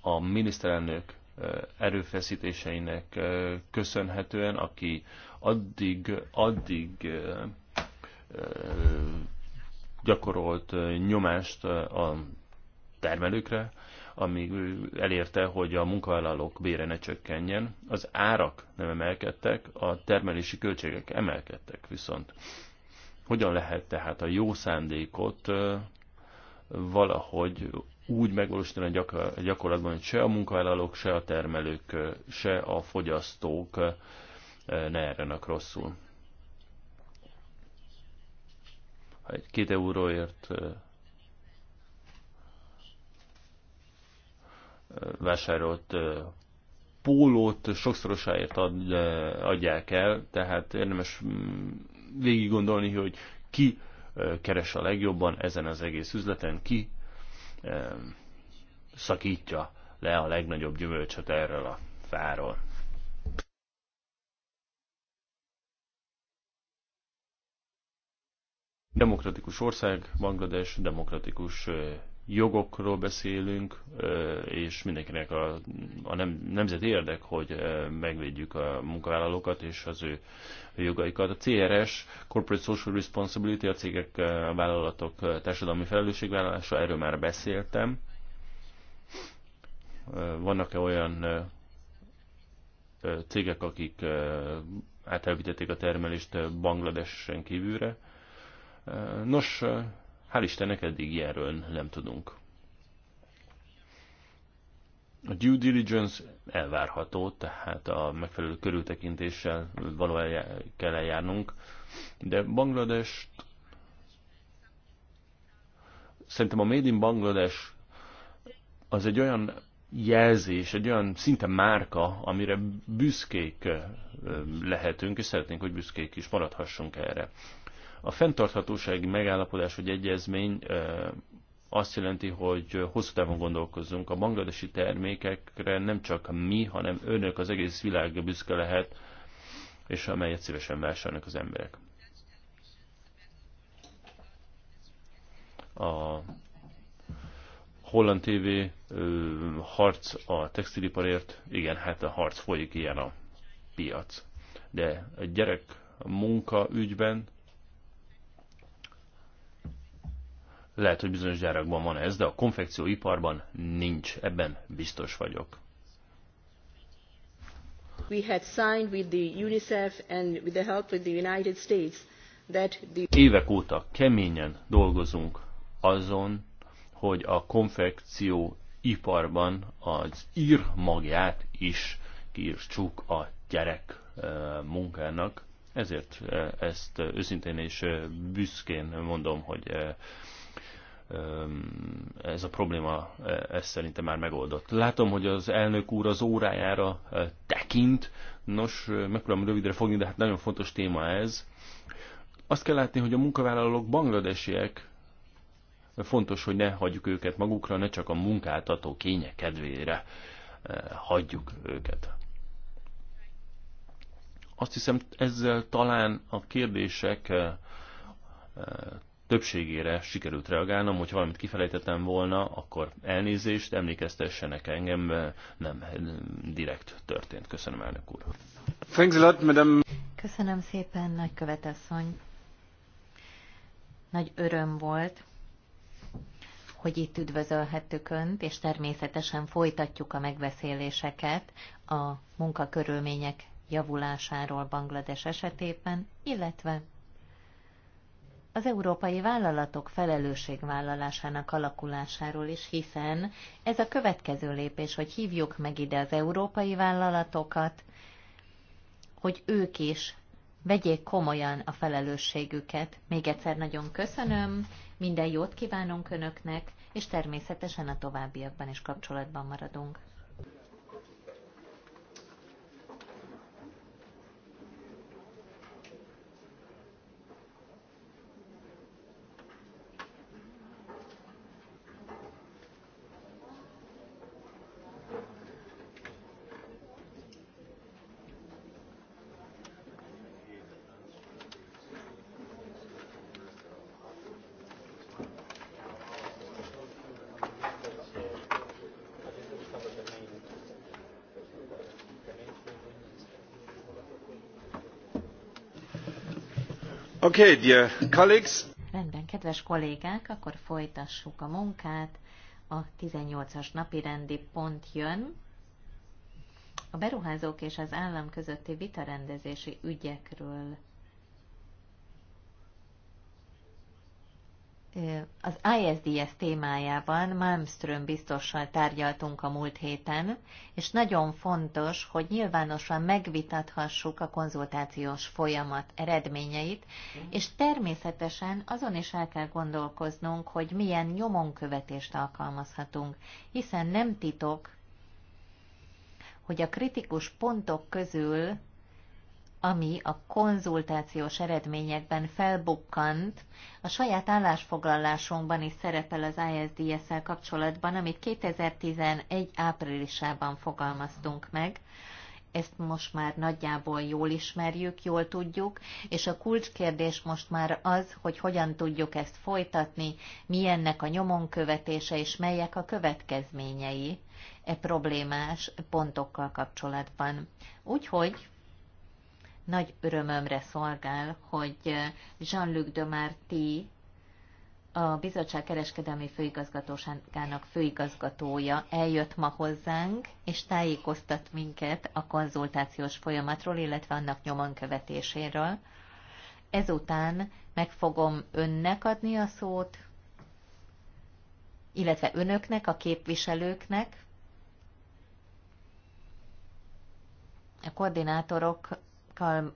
S3: a miniszterelnök erőfeszítéseinek köszönhetően, aki addig, addig gyakorolt nyomást a termelőkre, ami elérte, hogy a munkavállalók bére ne csökkenjen. Az árak nem emelkedtek, a termelési költségek emelkedtek viszont. Hogyan lehet tehát a jó szándékot valahogy úgy megvalósítani a gyakorlatban, hogy se a munkavállalók, se a termelők, se a fogyasztók ne erjenek rosszul. Ha egy két euróért vásárolt pólót sokszorosáért ad, adják el, tehát érdemes mm, végig gondolni, hogy ki keres a legjobban ezen az egész üzleten, ki szakítja le a legnagyobb gyümölcsöt erről a fáról. Demokratikus ország, Banglades, demokratikus jogokról beszélünk, és mindenkinek a, a nem, nemzeti érdek, hogy megvédjük a munkavállalókat és az ő jogaikat. A CRS, Corporate Social Responsibility, a cégek, a vállalatok társadalmi felelősségvállalása, erről már beszéltem. Vannak-e olyan cégek, akik átelvitették a termelést Bangladesen kívülre? Nos, Hál' Istennek eddig ilyenről nem tudunk. A due diligence elvárható, tehát a megfelelő körültekintéssel való kell eljárnunk, de Bangladesh szerintem a Made in Bangladesh az egy olyan jelzés, egy olyan szinte márka, amire büszkék lehetünk, és szeretnénk, hogy büszkék is maradhassunk erre. A fenntarthatósági megállapodás vagy egyezmény azt jelenti, hogy hosszú távon gondolkozzunk. A bangladesi termékekre nem csak mi, hanem önök az egész világ büszke lehet, és amelyet szívesen vásárolnak az emberek. A Holland TV ö, harc a textiliparért, igen, hát a harc folyik ilyen a piac. De a gyerek munka ügyben Lehet, hogy bizonyos gyárakban van ez, de a konfekcióiparban nincs, ebben biztos vagyok.
S1: We had signed with the UNICEF and with the help with the United States that the...
S3: Évek óta keményen dolgozunk azon, hogy a konfekció iparban az ír magját is kiírtsuk a gyerek munkának. Ezért ezt őszintén és büszkén mondom, hogy ez a probléma e, ez szerintem már megoldott. Látom, hogy az elnök úr az órájára e, tekint, nos, megpróbálom rövidre fogni, de hát nagyon fontos téma ez. Azt kell látni, hogy a munkavállalók bangladesiek, fontos, hogy ne hagyjuk őket magukra, ne csak a munkáltató kénye kedvére e, hagyjuk őket. Azt hiszem ezzel talán a kérdések többségére sikerült reagálnom, hogy valamit kifelejtettem volna, akkor elnézést, emlékeztessenek engem, nem direkt történt. Köszönöm, elnök úr. Thanks a lot, madam.
S2: Köszönöm szépen, nagy nagykövetasszony. Nagy öröm volt, hogy itt üdvözölhettük Önt, és természetesen folytatjuk a megbeszéléseket a munkakörülmények javulásáról Banglades esetében, illetve az európai vállalatok felelősségvállalásának alakulásáról is, hiszen ez a következő lépés, hogy hívjuk meg ide az európai vállalatokat, hogy ők is vegyék komolyan a felelősségüket. Még egyszer nagyon köszönöm, minden jót kívánunk Önöknek, és természetesen a továbbiakban is kapcsolatban maradunk.
S1: Okay, colleagues.
S2: Rendben, kedves kollégák, akkor folytassuk a munkát. A 18-as napi rendi pont jön. A beruházók és az állam közötti vitarendezési ügyekről Az ISDS témájában Malmström biztossal tárgyaltunk a múlt héten, és nagyon fontos, hogy nyilvánosan megvitathassuk a konzultációs folyamat eredményeit, és természetesen azon is el kell gondolkoznunk, hogy milyen nyomonkövetést alkalmazhatunk, hiszen nem titok, hogy a kritikus pontok közül ami a konzultációs eredményekben felbukkant, a saját állásfoglalásunkban is szerepel az ISDS-szel kapcsolatban, amit 2011 áprilisában fogalmaztunk meg. Ezt most már nagyjából jól ismerjük, jól tudjuk, és a kulcskérdés most már az, hogy hogyan tudjuk ezt folytatni, milyennek a nyomon követése és melyek a következményei e problémás pontokkal kapcsolatban. Úgyhogy nagy örömömre szolgál, hogy eh, Jean-Luc de Marti, a bizottság kereskedelmi főigazgatóságának főigazgatója eljött ma hozzánk, és tájékoztat minket a konzultációs folyamatról, illetve annak nyomon követéséről. Ezután meg fogom önnek adni a szót, illetve önöknek, a képviselőknek, a koordinátorok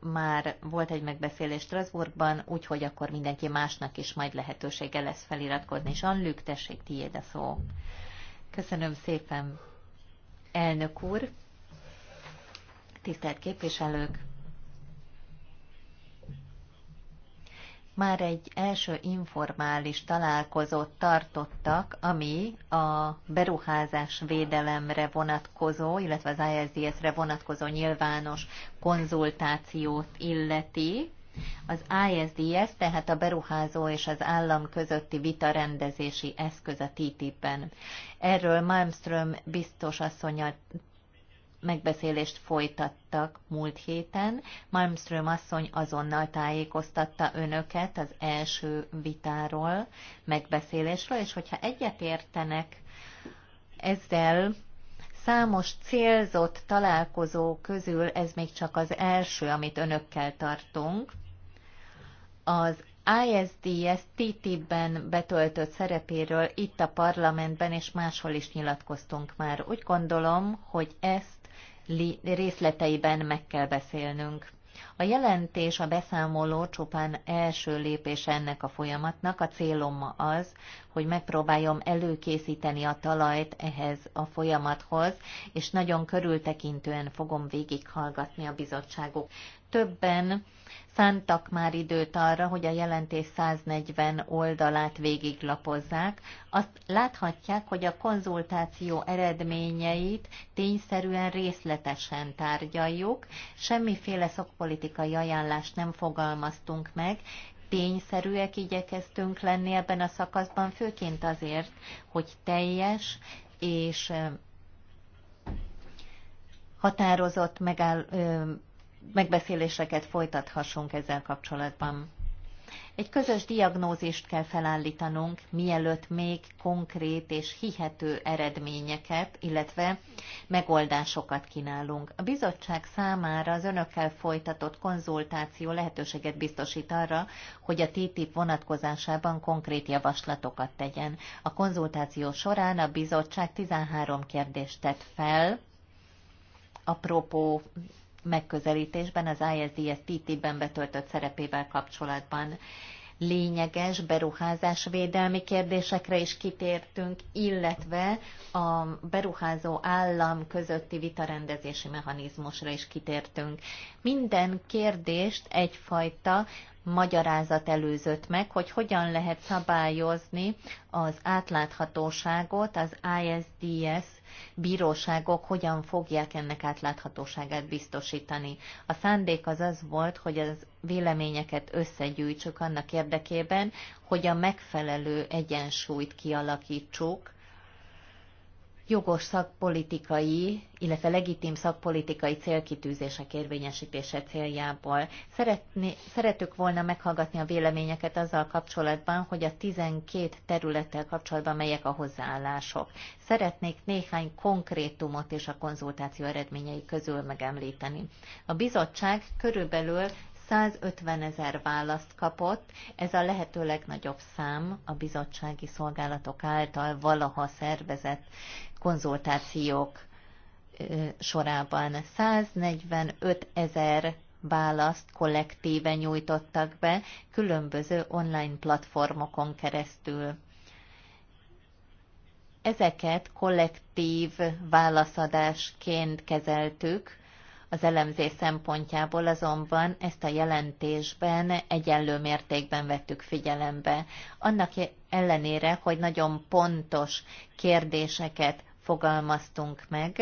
S2: már volt egy megbeszélés Strasbourgban, úgyhogy akkor mindenki másnak is majd lehetősége lesz feliratkozni. És Anlük, tessék, tiéd a szó. Köszönöm szépen, elnök úr, tisztelt képviselők, már egy első informális találkozót tartottak, ami a beruházás védelemre vonatkozó, illetve az ISDS-re vonatkozó nyilvános konzultációt illeti. Az ISDS, tehát a beruházó és az állam közötti vitarendezési eszköz a TTIP-ben. Erről Malmström biztos asszonya megbeszélést folytattak múlt héten. Malmström asszony azonnal tájékoztatta önöket az első vitáról, megbeszélésről, és hogyha egyetértenek ezzel, számos célzott találkozó közül ez még csak az első, amit önökkel tartunk. Az ISDS TTIP-ben betöltött szerepéről itt a parlamentben és máshol is nyilatkoztunk már. Úgy gondolom, hogy ezt részleteiben meg kell beszélnünk. A jelentés, a beszámoló csupán első lépés ennek a folyamatnak. A célom az, hogy megpróbáljam előkészíteni a talajt ehhez a folyamathoz, és nagyon körültekintően fogom végighallgatni a bizottságok többen szántak már időt arra, hogy a jelentés 140 oldalát végiglapozzák. Azt láthatják, hogy a konzultáció eredményeit tényszerűen részletesen tárgyaljuk, semmiféle szakpolitikai ajánlást nem fogalmaztunk meg, tényszerűek igyekeztünk lenni ebben a szakaszban, főként azért, hogy teljes és határozott megáll, ö, megbeszéléseket folytathassunk ezzel kapcsolatban. Egy közös diagnózist kell felállítanunk, mielőtt még konkrét és hihető eredményeket, illetve megoldásokat kínálunk. A bizottság számára az önökkel folytatott konzultáció lehetőséget biztosít arra, hogy a TTIP vonatkozásában konkrét javaslatokat tegyen. A konzultáció során a bizottság 13 kérdést tett fel, apropó megközelítésben az ISDS-TT-ben betöltött szerepével kapcsolatban. Lényeges beruházás védelmi kérdésekre is kitértünk, illetve a beruházó állam közötti vitarendezési mechanizmusra is kitértünk. Minden kérdést egyfajta magyarázat előzött meg, hogy hogyan lehet szabályozni az átláthatóságot, az ISDS bíróságok hogyan fogják ennek átláthatóságát biztosítani. A szándék az az volt, hogy az véleményeket összegyűjtsük annak érdekében, hogy a megfelelő egyensúlyt kialakítsuk jogos szakpolitikai, illetve legitim szakpolitikai célkitűzések érvényesítése céljából. Szeretni, szeretük volna meghallgatni a véleményeket azzal kapcsolatban, hogy a 12 területtel kapcsolatban melyek a hozzáállások. Szeretnék néhány konkrétumot és a konzultáció eredményei közül megemlíteni. A bizottság körülbelül 150 ezer választ kapott, ez a lehető legnagyobb szám a bizottsági szolgálatok által valaha szervezett konzultációk sorában 145 ezer választ kollektíven nyújtottak be különböző online platformokon keresztül. Ezeket kollektív válaszadásként kezeltük, az elemzés szempontjából azonban ezt a jelentésben egyenlő mértékben vettük figyelembe. Annak ellenére, hogy nagyon pontos kérdéseket fogalmaztunk meg.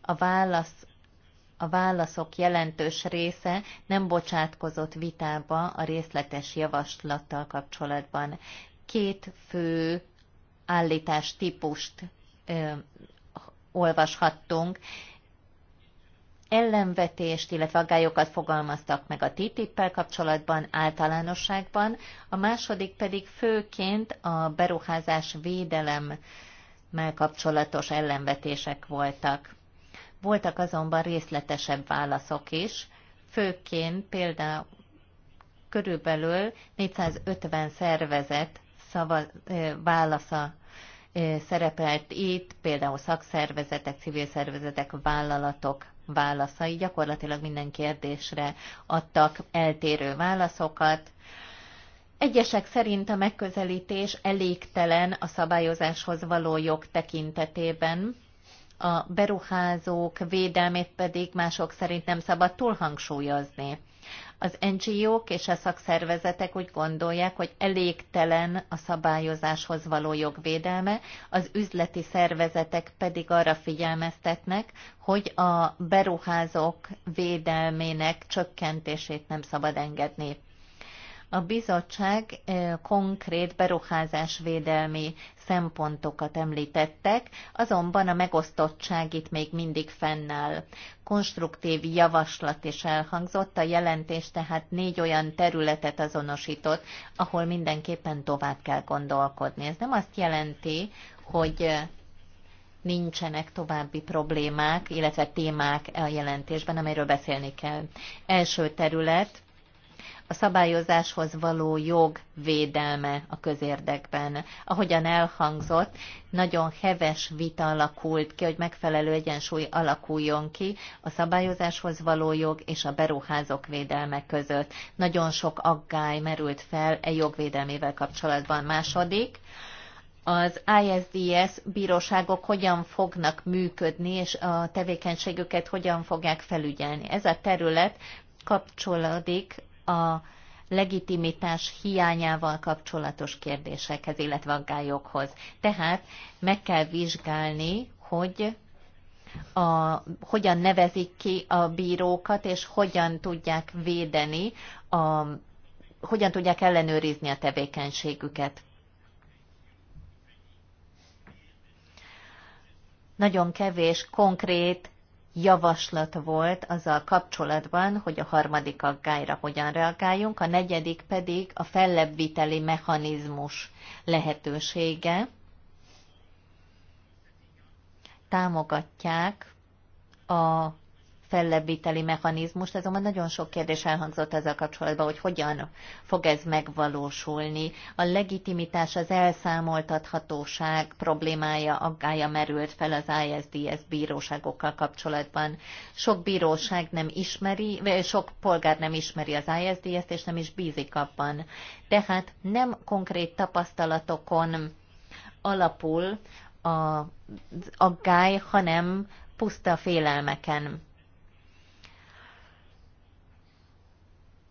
S2: A, válasz, a válaszok jelentős része nem bocsátkozott vitába a részletes javaslattal kapcsolatban. Két fő állítás típust ö, olvashattunk ellenvetést, illetve aggályokat fogalmaztak meg a TTIP-pel kapcsolatban általánosságban, a második pedig főként a beruházás védelemmel kapcsolatos ellenvetések voltak. Voltak azonban részletesebb válaszok is, főként például körülbelül 450 szervezet szava, válasza szerepelt itt, például szakszervezetek, civil szervezetek, vállalatok válaszai. Gyakorlatilag minden kérdésre adtak eltérő válaszokat. Egyesek szerint a megközelítés elégtelen a szabályozáshoz való jog tekintetében, a beruházók védelmét pedig mások szerint nem szabad túlhangsúlyozni. Az NGO-k és a szakszervezetek úgy gondolják, hogy elégtelen a szabályozáshoz való jogvédelme, az üzleti szervezetek pedig arra figyelmeztetnek, hogy a beruházók védelmének csökkentését nem szabad engedni a bizottság konkrét beruházásvédelmi szempontokat említettek, azonban a megosztottság itt még mindig fennáll. Konstruktív javaslat is elhangzott, a jelentés tehát négy olyan területet azonosított, ahol mindenképpen tovább kell gondolkodni. Ez nem azt jelenti, hogy nincsenek további problémák, illetve témák a jelentésben, amiről beszélni kell. Első terület, a szabályozáshoz való jog védelme a közérdekben. Ahogyan elhangzott, nagyon heves vita alakult ki, hogy megfelelő egyensúly alakuljon ki a szabályozáshoz való jog és a beruházók védelme között. Nagyon sok aggály merült fel e jogvédelmével kapcsolatban. Második, az ISDS bíróságok hogyan fognak működni, és a tevékenységüket hogyan fogják felügyelni. Ez a terület kapcsolódik a legitimitás hiányával kapcsolatos kérdésekhez, illetve aggályokhoz. Tehát meg kell vizsgálni, hogy a, hogyan nevezik ki a bírókat, és hogyan tudják védeni, a, hogyan tudják ellenőrizni a tevékenységüket. Nagyon kevés konkrét javaslat volt azzal kapcsolatban, hogy a harmadik aggályra hogyan reagáljunk, a negyedik pedig a fellebbviteli mechanizmus lehetősége. Támogatják a fellebbíteli mechanizmust, azonban nagyon sok kérdés elhangzott ezzel kapcsolatban, hogy hogyan fog ez megvalósulni. A legitimitás, az elszámoltathatóság problémája, aggája merült fel az ISDS bíróságokkal kapcsolatban. Sok bíróság nem ismeri, vagy sok polgár nem ismeri az ISDS-t, és nem is bízik abban. Tehát nem konkrét tapasztalatokon alapul a aggály, hanem puszta félelmeken.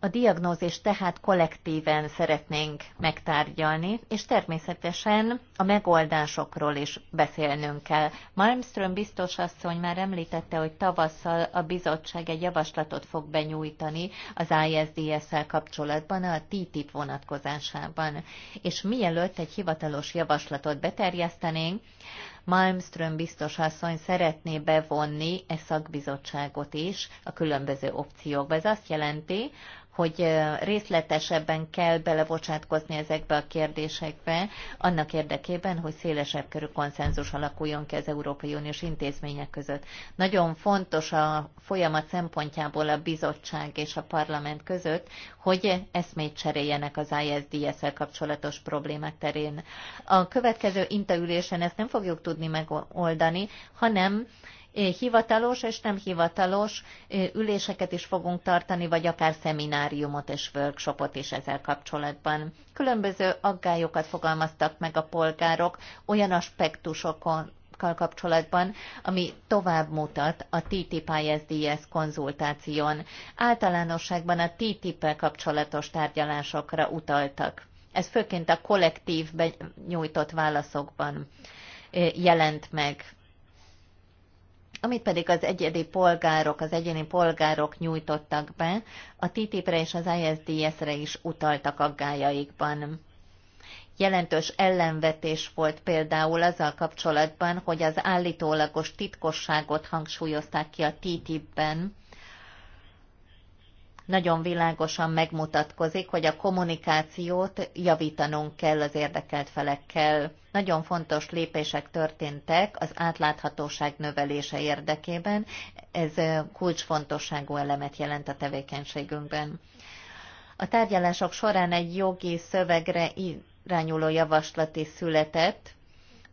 S2: A diagnózist tehát kollektíven szeretnénk megtárgyalni, és természetesen a megoldásokról is beszélnünk kell. Malmström biztos asszony már említette, hogy tavasszal a bizottság egy javaslatot fog benyújtani az ISDS-szel kapcsolatban, a TTIP vonatkozásában. És mielőtt egy hivatalos javaslatot beterjesztenénk, Malmström biztos asszony szeretné bevonni e szakbizottságot is a különböző opciókba. Ez azt jelenti, hogy részletesebben kell belebocsátkozni ezekbe a kérdésekbe, annak érdekében, hogy szélesebb körű konszenzus alakuljon ki az Európai Uniós intézmények között. Nagyon fontos a folyamat szempontjából a bizottság és a parlament között, hogy eszmét cseréljenek az ISDS-el kapcsolatos problémák terén. A következő intaülésen ezt nem fogjuk tudni megoldani, hanem hivatalos és nem hivatalos üléseket is fogunk tartani, vagy akár szemináriumot és workshopot is ezzel kapcsolatban. Különböző aggályokat fogalmaztak meg a polgárok olyan aspektusokon, kapcsolatban, ami tovább mutat a TTIP-ISDS konzultáción. Általánosságban a ttip kapcsolatos tárgyalásokra utaltak. Ez főként a kollektív nyújtott válaszokban jelent meg amit pedig az egyedi polgárok, az egyéni polgárok nyújtottak be, a TTIP-re és az ISDS-re is utaltak aggájaikban. Jelentős ellenvetés volt például azzal kapcsolatban, hogy az állítólagos titkosságot hangsúlyozták ki a TTIP-ben, nagyon világosan megmutatkozik, hogy a kommunikációt javítanunk kell az érdekelt felekkel. Nagyon fontos lépések történtek az átláthatóság növelése érdekében, ez kulcsfontosságú elemet jelent a tevékenységünkben. A tárgyalások során egy jogi szövegre irányuló javaslat is született,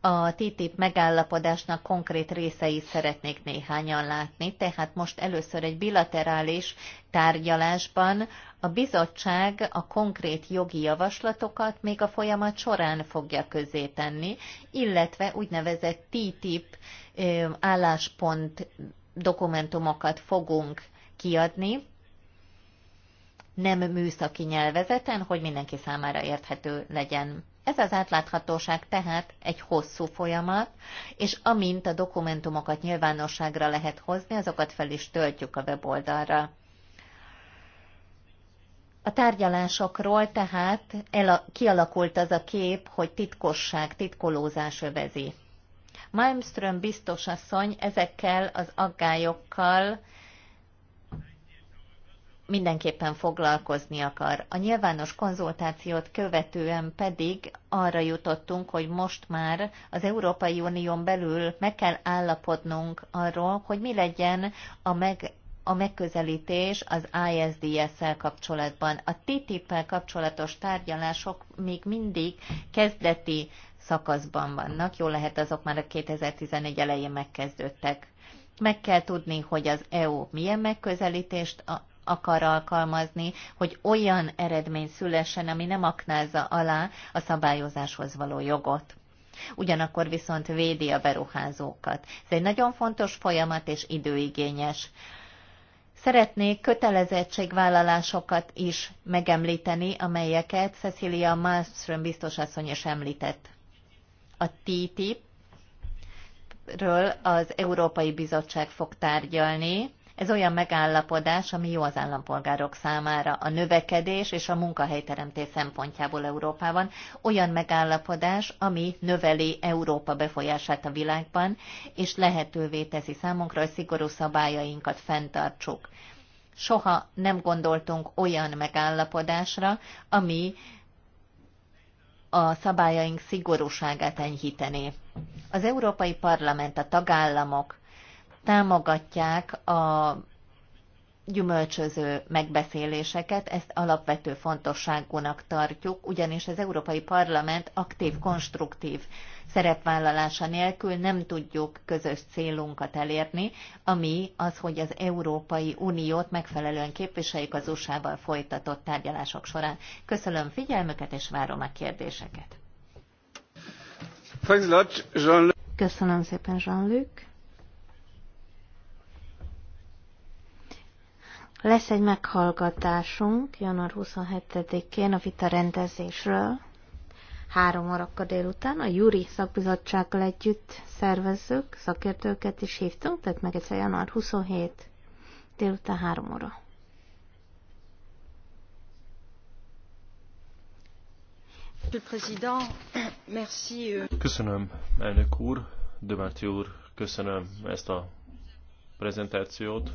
S2: a TTIP megállapodásnak konkrét részeit szeretnék néhányan látni, tehát most először egy bilaterális tárgyalásban a bizottság a konkrét jogi javaslatokat még a folyamat során fogja közé tenni, illetve úgynevezett TTIP álláspont dokumentumokat fogunk kiadni, nem műszaki nyelvezeten, hogy mindenki számára érthető legyen. Ez az átláthatóság tehát egy hosszú folyamat, és amint a dokumentumokat nyilvánosságra lehet hozni, azokat fel is töltjük a weboldalra. A tárgyalásokról tehát el, kialakult az a kép, hogy titkosság, titkolózás övezi. Malmström biztos asszony ezekkel az aggályokkal mindenképpen foglalkozni akar. A nyilvános konzultációt követően pedig arra jutottunk, hogy most már az Európai Unión belül meg kell állapodnunk arról, hogy mi legyen a meg a megközelítés az ISDS-szel kapcsolatban. A TTIP-el kapcsolatos tárgyalások még mindig kezdeti szakaszban vannak, jó lehet azok már a 2011 elején megkezdődtek. Meg kell tudni, hogy az EU milyen megközelítést akar alkalmazni, hogy olyan eredmény szülessen, ami nem aknázza alá a szabályozáshoz való jogot. Ugyanakkor viszont védi a beruházókat. Ez egy nagyon fontos folyamat és időigényes. Szeretnék kötelezettségvállalásokat is megemlíteni, amelyeket Cecilia Malmström biztosasszony is említett. A TTIP ről az Európai Bizottság fog tárgyalni, ez olyan megállapodás, ami jó az állampolgárok számára a növekedés és a munkahelyteremtés szempontjából Európában. Olyan megállapodás, ami növeli Európa befolyását a világban, és lehetővé teszi számunkra, hogy szigorú szabályainkat fenntartsuk. Soha nem gondoltunk olyan megállapodásra, ami a szabályaink szigorúságát enyhítené. Az Európai Parlament, a tagállamok, támogatják a gyümölcsöző megbeszéléseket, ezt alapvető fontosságúnak tartjuk, ugyanis az Európai Parlament aktív, konstruktív szerepvállalása nélkül nem tudjuk közös célunkat elérni, ami az, hogy az Európai Uniót megfelelően képviseljük az USA-val folytatott tárgyalások során. Köszönöm figyelmüket, és várom a kérdéseket.
S4: Köszönöm szépen, Jean-Luc. Lesz egy meghallgatásunk január 27-én a vita rendezésről. Három órakor délután a Júri szakbizottsággal együtt szervezzük, szakértőket is hívtunk, tehát meg egyszer január 27 délután három óra.
S3: Euh, köszönöm, elnök úr, Dömáti úr, köszönöm ezt a prezentációt.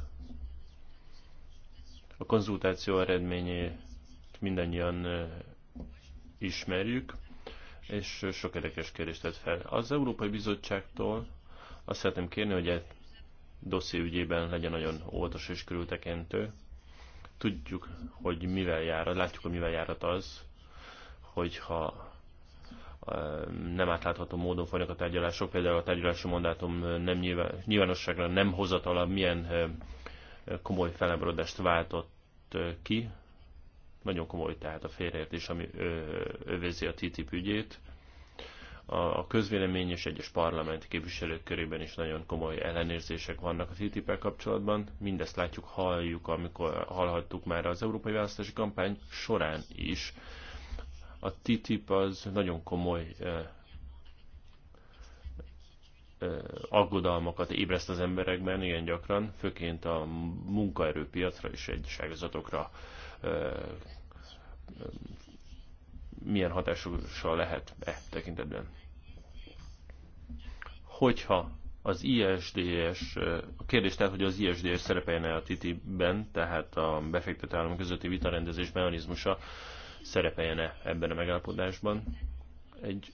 S3: A konzultáció eredményét mindannyian ismerjük, és sok érdekes kérdést tett fel. Az Európai Bizottságtól azt szeretném kérni, hogy egy dosszi ügyében legyen nagyon óvatos és körültekintő. Tudjuk, hogy mivel jár, látjuk, hogy mivel járat az, hogyha nem átlátható módon folynak a tárgyalások, például a tárgyalási mandátum nem nyilván, nyilvánosságra nem hozatala milyen komoly felebrodást váltott ki, nagyon komoly tehát a félreértés, ami övezi a TTIP ügyét. A közvélemény és egyes parlamenti képviselők körében is nagyon komoly ellenérzések vannak a ttip kapcsolatban. Mindezt látjuk, halljuk, amikor hallhattuk már az európai választási kampány során is. A TTIP az nagyon komoly aggodalmakat ébreszt az emberekben ilyen gyakran, főként a munkaerőpiacra és egyes ágazatokra milyen hatással lehet e tekintetben. Hogyha az ISDS, a kérdés tehát, hogy az ISDS szerepeljen-e a TTIP-ben, tehát a befektető állam közötti vitarendezés mechanizmusa szerepeljen-e ebben a megállapodásban. Egy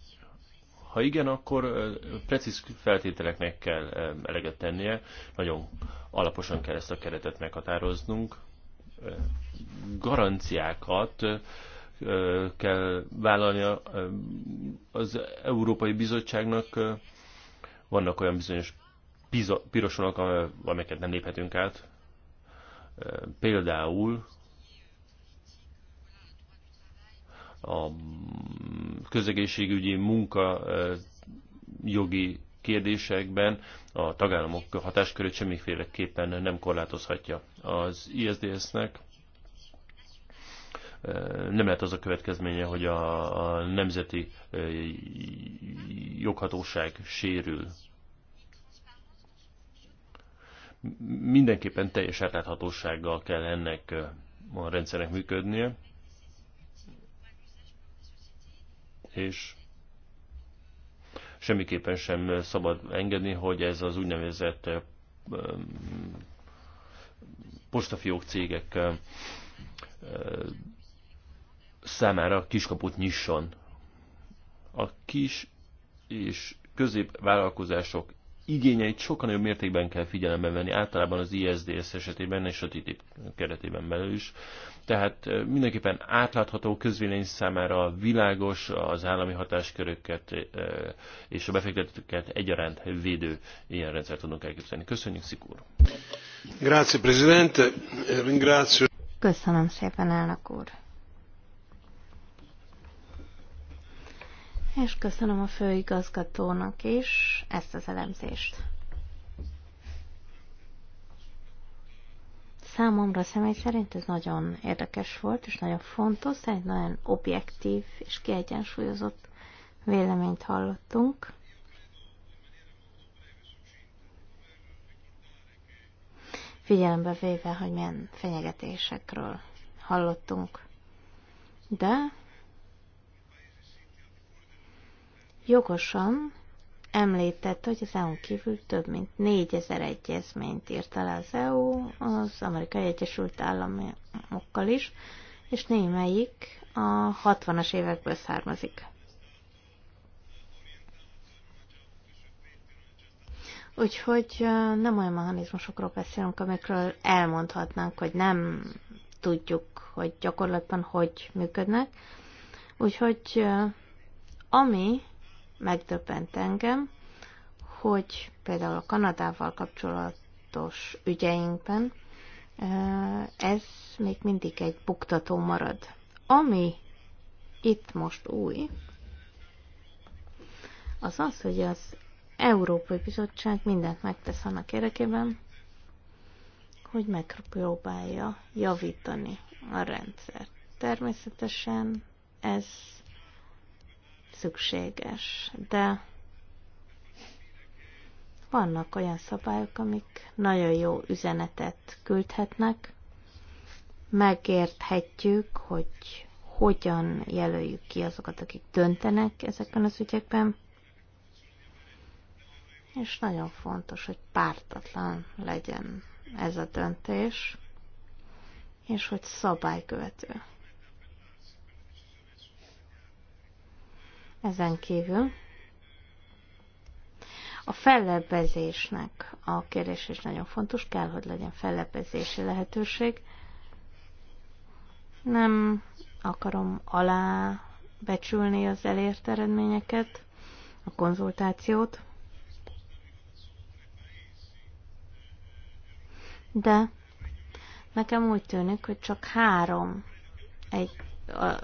S3: ha igen, akkor precíz feltételeknek kell eleget tennie, nagyon alaposan kell ezt a keretet meghatároznunk, garanciákat kell vállalnia az Európai Bizottságnak. Vannak olyan bizonyos pirosonok, amelyeket nem léphetünk át. Például a közegészségügyi munka jogi kérdésekben a tagállamok hatáskörét semmiféleképpen nem korlátozhatja. Az ISDS-nek nem lehet az a következménye, hogy a, a nemzeti joghatóság sérül. Mindenképpen teljes átláthatósággal kell ennek a rendszernek működnie. és semmiképpen sem szabad engedni, hogy ez az úgynevezett postafiók cégek számára kiskaput nyisson. A kis és középvállalkozások igényeit sokkal nagyobb mértékben kell figyelembe venni, általában az ISDS esetében és a TTIP keretében belül is. Tehát mindenképpen átlátható közvélemény számára világos az állami hatásköröket és a befektetőket egyaránt védő ilyen rendszert tudunk elképzelni. Köszönjük, Szikúr! Grazie, Presidente. Ringrazio.
S1: Köszönöm
S4: szépen, elnök úr! és köszönöm a főigazgatónak is ezt az elemzést. Számomra személy szerint ez nagyon érdekes volt, és nagyon fontos, egy nagyon objektív és kiegyensúlyozott véleményt hallottunk. Figyelembe véve, hogy milyen fenyegetésekről hallottunk. De jogosan említette, hogy az EU-n kívül több mint négyezer egyezményt írt alá az EU az Amerikai Egyesült Államokkal is, és némelyik a 60-as évekből származik. Úgyhogy nem olyan mechanizmusokról beszélünk, amikről elmondhatnánk, hogy nem tudjuk, hogy gyakorlatban hogy működnek. Úgyhogy ami megdöbbent engem, hogy például a Kanadával kapcsolatos ügyeinkben ez még mindig egy buktató marad. Ami itt most új, az az, hogy az Európai Bizottság mindent megtesz annak érdekében, hogy megpróbálja javítani a rendszert. Természetesen ez szükséges, de vannak olyan szabályok, amik nagyon jó üzenetet küldhetnek. Megérthetjük, hogy hogyan jelöljük ki azokat, akik döntenek ezekben az ügyekben. És nagyon fontos, hogy pártatlan legyen ez a döntés, és hogy szabálykövető. Ezen kívül a fellebbezésnek a kérdés is nagyon fontos, kell, hogy legyen fellebbezési lehetőség. Nem akarom alá becsülni az elért eredményeket, a konzultációt, de nekem úgy tűnik, hogy csak három egy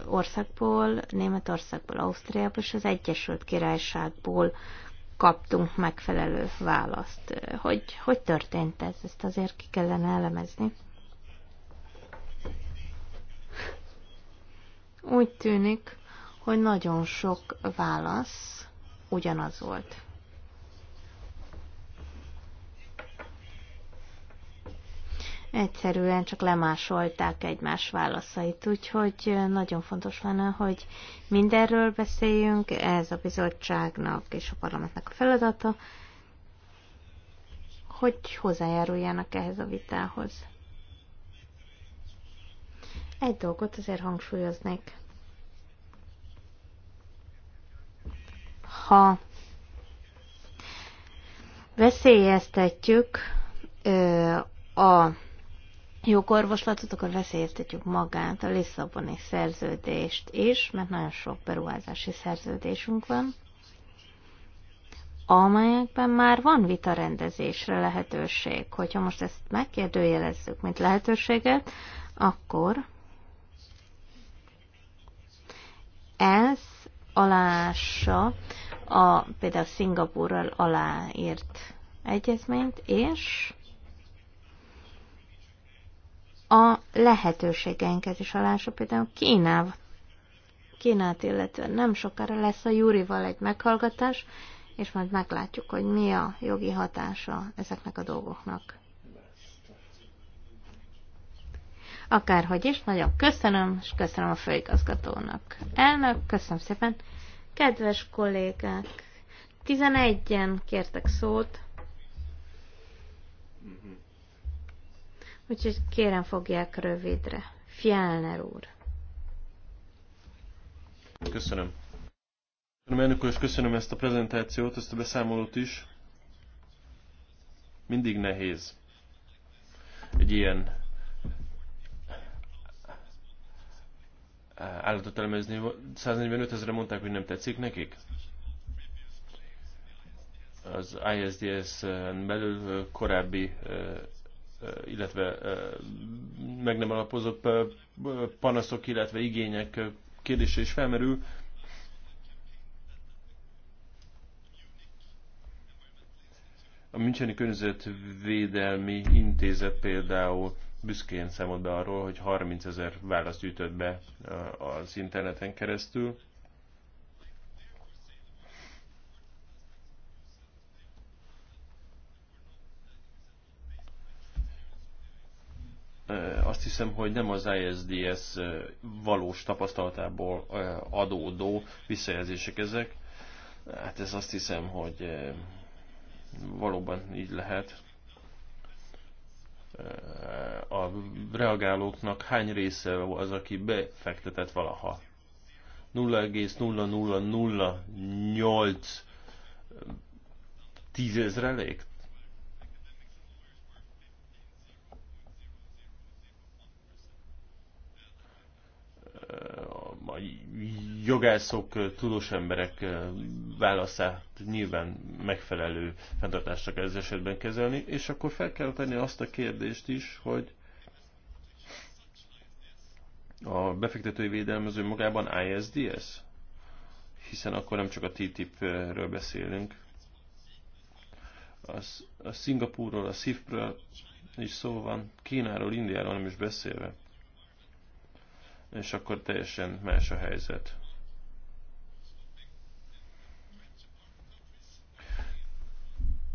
S4: országból, Németországból, Ausztriából és az Egyesült Királyságból kaptunk megfelelő választ. Hogy, hogy történt ez? Ezt azért ki kellene elemezni. Úgy tűnik, hogy nagyon sok válasz ugyanaz volt. egyszerűen csak lemásolták egymás válaszait. Úgyhogy nagyon fontos lenne, hogy mindenről beszéljünk, ez a bizottságnak és a parlamentnek a feladata, hogy hozzájáruljanak ehhez a vitához. Egy dolgot azért hangsúlyoznék. Ha veszélyeztetjük a jó jogorvoslatot, akkor veszélyeztetjük magát a Lisszaboni szerződést is, mert nagyon sok beruházási szerződésünk van, amelyekben már van vitarendezésre lehetőség. Hogyha most ezt megkérdőjelezzük, mint lehetőséget, akkor ez alássa a például Szingapúrral aláírt egyezményt, és a lehetőségeinket is alása, például Kínáv, Kínát illetően nem sokára lesz a Júrival egy meghallgatás, és majd meglátjuk, hogy mi a jogi hatása ezeknek a dolgoknak. Akárhogy is, nagyon köszönöm, és köszönöm a főigazgatónak. Elnök, köszönöm szépen. Kedves kollégák, 11-en kértek szót. Mm-hmm. Úgyhogy kérem fogják rövidre. Fjellner
S3: úr. Köszönöm. Köszönöm elnök úr, és köszönöm ezt a prezentációt, ezt a beszámolót is. Mindig nehéz egy ilyen eh, állatot elemezni. 145 ezerre mondták, hogy nem tetszik nekik? Az ISDS-en belül eh, korábbi eh, Eh, illetve eh, meg nem alapozott eh, panaszok, illetve igények kérdése is felmerül. A Müncheni Környezetvédelmi Intézet például büszkén számolt be arról, hogy 30 ezer választ gyűjtött be az interneten keresztül. azt hiszem, hogy nem az ISDS valós tapasztalatából adódó visszajelzések ezek. Hát ez azt hiszem, hogy valóban így lehet. A reagálóknak hány része az, aki befektetett valaha? 0,0008 tízezrelék? a jogászok, tudós emberek válaszát nyilván megfelelő fenntartásra kell ez esetben kezelni, és akkor fel kell tenni azt a kérdést is, hogy a befektetői védelmező magában ISDS? Hiszen akkor nem csak a TTIP-ről beszélünk. Az, a Szingapúrról, a SIF-ről is szó van, Kínáról, Indiáról nem is beszélve és akkor teljesen más a helyzet.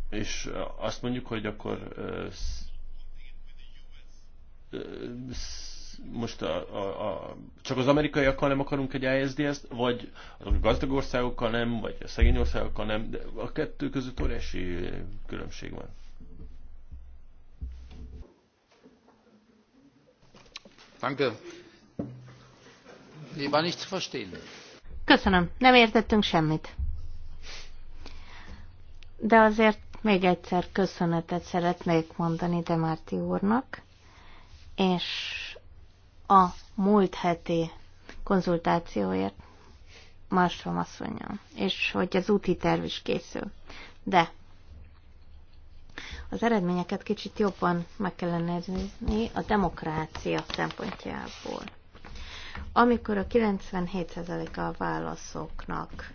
S3: És azt mondjuk, hogy akkor most a, a, a, csak az amerikaiakkal nem akarunk egy ISDS-t, vagy a gazdag országokkal nem, vagy a szegény országokkal nem, de a kettő között óriási különbség van. you.
S4: Köszönöm, nem értettünk semmit. De azért még egyszer köszönetet szeretnék mondani Demárti úrnak, és a múlt heti konzultációért Malmström asszonyjal, és hogy az úti terv is készül. De az eredményeket kicsit jobban meg kellene nézni a demokrácia szempontjából. Amikor a 97%-a a válaszoknak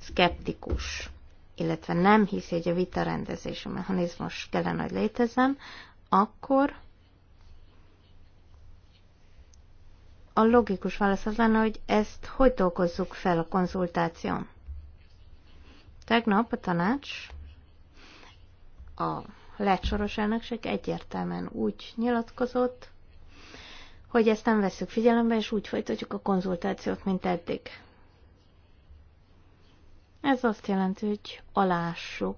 S4: szkeptikus, illetve nem hiszi, hogy a vita a mechanizmus kellene, hogy létezem, akkor a logikus válasz az lenne, hogy ezt hogy dolgozzuk fel a konzultáción. Tegnap a tanács, a lecsoros elnökség egyértelműen úgy nyilatkozott, hogy ezt nem veszük figyelembe, és úgy folytatjuk a konzultációt, mint eddig. Ez azt jelenti, hogy alássuk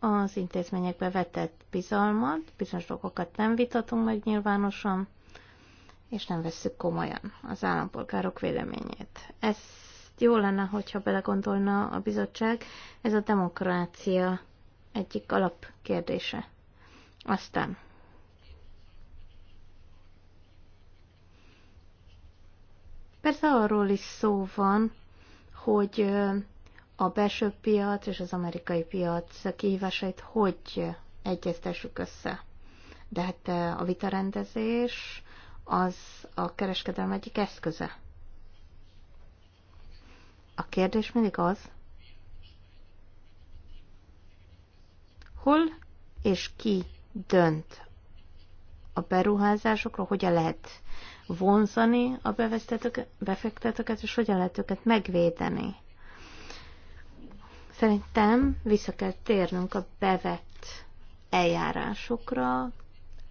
S4: az intézményekbe vetett bizalmat, bizonyos dolgokat nem vitatunk meg nyilvánosan, és nem vesszük komolyan az állampolgárok véleményét. Ez jó lenne, hogyha belegondolna a bizottság, ez a demokrácia egyik alapkérdése. Aztán Persze arról is szó van, hogy a belső piac és az amerikai piac kihívásait hogy egyeztessük össze. De hát a vitarendezés az a kereskedelem egyik eszköze. A kérdés mindig az, hol és ki dönt a beruházásokról, hogyan lehet vonzani a befektetőket, és hogyan lehet őket megvédeni. Szerintem vissza kell térnünk a bevett eljárásokra,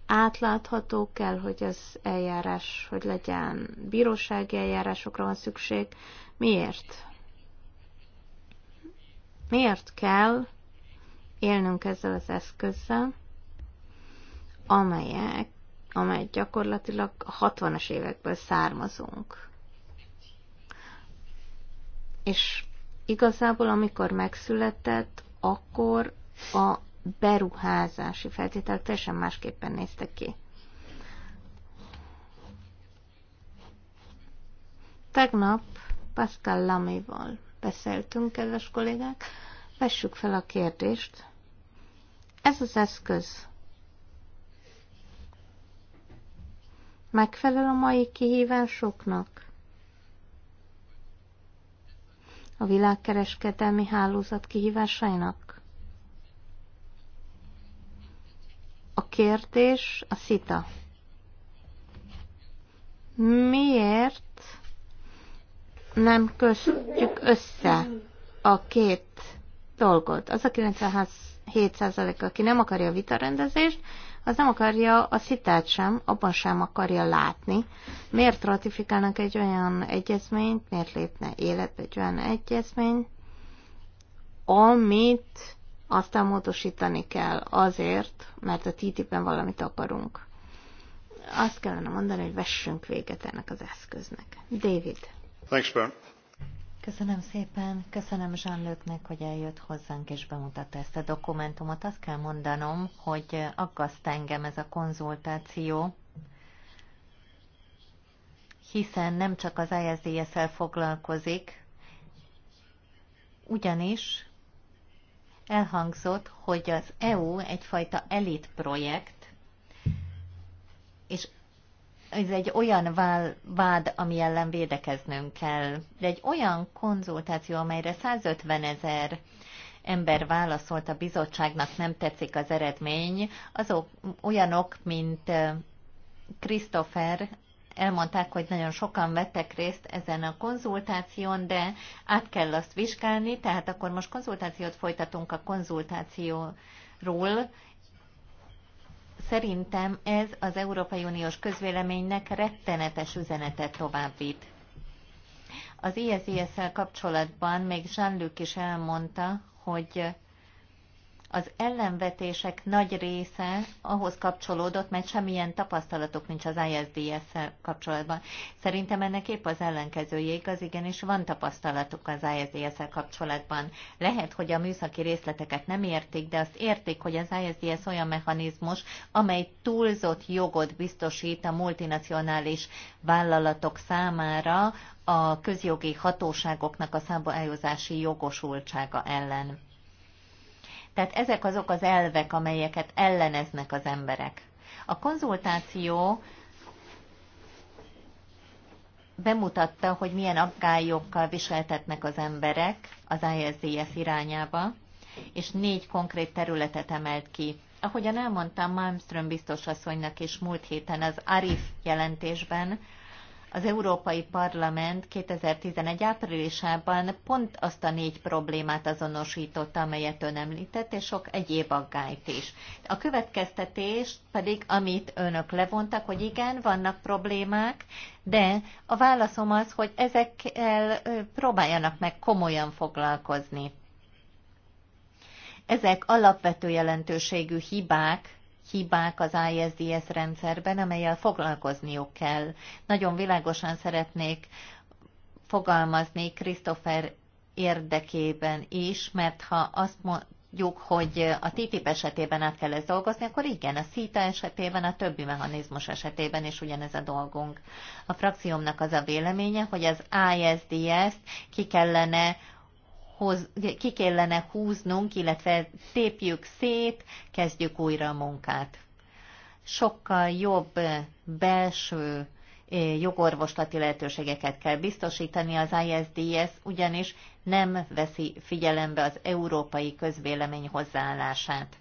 S4: átlátható kell, hogy az eljárás, hogy legyen bírósági eljárásokra van szükség. Miért? Miért kell élnünk ezzel az eszközzel, amelyek amely gyakorlatilag a 60-as évekből származunk. És igazából, amikor megszületett, akkor a beruházási feltételek teljesen másképpen néztek ki. Tegnap Pascal Lamival beszéltünk, kedves kollégák, vessük fel a kérdést. Ez az eszköz Megfelel a mai kihívásoknak? A világkereskedelmi hálózat kihívásainak? A kérdés a szita. Miért nem köztjük össze a két dolgot? Az a 97 aki nem akarja a vitarendezést, az nem akarja a szitát sem, abban sem akarja látni. Miért ratifikálnak egy olyan egyezményt, miért lépne életbe egy olyan egyezmény, amit aztán módosítani kell azért, mert a TTIP-ben valamit akarunk. Azt kellene mondani, hogy vessünk véget ennek az eszköznek. David.
S1: Thanks,
S2: Köszönöm szépen, köszönöm Zsánlőknek, hogy eljött hozzánk és bemutatta ezt a dokumentumot. Azt kell mondanom, hogy aggaszt engem ez a konzultáció, hiszen nem csak az ISDS-el foglalkozik, ugyanis elhangzott, hogy az EU egyfajta elit projekt, és ez egy olyan vád, ami ellen védekeznünk kell. De egy olyan konzultáció, amelyre 150 ezer ember válaszolt a bizottságnak, nem tetszik az eredmény, azok olyanok, mint Christopher, elmondták, hogy nagyon sokan vettek részt ezen a konzultáción, de át kell azt vizsgálni, tehát akkor most konzultációt folytatunk a konzultációról, Szerintem ez az Európai Uniós közvéleménynek rettenetes üzenetet továbbít. Az ISIS-szel kapcsolatban még Jean-Luc is elmondta, hogy az ellenvetések nagy része ahhoz kapcsolódott, mert semmilyen tapasztalatok nincs az ISDS-szel kapcsolatban. Szerintem ennek épp az ellenkezője igaz, igenis van tapasztalatuk az ISDS-szel kapcsolatban. Lehet, hogy a műszaki részleteket nem értik, de azt értik, hogy az ISDS olyan mechanizmus, amely túlzott jogot biztosít a multinacionális vállalatok számára a közjogi hatóságoknak a szabályozási jogosultsága ellen. Tehát ezek azok az elvek, amelyeket elleneznek az emberek. A konzultáció bemutatta, hogy milyen aggályokkal viseltetnek az emberek az ISDS irányába, és négy konkrét területet emelt ki. Ahogyan elmondtam Malmström biztosasszonynak is múlt héten az ARIF jelentésben, az Európai Parlament 2011 áprilisában pont azt a négy problémát azonosította, amelyet ön említett, és sok egyéb aggályt is. A következtetés pedig, amit önök levontak, hogy igen, vannak problémák, de a válaszom az, hogy ezekkel próbáljanak meg komolyan foglalkozni. Ezek alapvető jelentőségű hibák, hibák az ISDS rendszerben, amelyel foglalkozniuk kell. Nagyon világosan szeretnék fogalmazni Christopher érdekében is, mert ha azt mondjuk, hogy a TTIP esetében át kell ezt dolgozni, akkor igen, a CETA esetében, a többi mechanizmus esetében is ugyanez a dolgunk. A frakciómnak az a véleménye, hogy az ISDS-t ki kellene hoz, ki kellene húznunk, illetve tépjük szét, kezdjük újra a munkát. Sokkal jobb belső jogorvoslati lehetőségeket kell biztosítani az ISDS, ugyanis nem veszi figyelembe az európai közvélemény hozzáállását.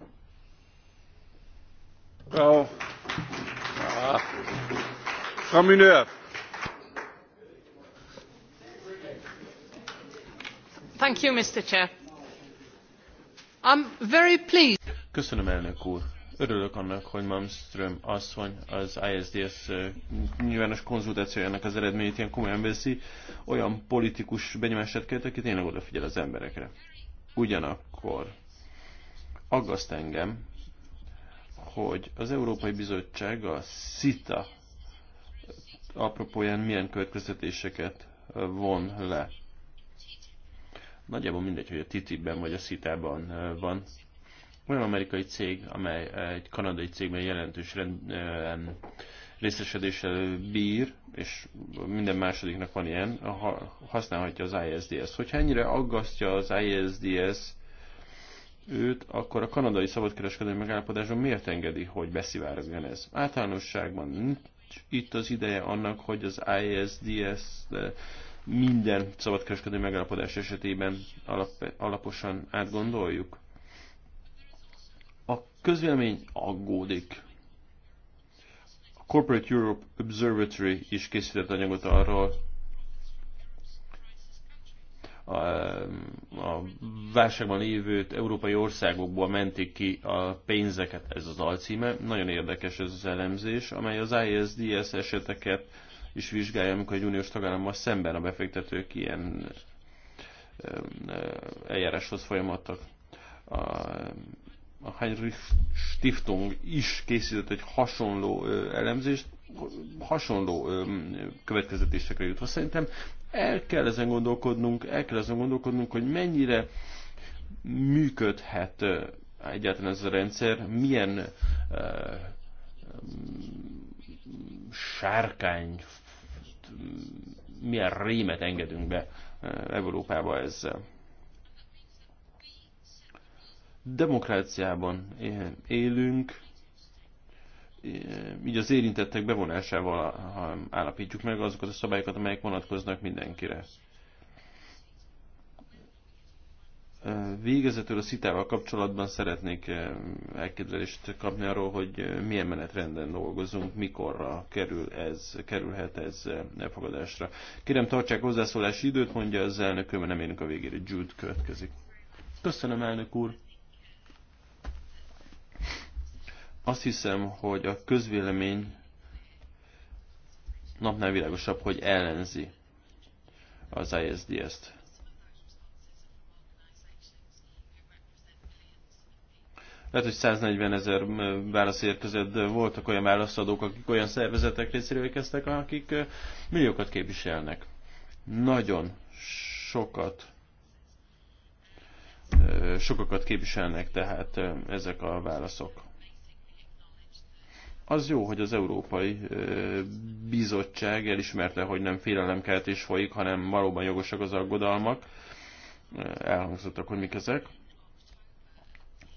S1: Oh. Ah.
S3: Köszönöm, elnök úr. Örülök annak, hogy Malmström asszony az ISDS eh, nyilvános konzultációjának az eredményét ilyen komolyan veszi, olyan politikus benyomását kelt, aki tényleg odafigyel az emberekre. Ugyanakkor aggaszt engem, hogy az Európai Bizottság a CITA apropóján milyen következtetéseket von le. Nagyjából mindegy, hogy a TTIP-ben vagy a CITA-ban van. Olyan amerikai cég, amely egy kanadai cégben jelentős rend, részesedéssel bír, és minden másodiknak van ilyen, használhatja az isds hogy Hogyha ennyire aggasztja az ISDS őt, akkor a kanadai szabadkereskedelmi megállapodáson miért engedi, hogy beszivárogjon ez? Általánosságban itt az ideje annak, hogy az ISDS minden szabadkereskedő megállapodás esetében alap, alaposan átgondoljuk? A közvélemény aggódik. A Corporate Europe Observatory is készített anyagot arról, a, a válságban lévőt európai országokból mentik ki a pénzeket, ez az alcíme. Nagyon érdekes ez az elemzés, amely az ISDS eseteket is vizsgálja, amikor egy uniós tagállammal szemben a befektetők ilyen eh, eljáráshoz folyamattak. A, a Heinrich Stiftung is készített egy hasonló eh, elemzést, hasonló következetésekre jutva. Szerintem el kell ezen gondolkodnunk, el kell ezen gondolkodnunk, hogy mennyire működhet eh, egyáltalán ez a rendszer, milyen uh, sárkány milyen rémet engedünk be eh, Európába ezzel. Demokráciában élünk, így az érintettek bevonásával állapítjuk meg azokat a szabályokat, amelyek vonatkoznak mindenkire. Végezetül a szitával kapcsolatban szeretnék elképzelést kapni arról, hogy milyen menetrenden dolgozunk, mikorra kerül ez, kerülhet ez elfogadásra. Kérem, tartsák hozzászólási időt, mondja az elnököm, nem érünk a végére. Jude következik. Köszönöm, elnök úr! Azt hiszem, hogy a közvélemény napnál világosabb, hogy ellenzi az ISDS-t Lehet, hogy 140 ezer válasz érkezett, voltak olyan válaszadók, akik olyan szervezetek részéről érkeztek, akik milliókat képviselnek. Nagyon sokat sokakat képviselnek tehát ezek a válaszok. Az jó, hogy az Európai Bizottság elismerte, hogy nem félelemkeltés folyik, hanem valóban jogosak az aggodalmak. Elhangzottak, hogy mik ezek.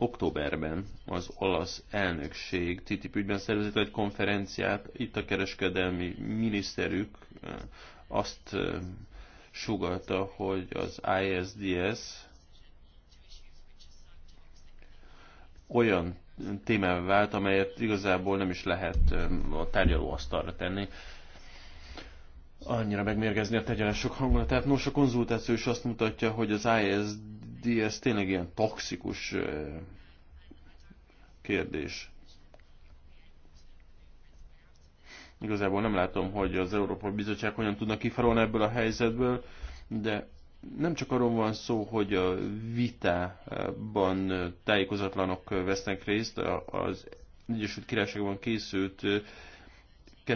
S3: Októberben az olasz elnökség TTIP ügyben szervezett egy konferenciát, itt a kereskedelmi miniszterük eh, azt eh, sugalta, hogy az ISDS olyan témává vált, amelyet igazából nem is lehet eh, a tárgyalóasztalra tenni. Annyira megmérgezni a sok hangulatát. Nos, a konzultáció is azt mutatja, hogy az ISD Eddig ez tényleg ilyen toxikus kérdés. Igazából nem látom, hogy az Európai Bizottság hogyan tudna kifarolni ebből a helyzetből, de nem csak arról van szó, hogy a vitában tájékozatlanok vesznek részt, az Egyesült Királyságban készült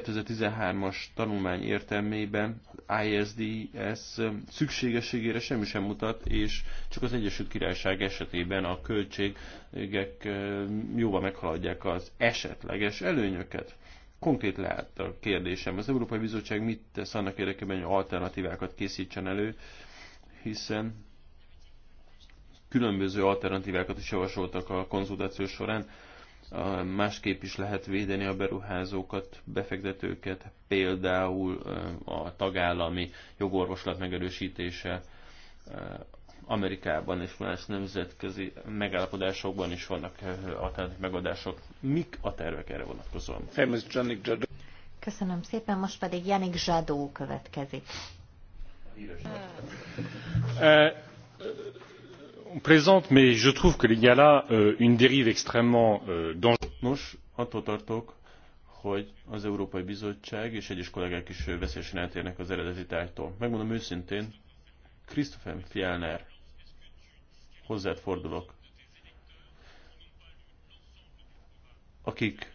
S3: 2013-as tanulmány értelmében az ISDS szükségességére semmi sem mutat, és csak az Egyesült Királyság esetében a költségek jóval meghaladják az esetleges előnyöket. Konkrét lehet a kérdésem. Az Európai Bizottság mit tesz annak érdekében, hogy alternatívákat készítsen elő, hiszen különböző alternatívákat is javasoltak a konzultáció során másképp is lehet védeni a beruházókat, befektetőket, például a tagállami jogorvoslat megerősítése Amerikában és más nemzetközi megállapodásokban is vannak alternatív megoldások. Mik a tervek erre vonatkozóan?
S2: Köszönöm szépen, most pedig Janik Zsadó következik
S3: on plaisante mais je trouve qu'il y a là euh, une dérive extrêmement euh, dangereuse. hogy Megmondom fordulok, akik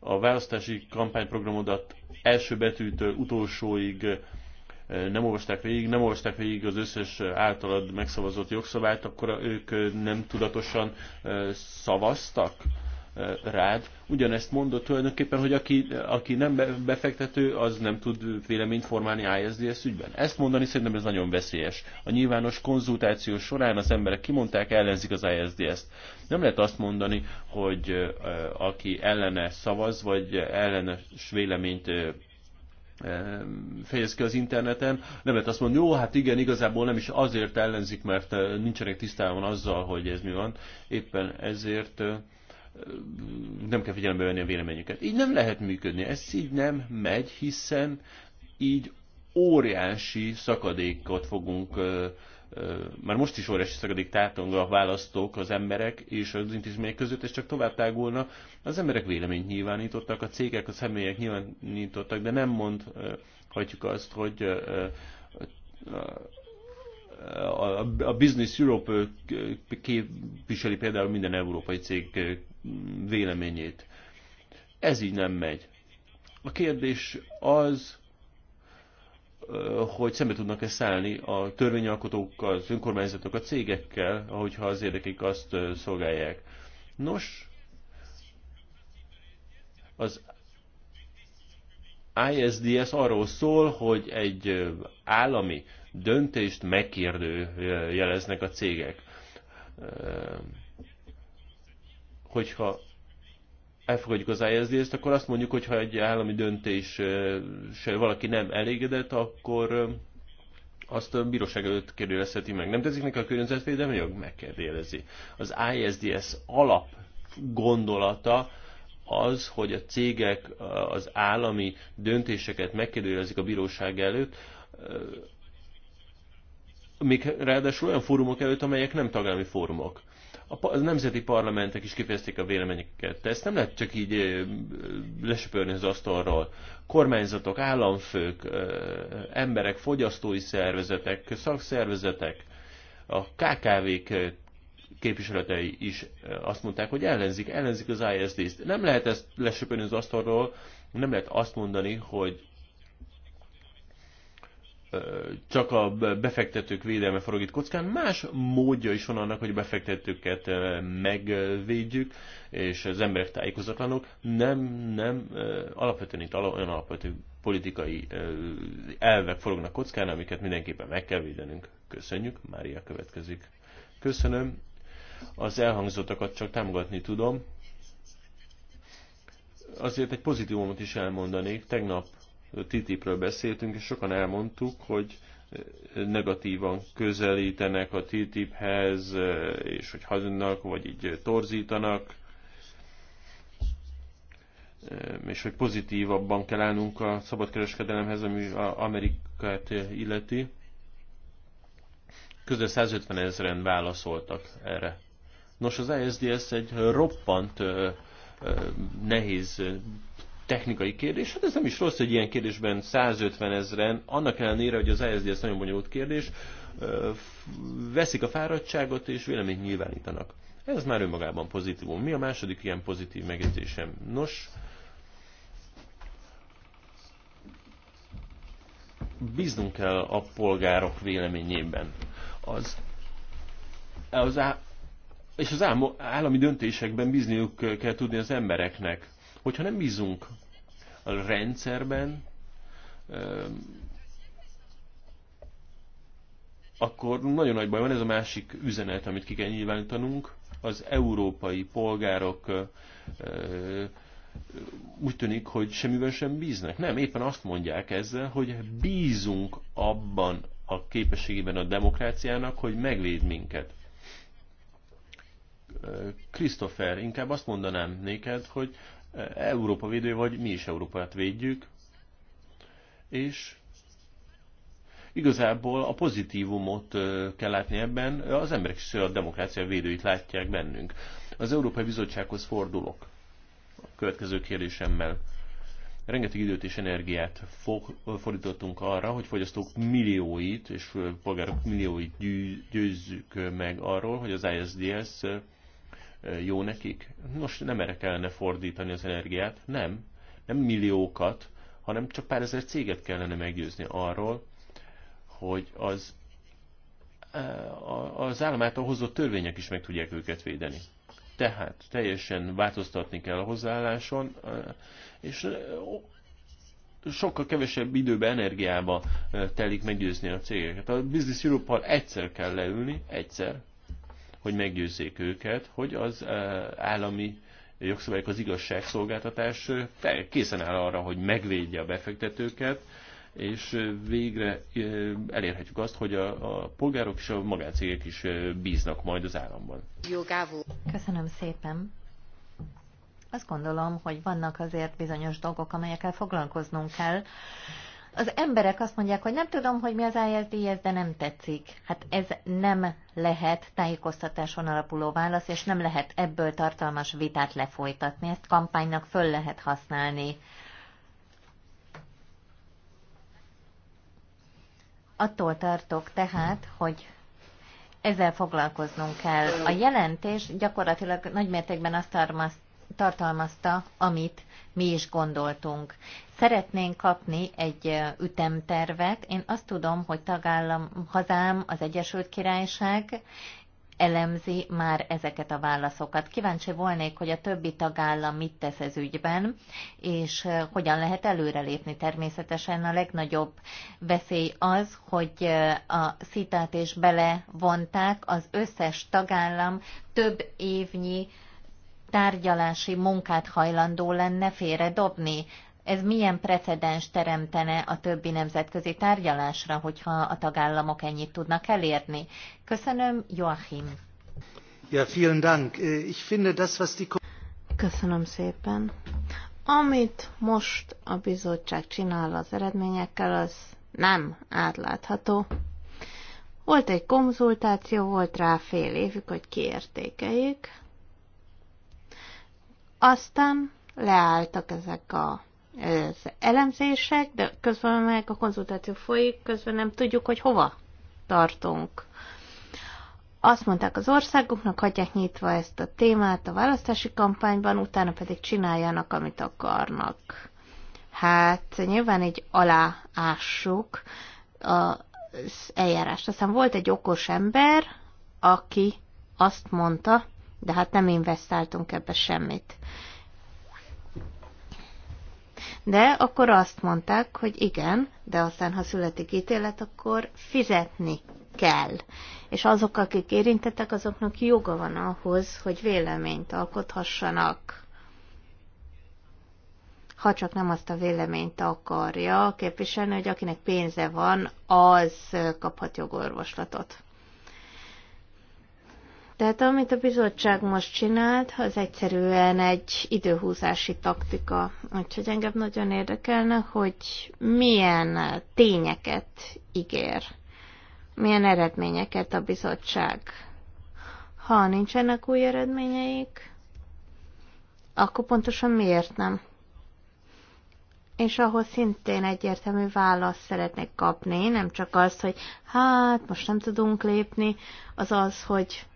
S3: a választási kampányprogramodat első betűtől utolsóig nem olvasták végig, nem olvasták végig az összes általad megszavazott jogszabályt, akkor ők nem tudatosan szavaztak rád. Ugyanezt mondott tulajdonképpen, hogy aki, aki nem befektető, az nem tud véleményt formálni ISDS ügyben. Ezt mondani szerintem ez nagyon veszélyes. A nyilvános konzultáció során az emberek kimondták, ellenzik az ISDS-t. Nem lehet azt mondani, hogy aki ellene szavaz, vagy ellenes véleményt fejez ki az interneten. Nem lehet azt mondani, jó, hát igen, igazából nem is azért ellenzik, mert nincsenek tisztában azzal, hogy ez mi van. Éppen ezért nem kell figyelembe venni a véleményüket. Így nem lehet működni, ez így nem megy, hiszen így óriási szakadékot fogunk már most is óriási szakadik tátong a választók, az emberek és az intézmények között, és csak tovább tágulna. Az emberek véleményt nyilvánítottak, a cégek, a személyek nyilvánítottak, de nem mondhatjuk azt, hogy a Business Europe képviseli például minden európai cég véleményét. Ez így nem megy. A kérdés az, hogy szembe tudnak-e szállni a törvényalkotókkal, az önkormányzatok, a cégekkel, ahogyha az érdekeik azt szolgálják. Nos, az ISDS arról szól, hogy egy állami döntést megkérdő jeleznek a cégek. Hogyha elfogadjuk az ISDS-t, akkor azt mondjuk, hogy ha egy állami döntés se valaki nem elégedett, akkor azt a bíróság előtt kérdőjelezheti meg. Nem tetszik neki a környezetvédelmi jog? Megkérdőjelezi. Az ISDS alap gondolata az, hogy a cégek az állami döntéseket megkérdőjelezik a bíróság előtt, még ráadásul olyan fórumok előtt, amelyek nem tagállami fórumok a nemzeti parlamentek is kifejezték a véleményeket. Ezt nem lehet csak így lesöpörni az asztalról. Kormányzatok, államfők, emberek, fogyasztói szervezetek, szakszervezetek, a KKV-k képviseletei is azt mondták, hogy ellenzik, ellenzik az ISD-t. Nem lehet ezt lesöpörni az asztalról, nem lehet azt mondani, hogy csak a befektetők védelme forog itt kockán. Más módja is van annak, hogy a befektetőket megvédjük, és az emberek tájékozatlanok. Nem, nem, alapvetően itt olyan alapvető politikai elvek forognak kockán, amiket mindenképpen meg kell védenünk. Köszönjük, Mária következik. Köszönöm. Az elhangzottakat csak támogatni tudom. Azért egy pozitívumot is elmondanék. Tegnap TTIP-ről beszéltünk, és sokan elmondtuk, hogy negatívan közelítenek a TTIP-hez, és hogy hazudnak, vagy így torzítanak, és hogy pozitívabban kell állnunk a szabadkereskedelemhez, ami a Amerikát illeti. Közel 150 ezeren válaszoltak erre. Nos, az ISDS egy roppant nehéz technikai kérdés. Hát ez nem is rossz, hogy ilyen kérdésben 150 ezeren, annak ellenére, hogy az ISDS nagyon bonyolult kérdés, veszik a fáradtságot és véleményt nyilvánítanak. Ez már önmagában pozitívum. Mi a második ilyen pozitív megjegyzésem? Nos, bíznunk kell a polgárok véleményében. Az, az á, és az állami döntésekben bízniuk kell tudni az embereknek. Hogyha nem bízunk a rendszerben, akkor nagyon nagy baj van. Ez a másik üzenet, amit ki kell nyilvánítanunk. Az európai polgárok úgy tűnik, hogy semmiben sem bíznak. Nem, éppen azt mondják ezzel, hogy bízunk abban a képességében a demokráciának, hogy megvéd minket. Christopher, inkább azt mondanám néked, hogy Európa védő vagy, mi is Európát védjük, és igazából a pozitívumot kell látni ebben, az emberek is a demokrácia védőit látják bennünk. Az Európai Bizottsághoz fordulok a következő kérdésemmel. Rengeteg időt és energiát fordítottunk arra, hogy fogyasztók millióit és polgárok millióit győzzük meg arról, hogy az ISDS jó nekik? Most nem erre kellene fordítani az energiát, nem, nem milliókat, hanem csak pár ezer céget kellene meggyőzni arról, hogy az, e, az állam által hozott törvények is meg tudják őket védeni. Tehát teljesen változtatni kell a hozzáálláson, e, és e, sokkal kevesebb időbe, energiába telik meggyőzni a cégeket. A Business Europe-al egyszer kell leülni, egyszer, hogy meggyőzzék őket, hogy az eh, állami jogszabályok az igazságszolgáltatás eh, készen áll arra, hogy megvédje a befektetőket, és eh, végre elérhetjük azt, hogy a, a polgárok és a magáncégek is bíznak majd az államban.
S2: Köszönöm szépen. Azt gondolom, hogy vannak azért bizonyos dolgok, amelyekkel foglalkoznunk kell. Az emberek azt mondják, hogy nem tudom, hogy mi az ISDS, de nem tetszik. Hát ez nem lehet tájékoztatáson alapuló válasz, és nem lehet ebből tartalmas vitát lefolytatni. Ezt kampánynak föl lehet használni. Attól tartok tehát, hogy ezzel foglalkoznunk kell. A jelentés gyakorlatilag nagymértékben azt tartalmazta, amit mi is gondoltunk. Szeretnénk kapni egy ütemtervet. Én azt tudom, hogy tagállam hazám, az Egyesült Királyság elemzi már ezeket a válaszokat. Kíváncsi volnék, hogy a többi tagállam mit tesz ez ügyben, és hogyan lehet előrelépni. Természetesen a legnagyobb veszély az, hogy a szitát és belevonták az összes tagállam több évnyi tárgyalási munkát hajlandó lenne félre dobni. Ez milyen precedens teremtene a többi nemzetközi tárgyalásra, hogyha a tagállamok ennyit tudnak elérni?
S4: Köszönöm, Joachim. Ja, vielen Dank. Äh, ich finde das, was die... Köszönöm szépen. Amit most a bizottság csinál az eredményekkel, az nem átlátható. Volt egy konzultáció, volt rá fél évük, hogy kiértékeljék. Aztán leálltak ezek a ez elemzések, de közben meg a konzultáció folyik, közben nem tudjuk, hogy hova tartunk. Azt mondták az országoknak, hagyják nyitva ezt a témát a választási kampányban, utána pedig csináljanak, amit akarnak. Hát nyilván egy aláássuk az eljárást. Aztán volt egy okos ember, aki azt mondta, de hát nem investáltunk ebbe semmit. De akkor azt mondták, hogy igen, de aztán, ha születik ítélet, akkor fizetni kell. És azok, akik érintettek, azoknak joga van ahhoz, hogy véleményt alkothassanak. Ha csak nem azt a véleményt akarja képviselni, hogy akinek pénze van, az kaphat jogorvoslatot. Tehát amit a bizottság most csinált, az egyszerűen egy időhúzási taktika. Úgyhogy engem nagyon érdekelne, hogy milyen tényeket ígér, milyen eredményeket a bizottság. Ha nincsenek új eredményeik, akkor pontosan miért nem? És ahhoz szintén egyértelmű választ szeretnék kapni, nem csak az, hogy hát most nem tudunk lépni, az az, hogy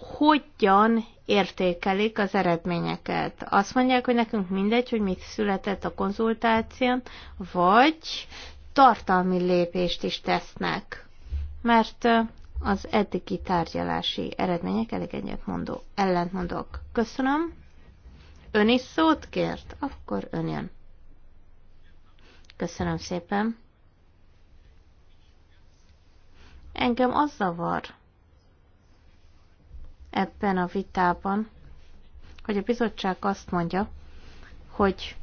S4: hogyan értékelik az eredményeket. Azt mondják, hogy nekünk mindegy, hogy mit született a konzultáción, vagy tartalmi lépést is tesznek. Mert az eddigi tárgyalási eredmények elég egyetmondó, ellentmondók. Köszönöm. Ön is szót kért? Akkor ön jön. Köszönöm szépen. Engem az zavar, ebben a vitában, hogy a bizottság azt mondja, hogy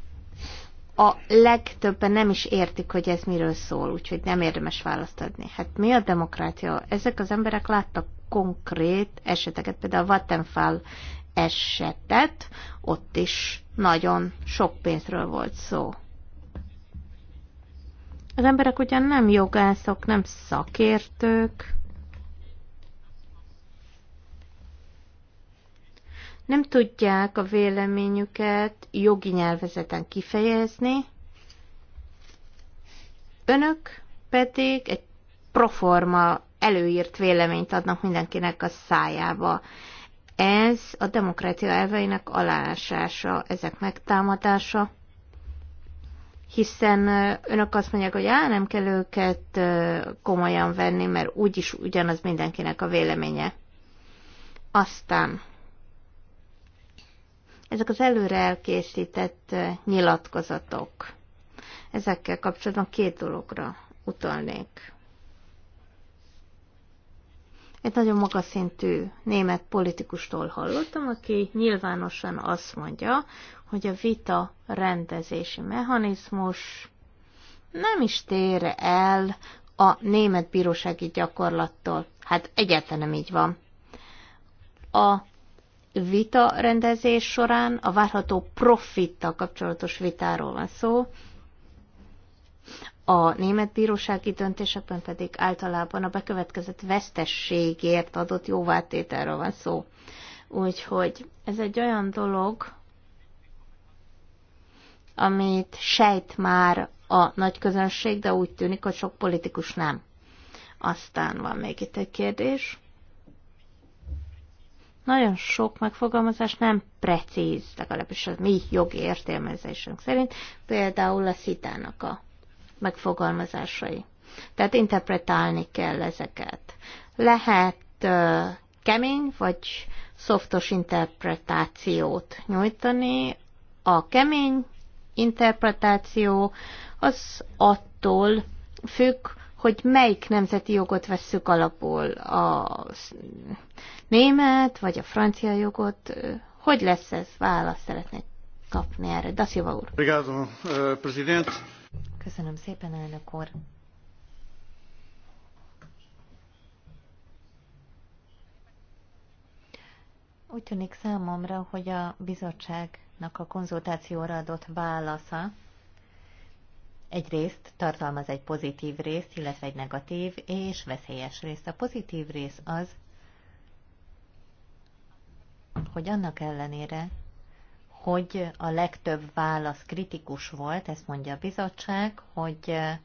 S4: a legtöbben nem is értik, hogy ez miről szól, úgyhogy nem érdemes választ adni. Hát mi a demokrácia? Ezek az emberek láttak konkrét eseteket, például a Vattenfall esetet, ott is nagyon sok pénzről volt szó. Az emberek ugyan nem jogászok, nem szakértők, nem tudják a véleményüket jogi nyelvezeten kifejezni, önök pedig egy proforma előírt véleményt adnak mindenkinek a szájába. Ez a demokrácia elveinek alásása, ezek megtámadása, hiszen önök azt mondják, hogy á, nem kell őket komolyan venni, mert úgyis ugyanaz mindenkinek a véleménye. Aztán ezek az előre elkészített nyilatkozatok. Ezekkel kapcsolatban két dologra utalnék. Egy nagyon magas szintű német politikustól hallottam, aki nyilvánosan azt mondja, hogy a vita rendezési mechanizmus nem is tér el a német bírósági gyakorlattól. Hát egyáltalán nem így van. A vita rendezés során a várható profittal kapcsolatos vitáról van szó, a német bírósági döntésekben pedig általában a bekövetkezett vesztességért adott jóváltételről van szó. Úgyhogy ez egy olyan dolog, amit sejt már a nagy közönség, de úgy tűnik, hogy sok politikus nem. Aztán van még itt egy kérdés nagyon sok megfogalmazás nem precíz, legalábbis az mi jogi értelmezésünk szerint, például a szitának a megfogalmazásai. Tehát interpretálni kell ezeket. Lehet uh, kemény vagy szoftos interpretációt nyújtani. A kemény interpretáció az attól függ, hogy melyik nemzeti jogot vesszük alapul, a német vagy a francia jogot, hogy lesz ez? Választ szeretnék kapni erre. Da
S2: úr. Köszönöm szépen, elnök úr. Úgy tűnik számomra, hogy a bizottságnak a konzultációra adott válasza Egyrészt tartalmaz egy pozitív részt, illetve egy negatív és veszélyes részt. A pozitív rész az, hogy annak ellenére, hogy a legtöbb válasz kritikus volt, ezt mondja a bizottság, hogy eh,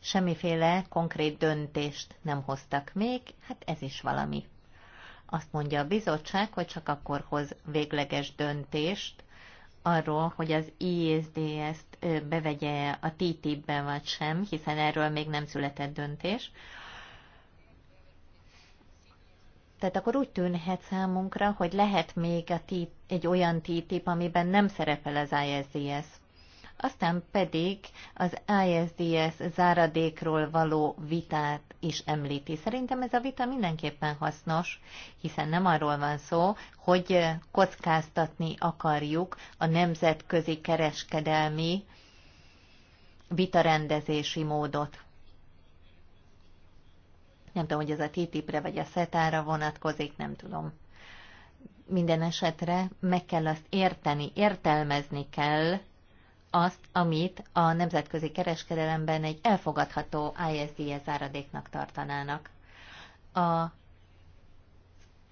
S2: semmiféle konkrét döntést nem hoztak még, hát ez is valami. Azt mondja a bizottság, hogy csak akkor hoz végleges döntést, arról, hogy az ISD ezt bevegye a TTIP-be vagy sem, hiszen erről még nem született döntés. Tehát akkor úgy tűnhet számunkra, hogy lehet még a TTIP, egy olyan TTIP, amiben nem szerepel az ISDS aztán pedig az ISDS záradékról való vitát is említi. Szerintem ez a vita mindenképpen hasznos, hiszen nem arról van szó, hogy kockáztatni akarjuk a nemzetközi kereskedelmi vitarendezési módot. Nem tudom, hogy ez a TTIP-re vagy a SETA-ra vonatkozik, nem tudom. Minden esetre meg kell azt érteni, értelmezni kell, azt, amit a nemzetközi kereskedelemben egy elfogadható ISDS áradéknak tartanának. A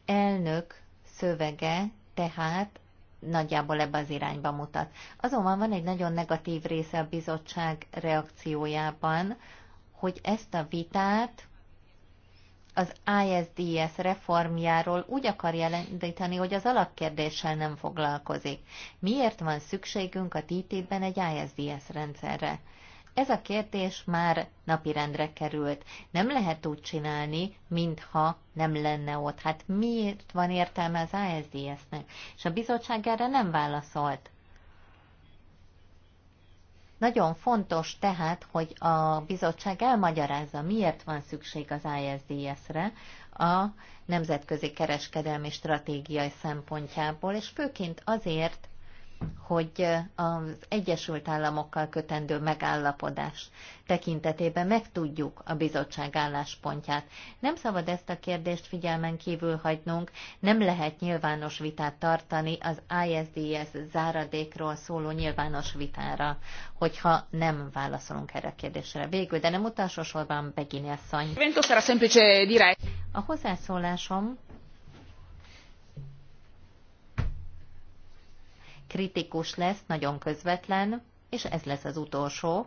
S2: elnök szövege tehát nagyjából ebbe az irányba mutat. Azonban van egy nagyon negatív része a bizottság reakciójában, hogy ezt a vitát az ISDS reformjáról úgy akar jelentíteni, hogy az alapkérdéssel nem foglalkozik. Miért van szükségünk a TTIP-ben egy ISDS rendszerre? Ez a kérdés már napirendre került. Nem lehet úgy csinálni, mintha nem lenne ott. Hát miért van értelme az ISDS-nek? És a bizottság erre nem válaszolt. Nagyon fontos tehát, hogy a bizottság elmagyarázza, miért van szükség az ISDS-re a nemzetközi kereskedelmi stratégiai szempontjából, és főként azért, hogy az Egyesült Államokkal kötendő megállapodás tekintetében megtudjuk a bizottság álláspontját. Nem szabad ezt a kérdést figyelmen kívül hagynunk, nem lehet nyilvános vitát tartani az ISDS záradékról szóló nyilvános vitára, hogyha nem válaszolunk erre a kérdésre végül, de nem utolsó sorban Begini asszony. A hozzászólásom kritikus lesz, nagyon közvetlen, és ez lesz az utolsó.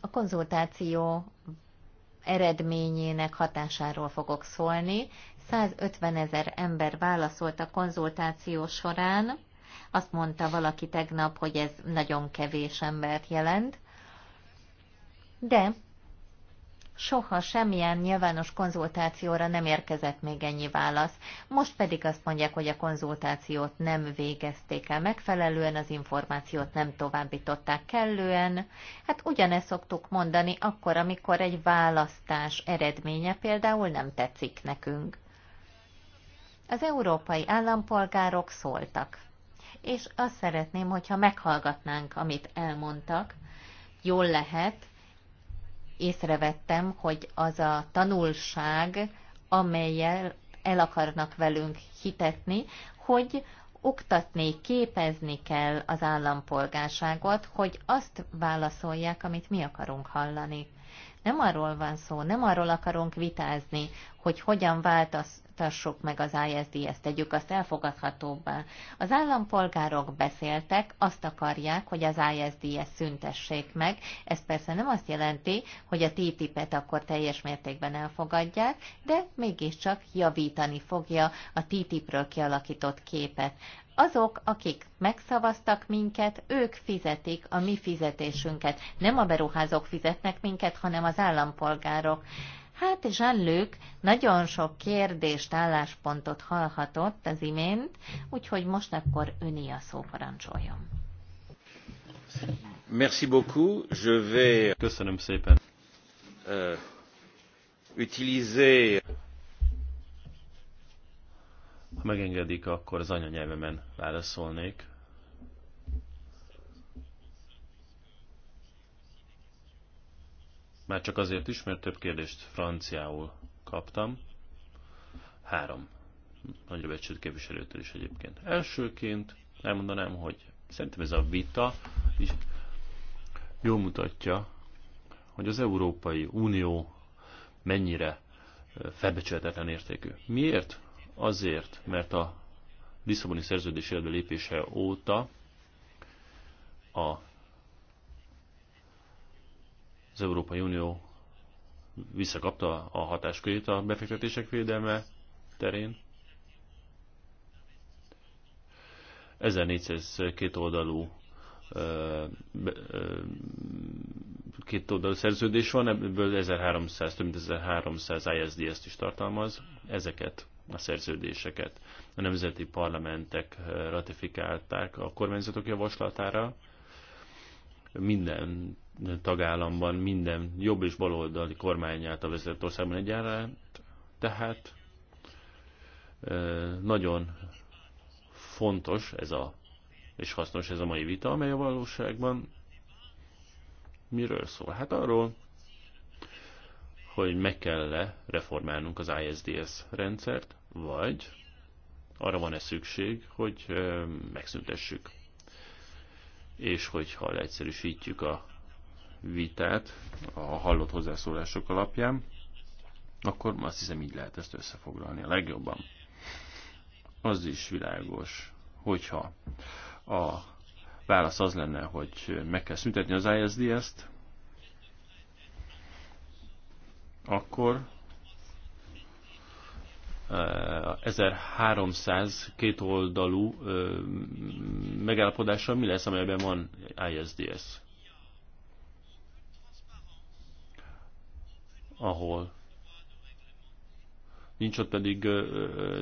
S2: A konzultáció eredményének hatásáról fogok szólni. 150 ezer ember válaszolt a konzultáció során. Azt mondta valaki tegnap, hogy ez nagyon kevés embert jelent. De soha semmilyen nyilvános konzultációra nem érkezett még ennyi válasz. Most pedig azt mondják, hogy a konzultációt nem végezték el megfelelően, az információt nem továbbították kellően. Hát ugyanezt szoktuk mondani akkor, amikor egy választás eredménye például nem tetszik nekünk. Az európai állampolgárok szóltak, és azt szeretném, hogyha meghallgatnánk, amit elmondtak. Jól lehet, észrevettem, hogy az a tanulság, amelyel el akarnak velünk hitetni, hogy oktatni, képezni kell az állampolgárságot, hogy azt válaszolják, amit mi akarunk hallani. Nem arról van szó, nem arról akarunk vitázni, hogy hogyan változ, változtassuk meg az ISDS, tegyük azt elfogadhatóbbá. Az állampolgárok beszéltek, azt akarják, hogy az ISDS szüntessék meg. Ez persze nem azt jelenti, hogy a TTIP-et akkor teljes mértékben elfogadják, de mégiscsak javítani fogja a TTIP-ről kialakított képet. Azok, akik megszavaztak minket, ők fizetik a mi fizetésünket. Nem a beruházók fizetnek minket, hanem az állampolgárok. Hát Jean-Luc nagyon sok kérdést, álláspontot hallhatott az imént, úgyhogy most akkor öni a szó parancsoljon.
S3: Merci beaucoup. Je vais... Euh, Köszönöm szépen. Uh, utiliser... Ha megengedik, akkor az anyanyelvemen válaszolnék. Már csak azért is, mert több kérdést franciául kaptam. Három. Nagyobb egység képviselőtől is egyébként. Elsőként elmondanám, hogy szerintem ez a vita is jól mutatja, hogy az Európai Unió mennyire felbecsületetlen értékű. Miért? Azért, mert a Lisszaboni szerződés életbe lépése óta a az Európai Unió visszakapta a hatáskörét a befektetések védelme terén. 1402 oldalú két oldalú szerződés van, ebből 1300, több mint 1300 ISDS-t is tartalmaz. Ezeket a szerződéseket a nemzeti parlamentek ratifikálták a kormányzatok javaslatára, minden tagállamban, minden jobb és baloldali kormányát a vezetett országban egyaránt. Tehát nagyon fontos ez a, és hasznos ez a mai vita, amely a valóságban miről szól? Hát arról, hogy meg kell-e reformálnunk az ISDS rendszert, vagy arra van-e szükség, hogy megszüntessük és hogyha leegyszerűsítjük a vitát a hallott hozzászólások alapján, akkor azt hiszem így lehet ezt összefoglalni a legjobban. Az is világos, hogyha a válasz az lenne, hogy meg kell szüntetni az ISDS-t, akkor 1300 eh, kétoldalú eh, megállapodással mi lesz, amelyben van ISDS? Ahol nincs ott pedig eh,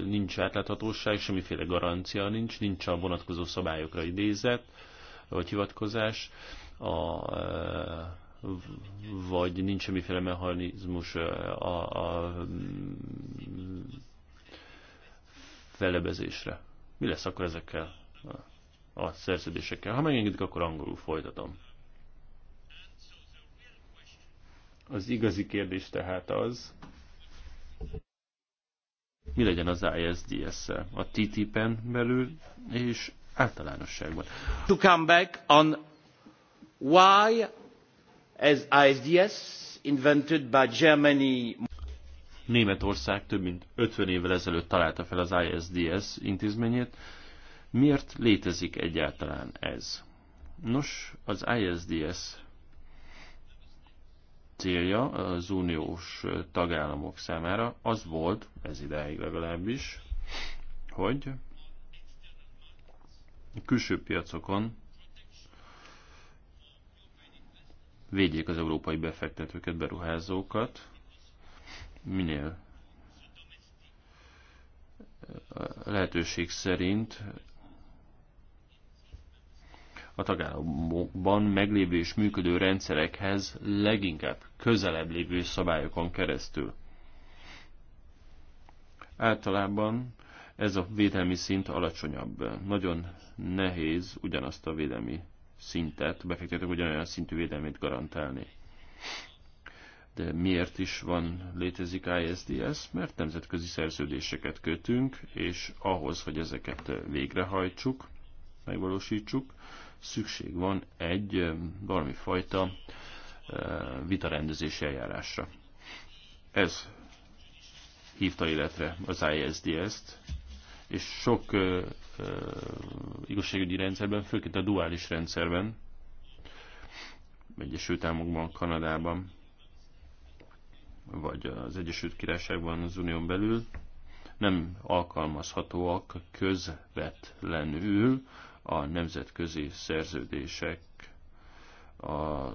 S3: nincs átláthatóság, semmiféle garancia nincs, nincs a vonatkozó szabályokra idézet vagy hivatkozás, a, vagy nincs semmiféle mechanizmus a, a fellebezésre. Mi lesz akkor ezekkel a szerződésekkel? Ha megengedik, akkor angolul folytatom. Az igazi kérdés tehát az, mi legyen az ISDS-szel, a TTIP-en belül és általánosságban. To come back on why as ISDS invented by Germany Németország több mint 50 évvel ezelőtt találta fel az ISDS intézményét. Miért létezik egyáltalán ez? Nos, az ISDS célja az uniós tagállamok számára az volt, ez idáig legalábbis, hogy a külső piacokon védjék az európai befektetőket, beruházókat, minél lehetőség szerint a tagállamokban meglévő és működő rendszerekhez leginkább közelebb lévő szabályokon keresztül. Általában ez a védelmi szint alacsonyabb. Nagyon nehéz ugyanazt a védelmi szintet, befektetők ugyanolyan szintű védelmét garantálni. De miért is van, létezik ISDS? Mert nemzetközi szerződéseket kötünk, és ahhoz, hogy ezeket végrehajtsuk, megvalósítsuk, szükség van egy valami fajta vitarendezési eljárásra. Ez hívta életre az ISDS-t, és sok igazságügyi rendszerben, főként a duális rendszerben, Egyesült Államokban, Kanadában, vagy az Egyesült Királyságban az unión belül nem alkalmazhatóak közvetlenül a nemzetközi szerződések a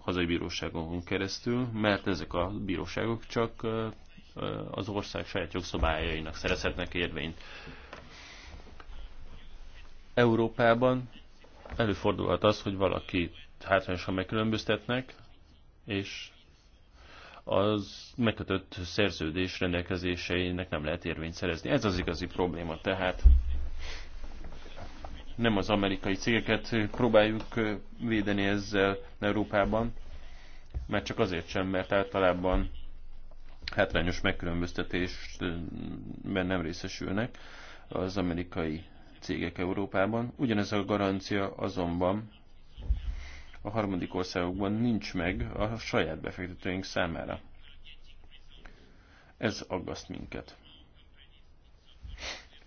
S3: hazai bíróságon keresztül, mert ezek a bíróságok csak az ország saját jogszabályainak szerezhetnek érvényt. Európában előfordulhat az, hogy valaki hátrányosan megkülönböztetnek, és az megkötött szerződés rendelkezéseinek nem lehet érvényt szerezni. Ez az igazi probléma, tehát nem az amerikai cégeket próbáljuk védeni ezzel Európában, mert csak azért sem, mert általában hátrányos megkülönböztetésben nem részesülnek az amerikai cégek Európában. Ugyanez a garancia azonban a harmadik országokban nincs meg a saját befektetőink számára. Ez aggaszt minket.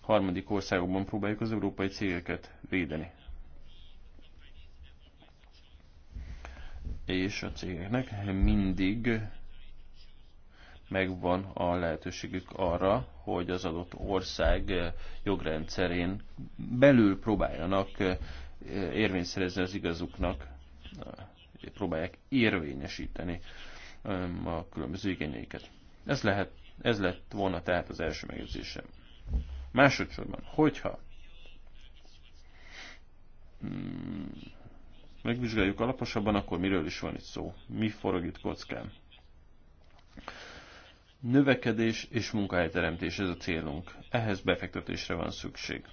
S3: Harmadik országokban próbáljuk az európai cégeket védeni. És a cégeknek mindig megvan a lehetőségük arra, hogy az adott ország jogrendszerén belül próbáljanak érvényszerezni az igazuknak próbálják érvényesíteni a különböző igényeiket. Ez, lehet, ez lett volna tehát az első megjegyzésem. Másodszorban, hogyha hmm, megvizsgáljuk alaposabban, akkor miről is van itt szó? Mi forog itt kockán? Növekedés és munkahelyteremtés ez a célunk. Ehhez befektetésre van szükség.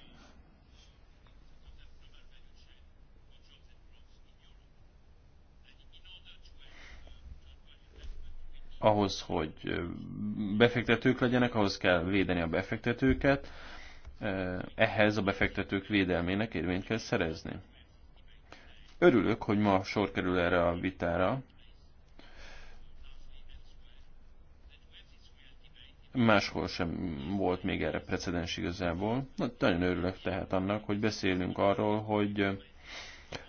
S3: ahhoz, hogy befektetők legyenek, ahhoz kell védeni a befektetőket, ehhez a befektetők védelmének érvényt kell szerezni. Örülök, hogy ma sor kerül erre a vitára. Máshol sem volt még erre precedens igazából. Na, nagyon örülök tehát annak, hogy beszélünk arról, hogy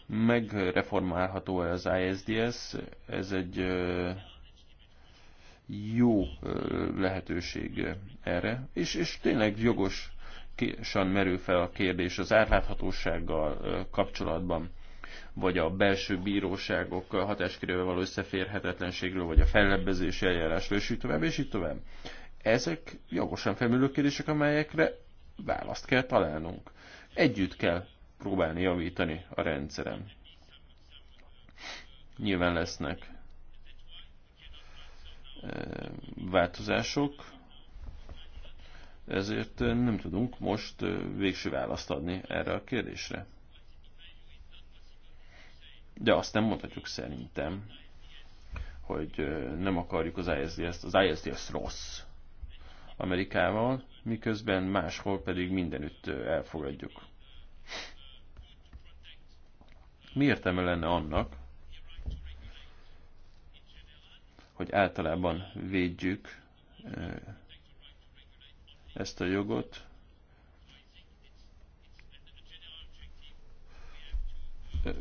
S3: megreformálható-e az ISDS. Ez egy jó lehetőség erre, és, és tényleg jogosan merül fel a kérdés az átláthatósággal kapcsolatban vagy a belső bíróságok hatáskörével való összeférhetetlenségről, vagy a fellebbezés eljárásról, és így tovább, és így tovább. Ezek jogosan felmerülő kérdések, amelyekre választ kell találnunk. Együtt kell próbálni javítani a rendszeren. Nyilván lesznek változások, ezért nem tudunk most végső választ adni erre a kérdésre. De azt nem mondhatjuk szerintem, hogy nem akarjuk az ISDS-t. Az ISDS rossz Amerikával, miközben máshol pedig mindenütt elfogadjuk. Mi értelme lenne annak, hogy általában védjük eh, ezt a jogot. Eh,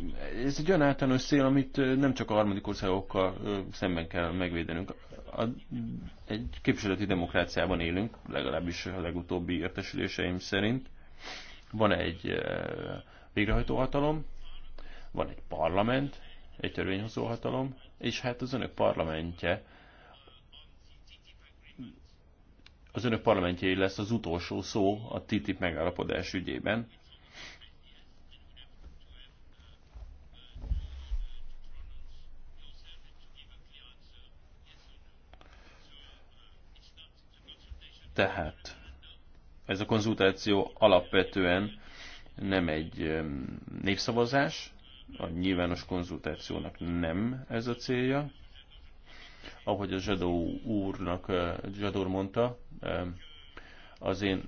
S3: ez egy olyan általános cél, amit eh, nem csak a harmadik országokkal szemben kell megvédenünk. A, egy képviseleti demokráciában élünk, legalábbis a legutóbbi értesüléseim szerint. Van egy végrehajtó hatalom, van egy parlament, egy törvényhozó hatalom, és hát az önök parlamentje az önök parlamentje lesz az utolsó szó a TTIP megállapodás ügyében. Tehát ez a konzultáció alapvetően nem egy népszavazás, a nyilvános konzultációnak nem ez a célja. Ahogy a Zsadó úrnak, Zsadó mondta, az én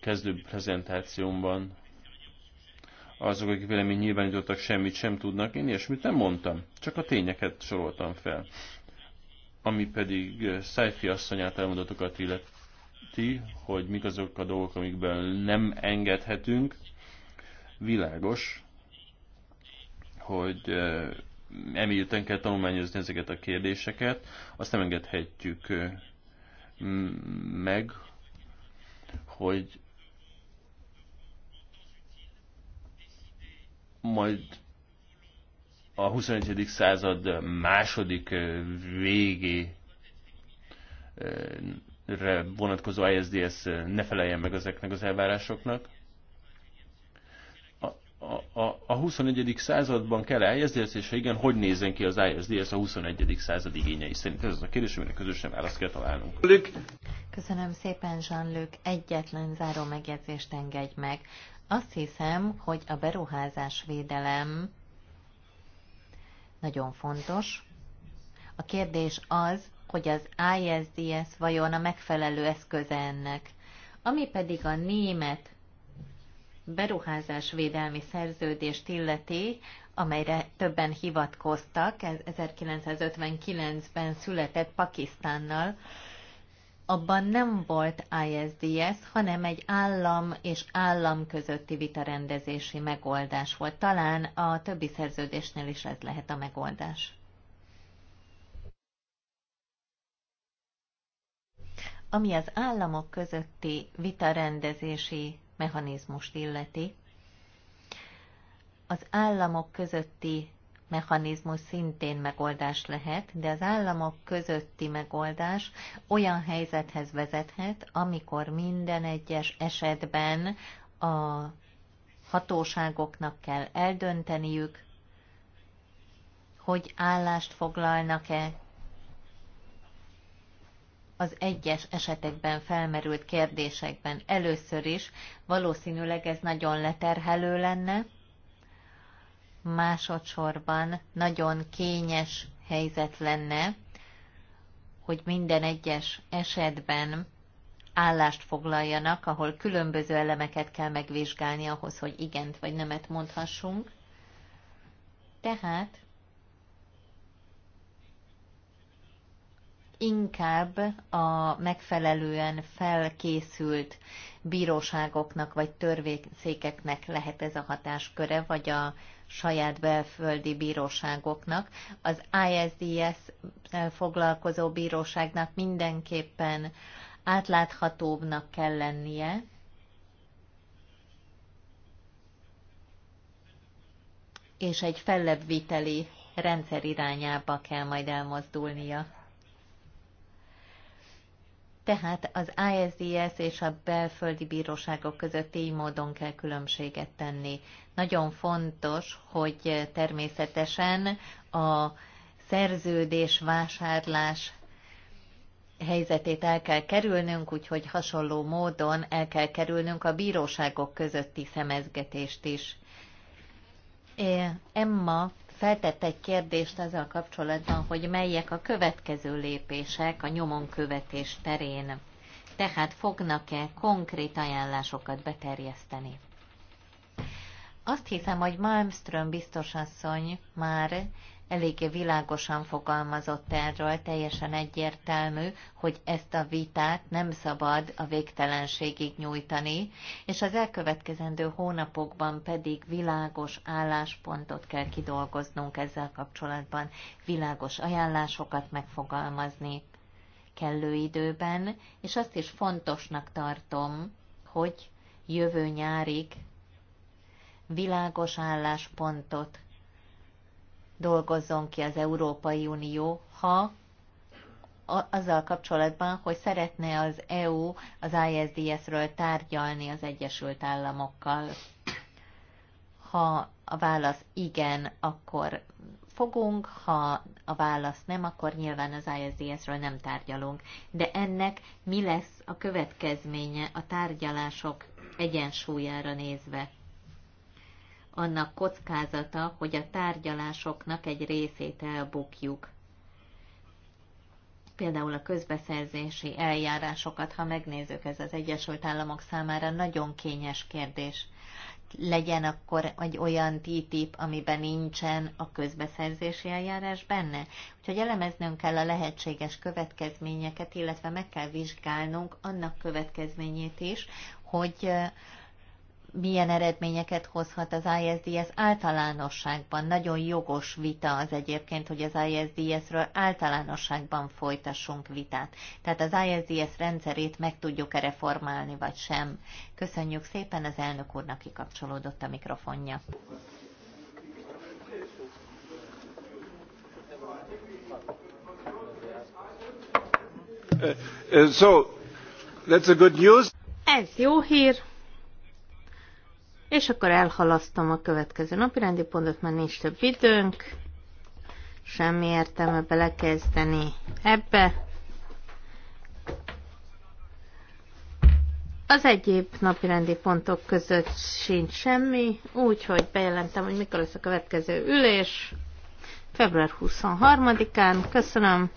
S3: kezdő prezentációmban azok, akik vélemény nyilvánítottak, semmit sem tudnak. Én ilyesmit nem mondtam, csak a tényeket soroltam fel. Ami pedig Szájfi asszonyát elmondatokat illeti, hogy mik azok a dolgok, amikben nem engedhetünk, világos, hogy emiatt kell tanulmányozni ezeket a kérdéseket, azt nem engedhetjük meg, hogy majd a 21. század második végére vonatkozó ISDS ne feleljen meg ezeknek az elvárásoknak a, a, 21. században kell ISDS, és ha igen, hogy nézzen ki az ISDS a 21. század igényei szerint? Ez az a kérdés, amire közösen választ kell találnunk.
S2: Köszönöm szépen, Jean-Luc. Egyetlen záró megjegyzést engedj meg. Azt hiszem, hogy a beruházás védelem nagyon fontos. A kérdés az, hogy az ISDS vajon a megfelelő eszköze ennek. Ami pedig a német beruházás védelmi szerződést illeti, amelyre többen hivatkoztak, ez 1959-ben született Pakisztánnal, abban nem volt ISDS, hanem egy állam és állam közötti vitarendezési megoldás volt. Talán a többi szerződésnél is ez lehet a megoldás. Ami az államok közötti vitarendezési mechanizmust illeti, az államok közötti mechanizmus szintén megoldás lehet, de az államok közötti megoldás olyan helyzethez vezethet, amikor minden egyes esetben a hatóságoknak kell eldönteniük, hogy állást foglalnak-e, az egyes esetekben felmerült kérdésekben. Először is valószínűleg ez nagyon leterhelő lenne, másodszorban nagyon kényes helyzet lenne, hogy minden egyes esetben állást foglaljanak, ahol különböző elemeket kell megvizsgálni ahhoz, hogy igent vagy nemet mondhassunk. Tehát inkább a megfelelően felkészült bíróságoknak vagy törvényszékeknek lehet ez a hatásköre, vagy a saját belföldi bíróságoknak. Az ISDS foglalkozó bíróságnak mindenképpen átláthatóbbnak kell lennie, és egy fellebbviteli rendszer irányába kell majd elmozdulnia. Tehát az ISDS és a belföldi bíróságok között így módon kell különbséget tenni. Nagyon fontos, hogy természetesen a szerződés vásárlás helyzetét el kell kerülnünk, úgyhogy hasonló módon el kell kerülnünk a bíróságok közötti szemezgetést is. Emma feltett egy kérdést ezzel kapcsolatban, hogy melyek a következő lépések a nyomon követés terén. Tehát fognak-e konkrét ajánlásokat beterjeszteni? Azt hiszem, hogy Malmström biztosasszony már eléggé világosan fogalmazott erről, teljesen egyértelmű, hogy ezt a vitát nem szabad a végtelenségig nyújtani, és az elkövetkezendő hónapokban pedig világos álláspontot kell kidolgoznunk ezzel kapcsolatban, világos ajánlásokat megfogalmazni kellő időben, és azt is fontosnak tartom, hogy jövő nyárig világos álláspontot dolgozzon ki az Európai Unió, ha azzal kapcsolatban, hogy szeretne az EU az ISDS-ről tárgyalni az Egyesült Államokkal. Ha a válasz igen, akkor fogunk, ha a válasz nem, akkor nyilván az ISDS-ről nem tárgyalunk. De ennek mi lesz a következménye a tárgyalások egyensúlyára nézve? annak kockázata, hogy a tárgyalásoknak egy részét elbukjuk. Például a közbeszerzési eljárásokat, ha megnézzük, ez az Egyesült Államok számára nagyon kényes kérdés. Legyen akkor egy olyan TTIP, amiben nincsen a közbeszerzési eljárás benne. Úgyhogy elemeznünk kell a lehetséges következményeket, illetve meg kell vizsgálnunk annak következményét is, hogy milyen eredményeket hozhat az ISDS általánosságban. Nagyon jogos vita az egyébként, hogy az ISDS-ről általánosságban folytassunk vitát. Tehát az ISDS rendszerét meg tudjuk-e reformálni, vagy sem. Köszönjük szépen, az elnök úrnak kikapcsolódott a mikrofonja.
S1: Eh, eh, so, that's a good news.
S4: Ez jó hír. És akkor elhalasztom a következő napi rendi pontot, mert nincs több időnk. Semmi értelme belekezdeni ebbe. Az egyéb napirendi pontok között sincs semmi, úgyhogy bejelentem, hogy mikor lesz a következő ülés. Február 23-án. Köszönöm.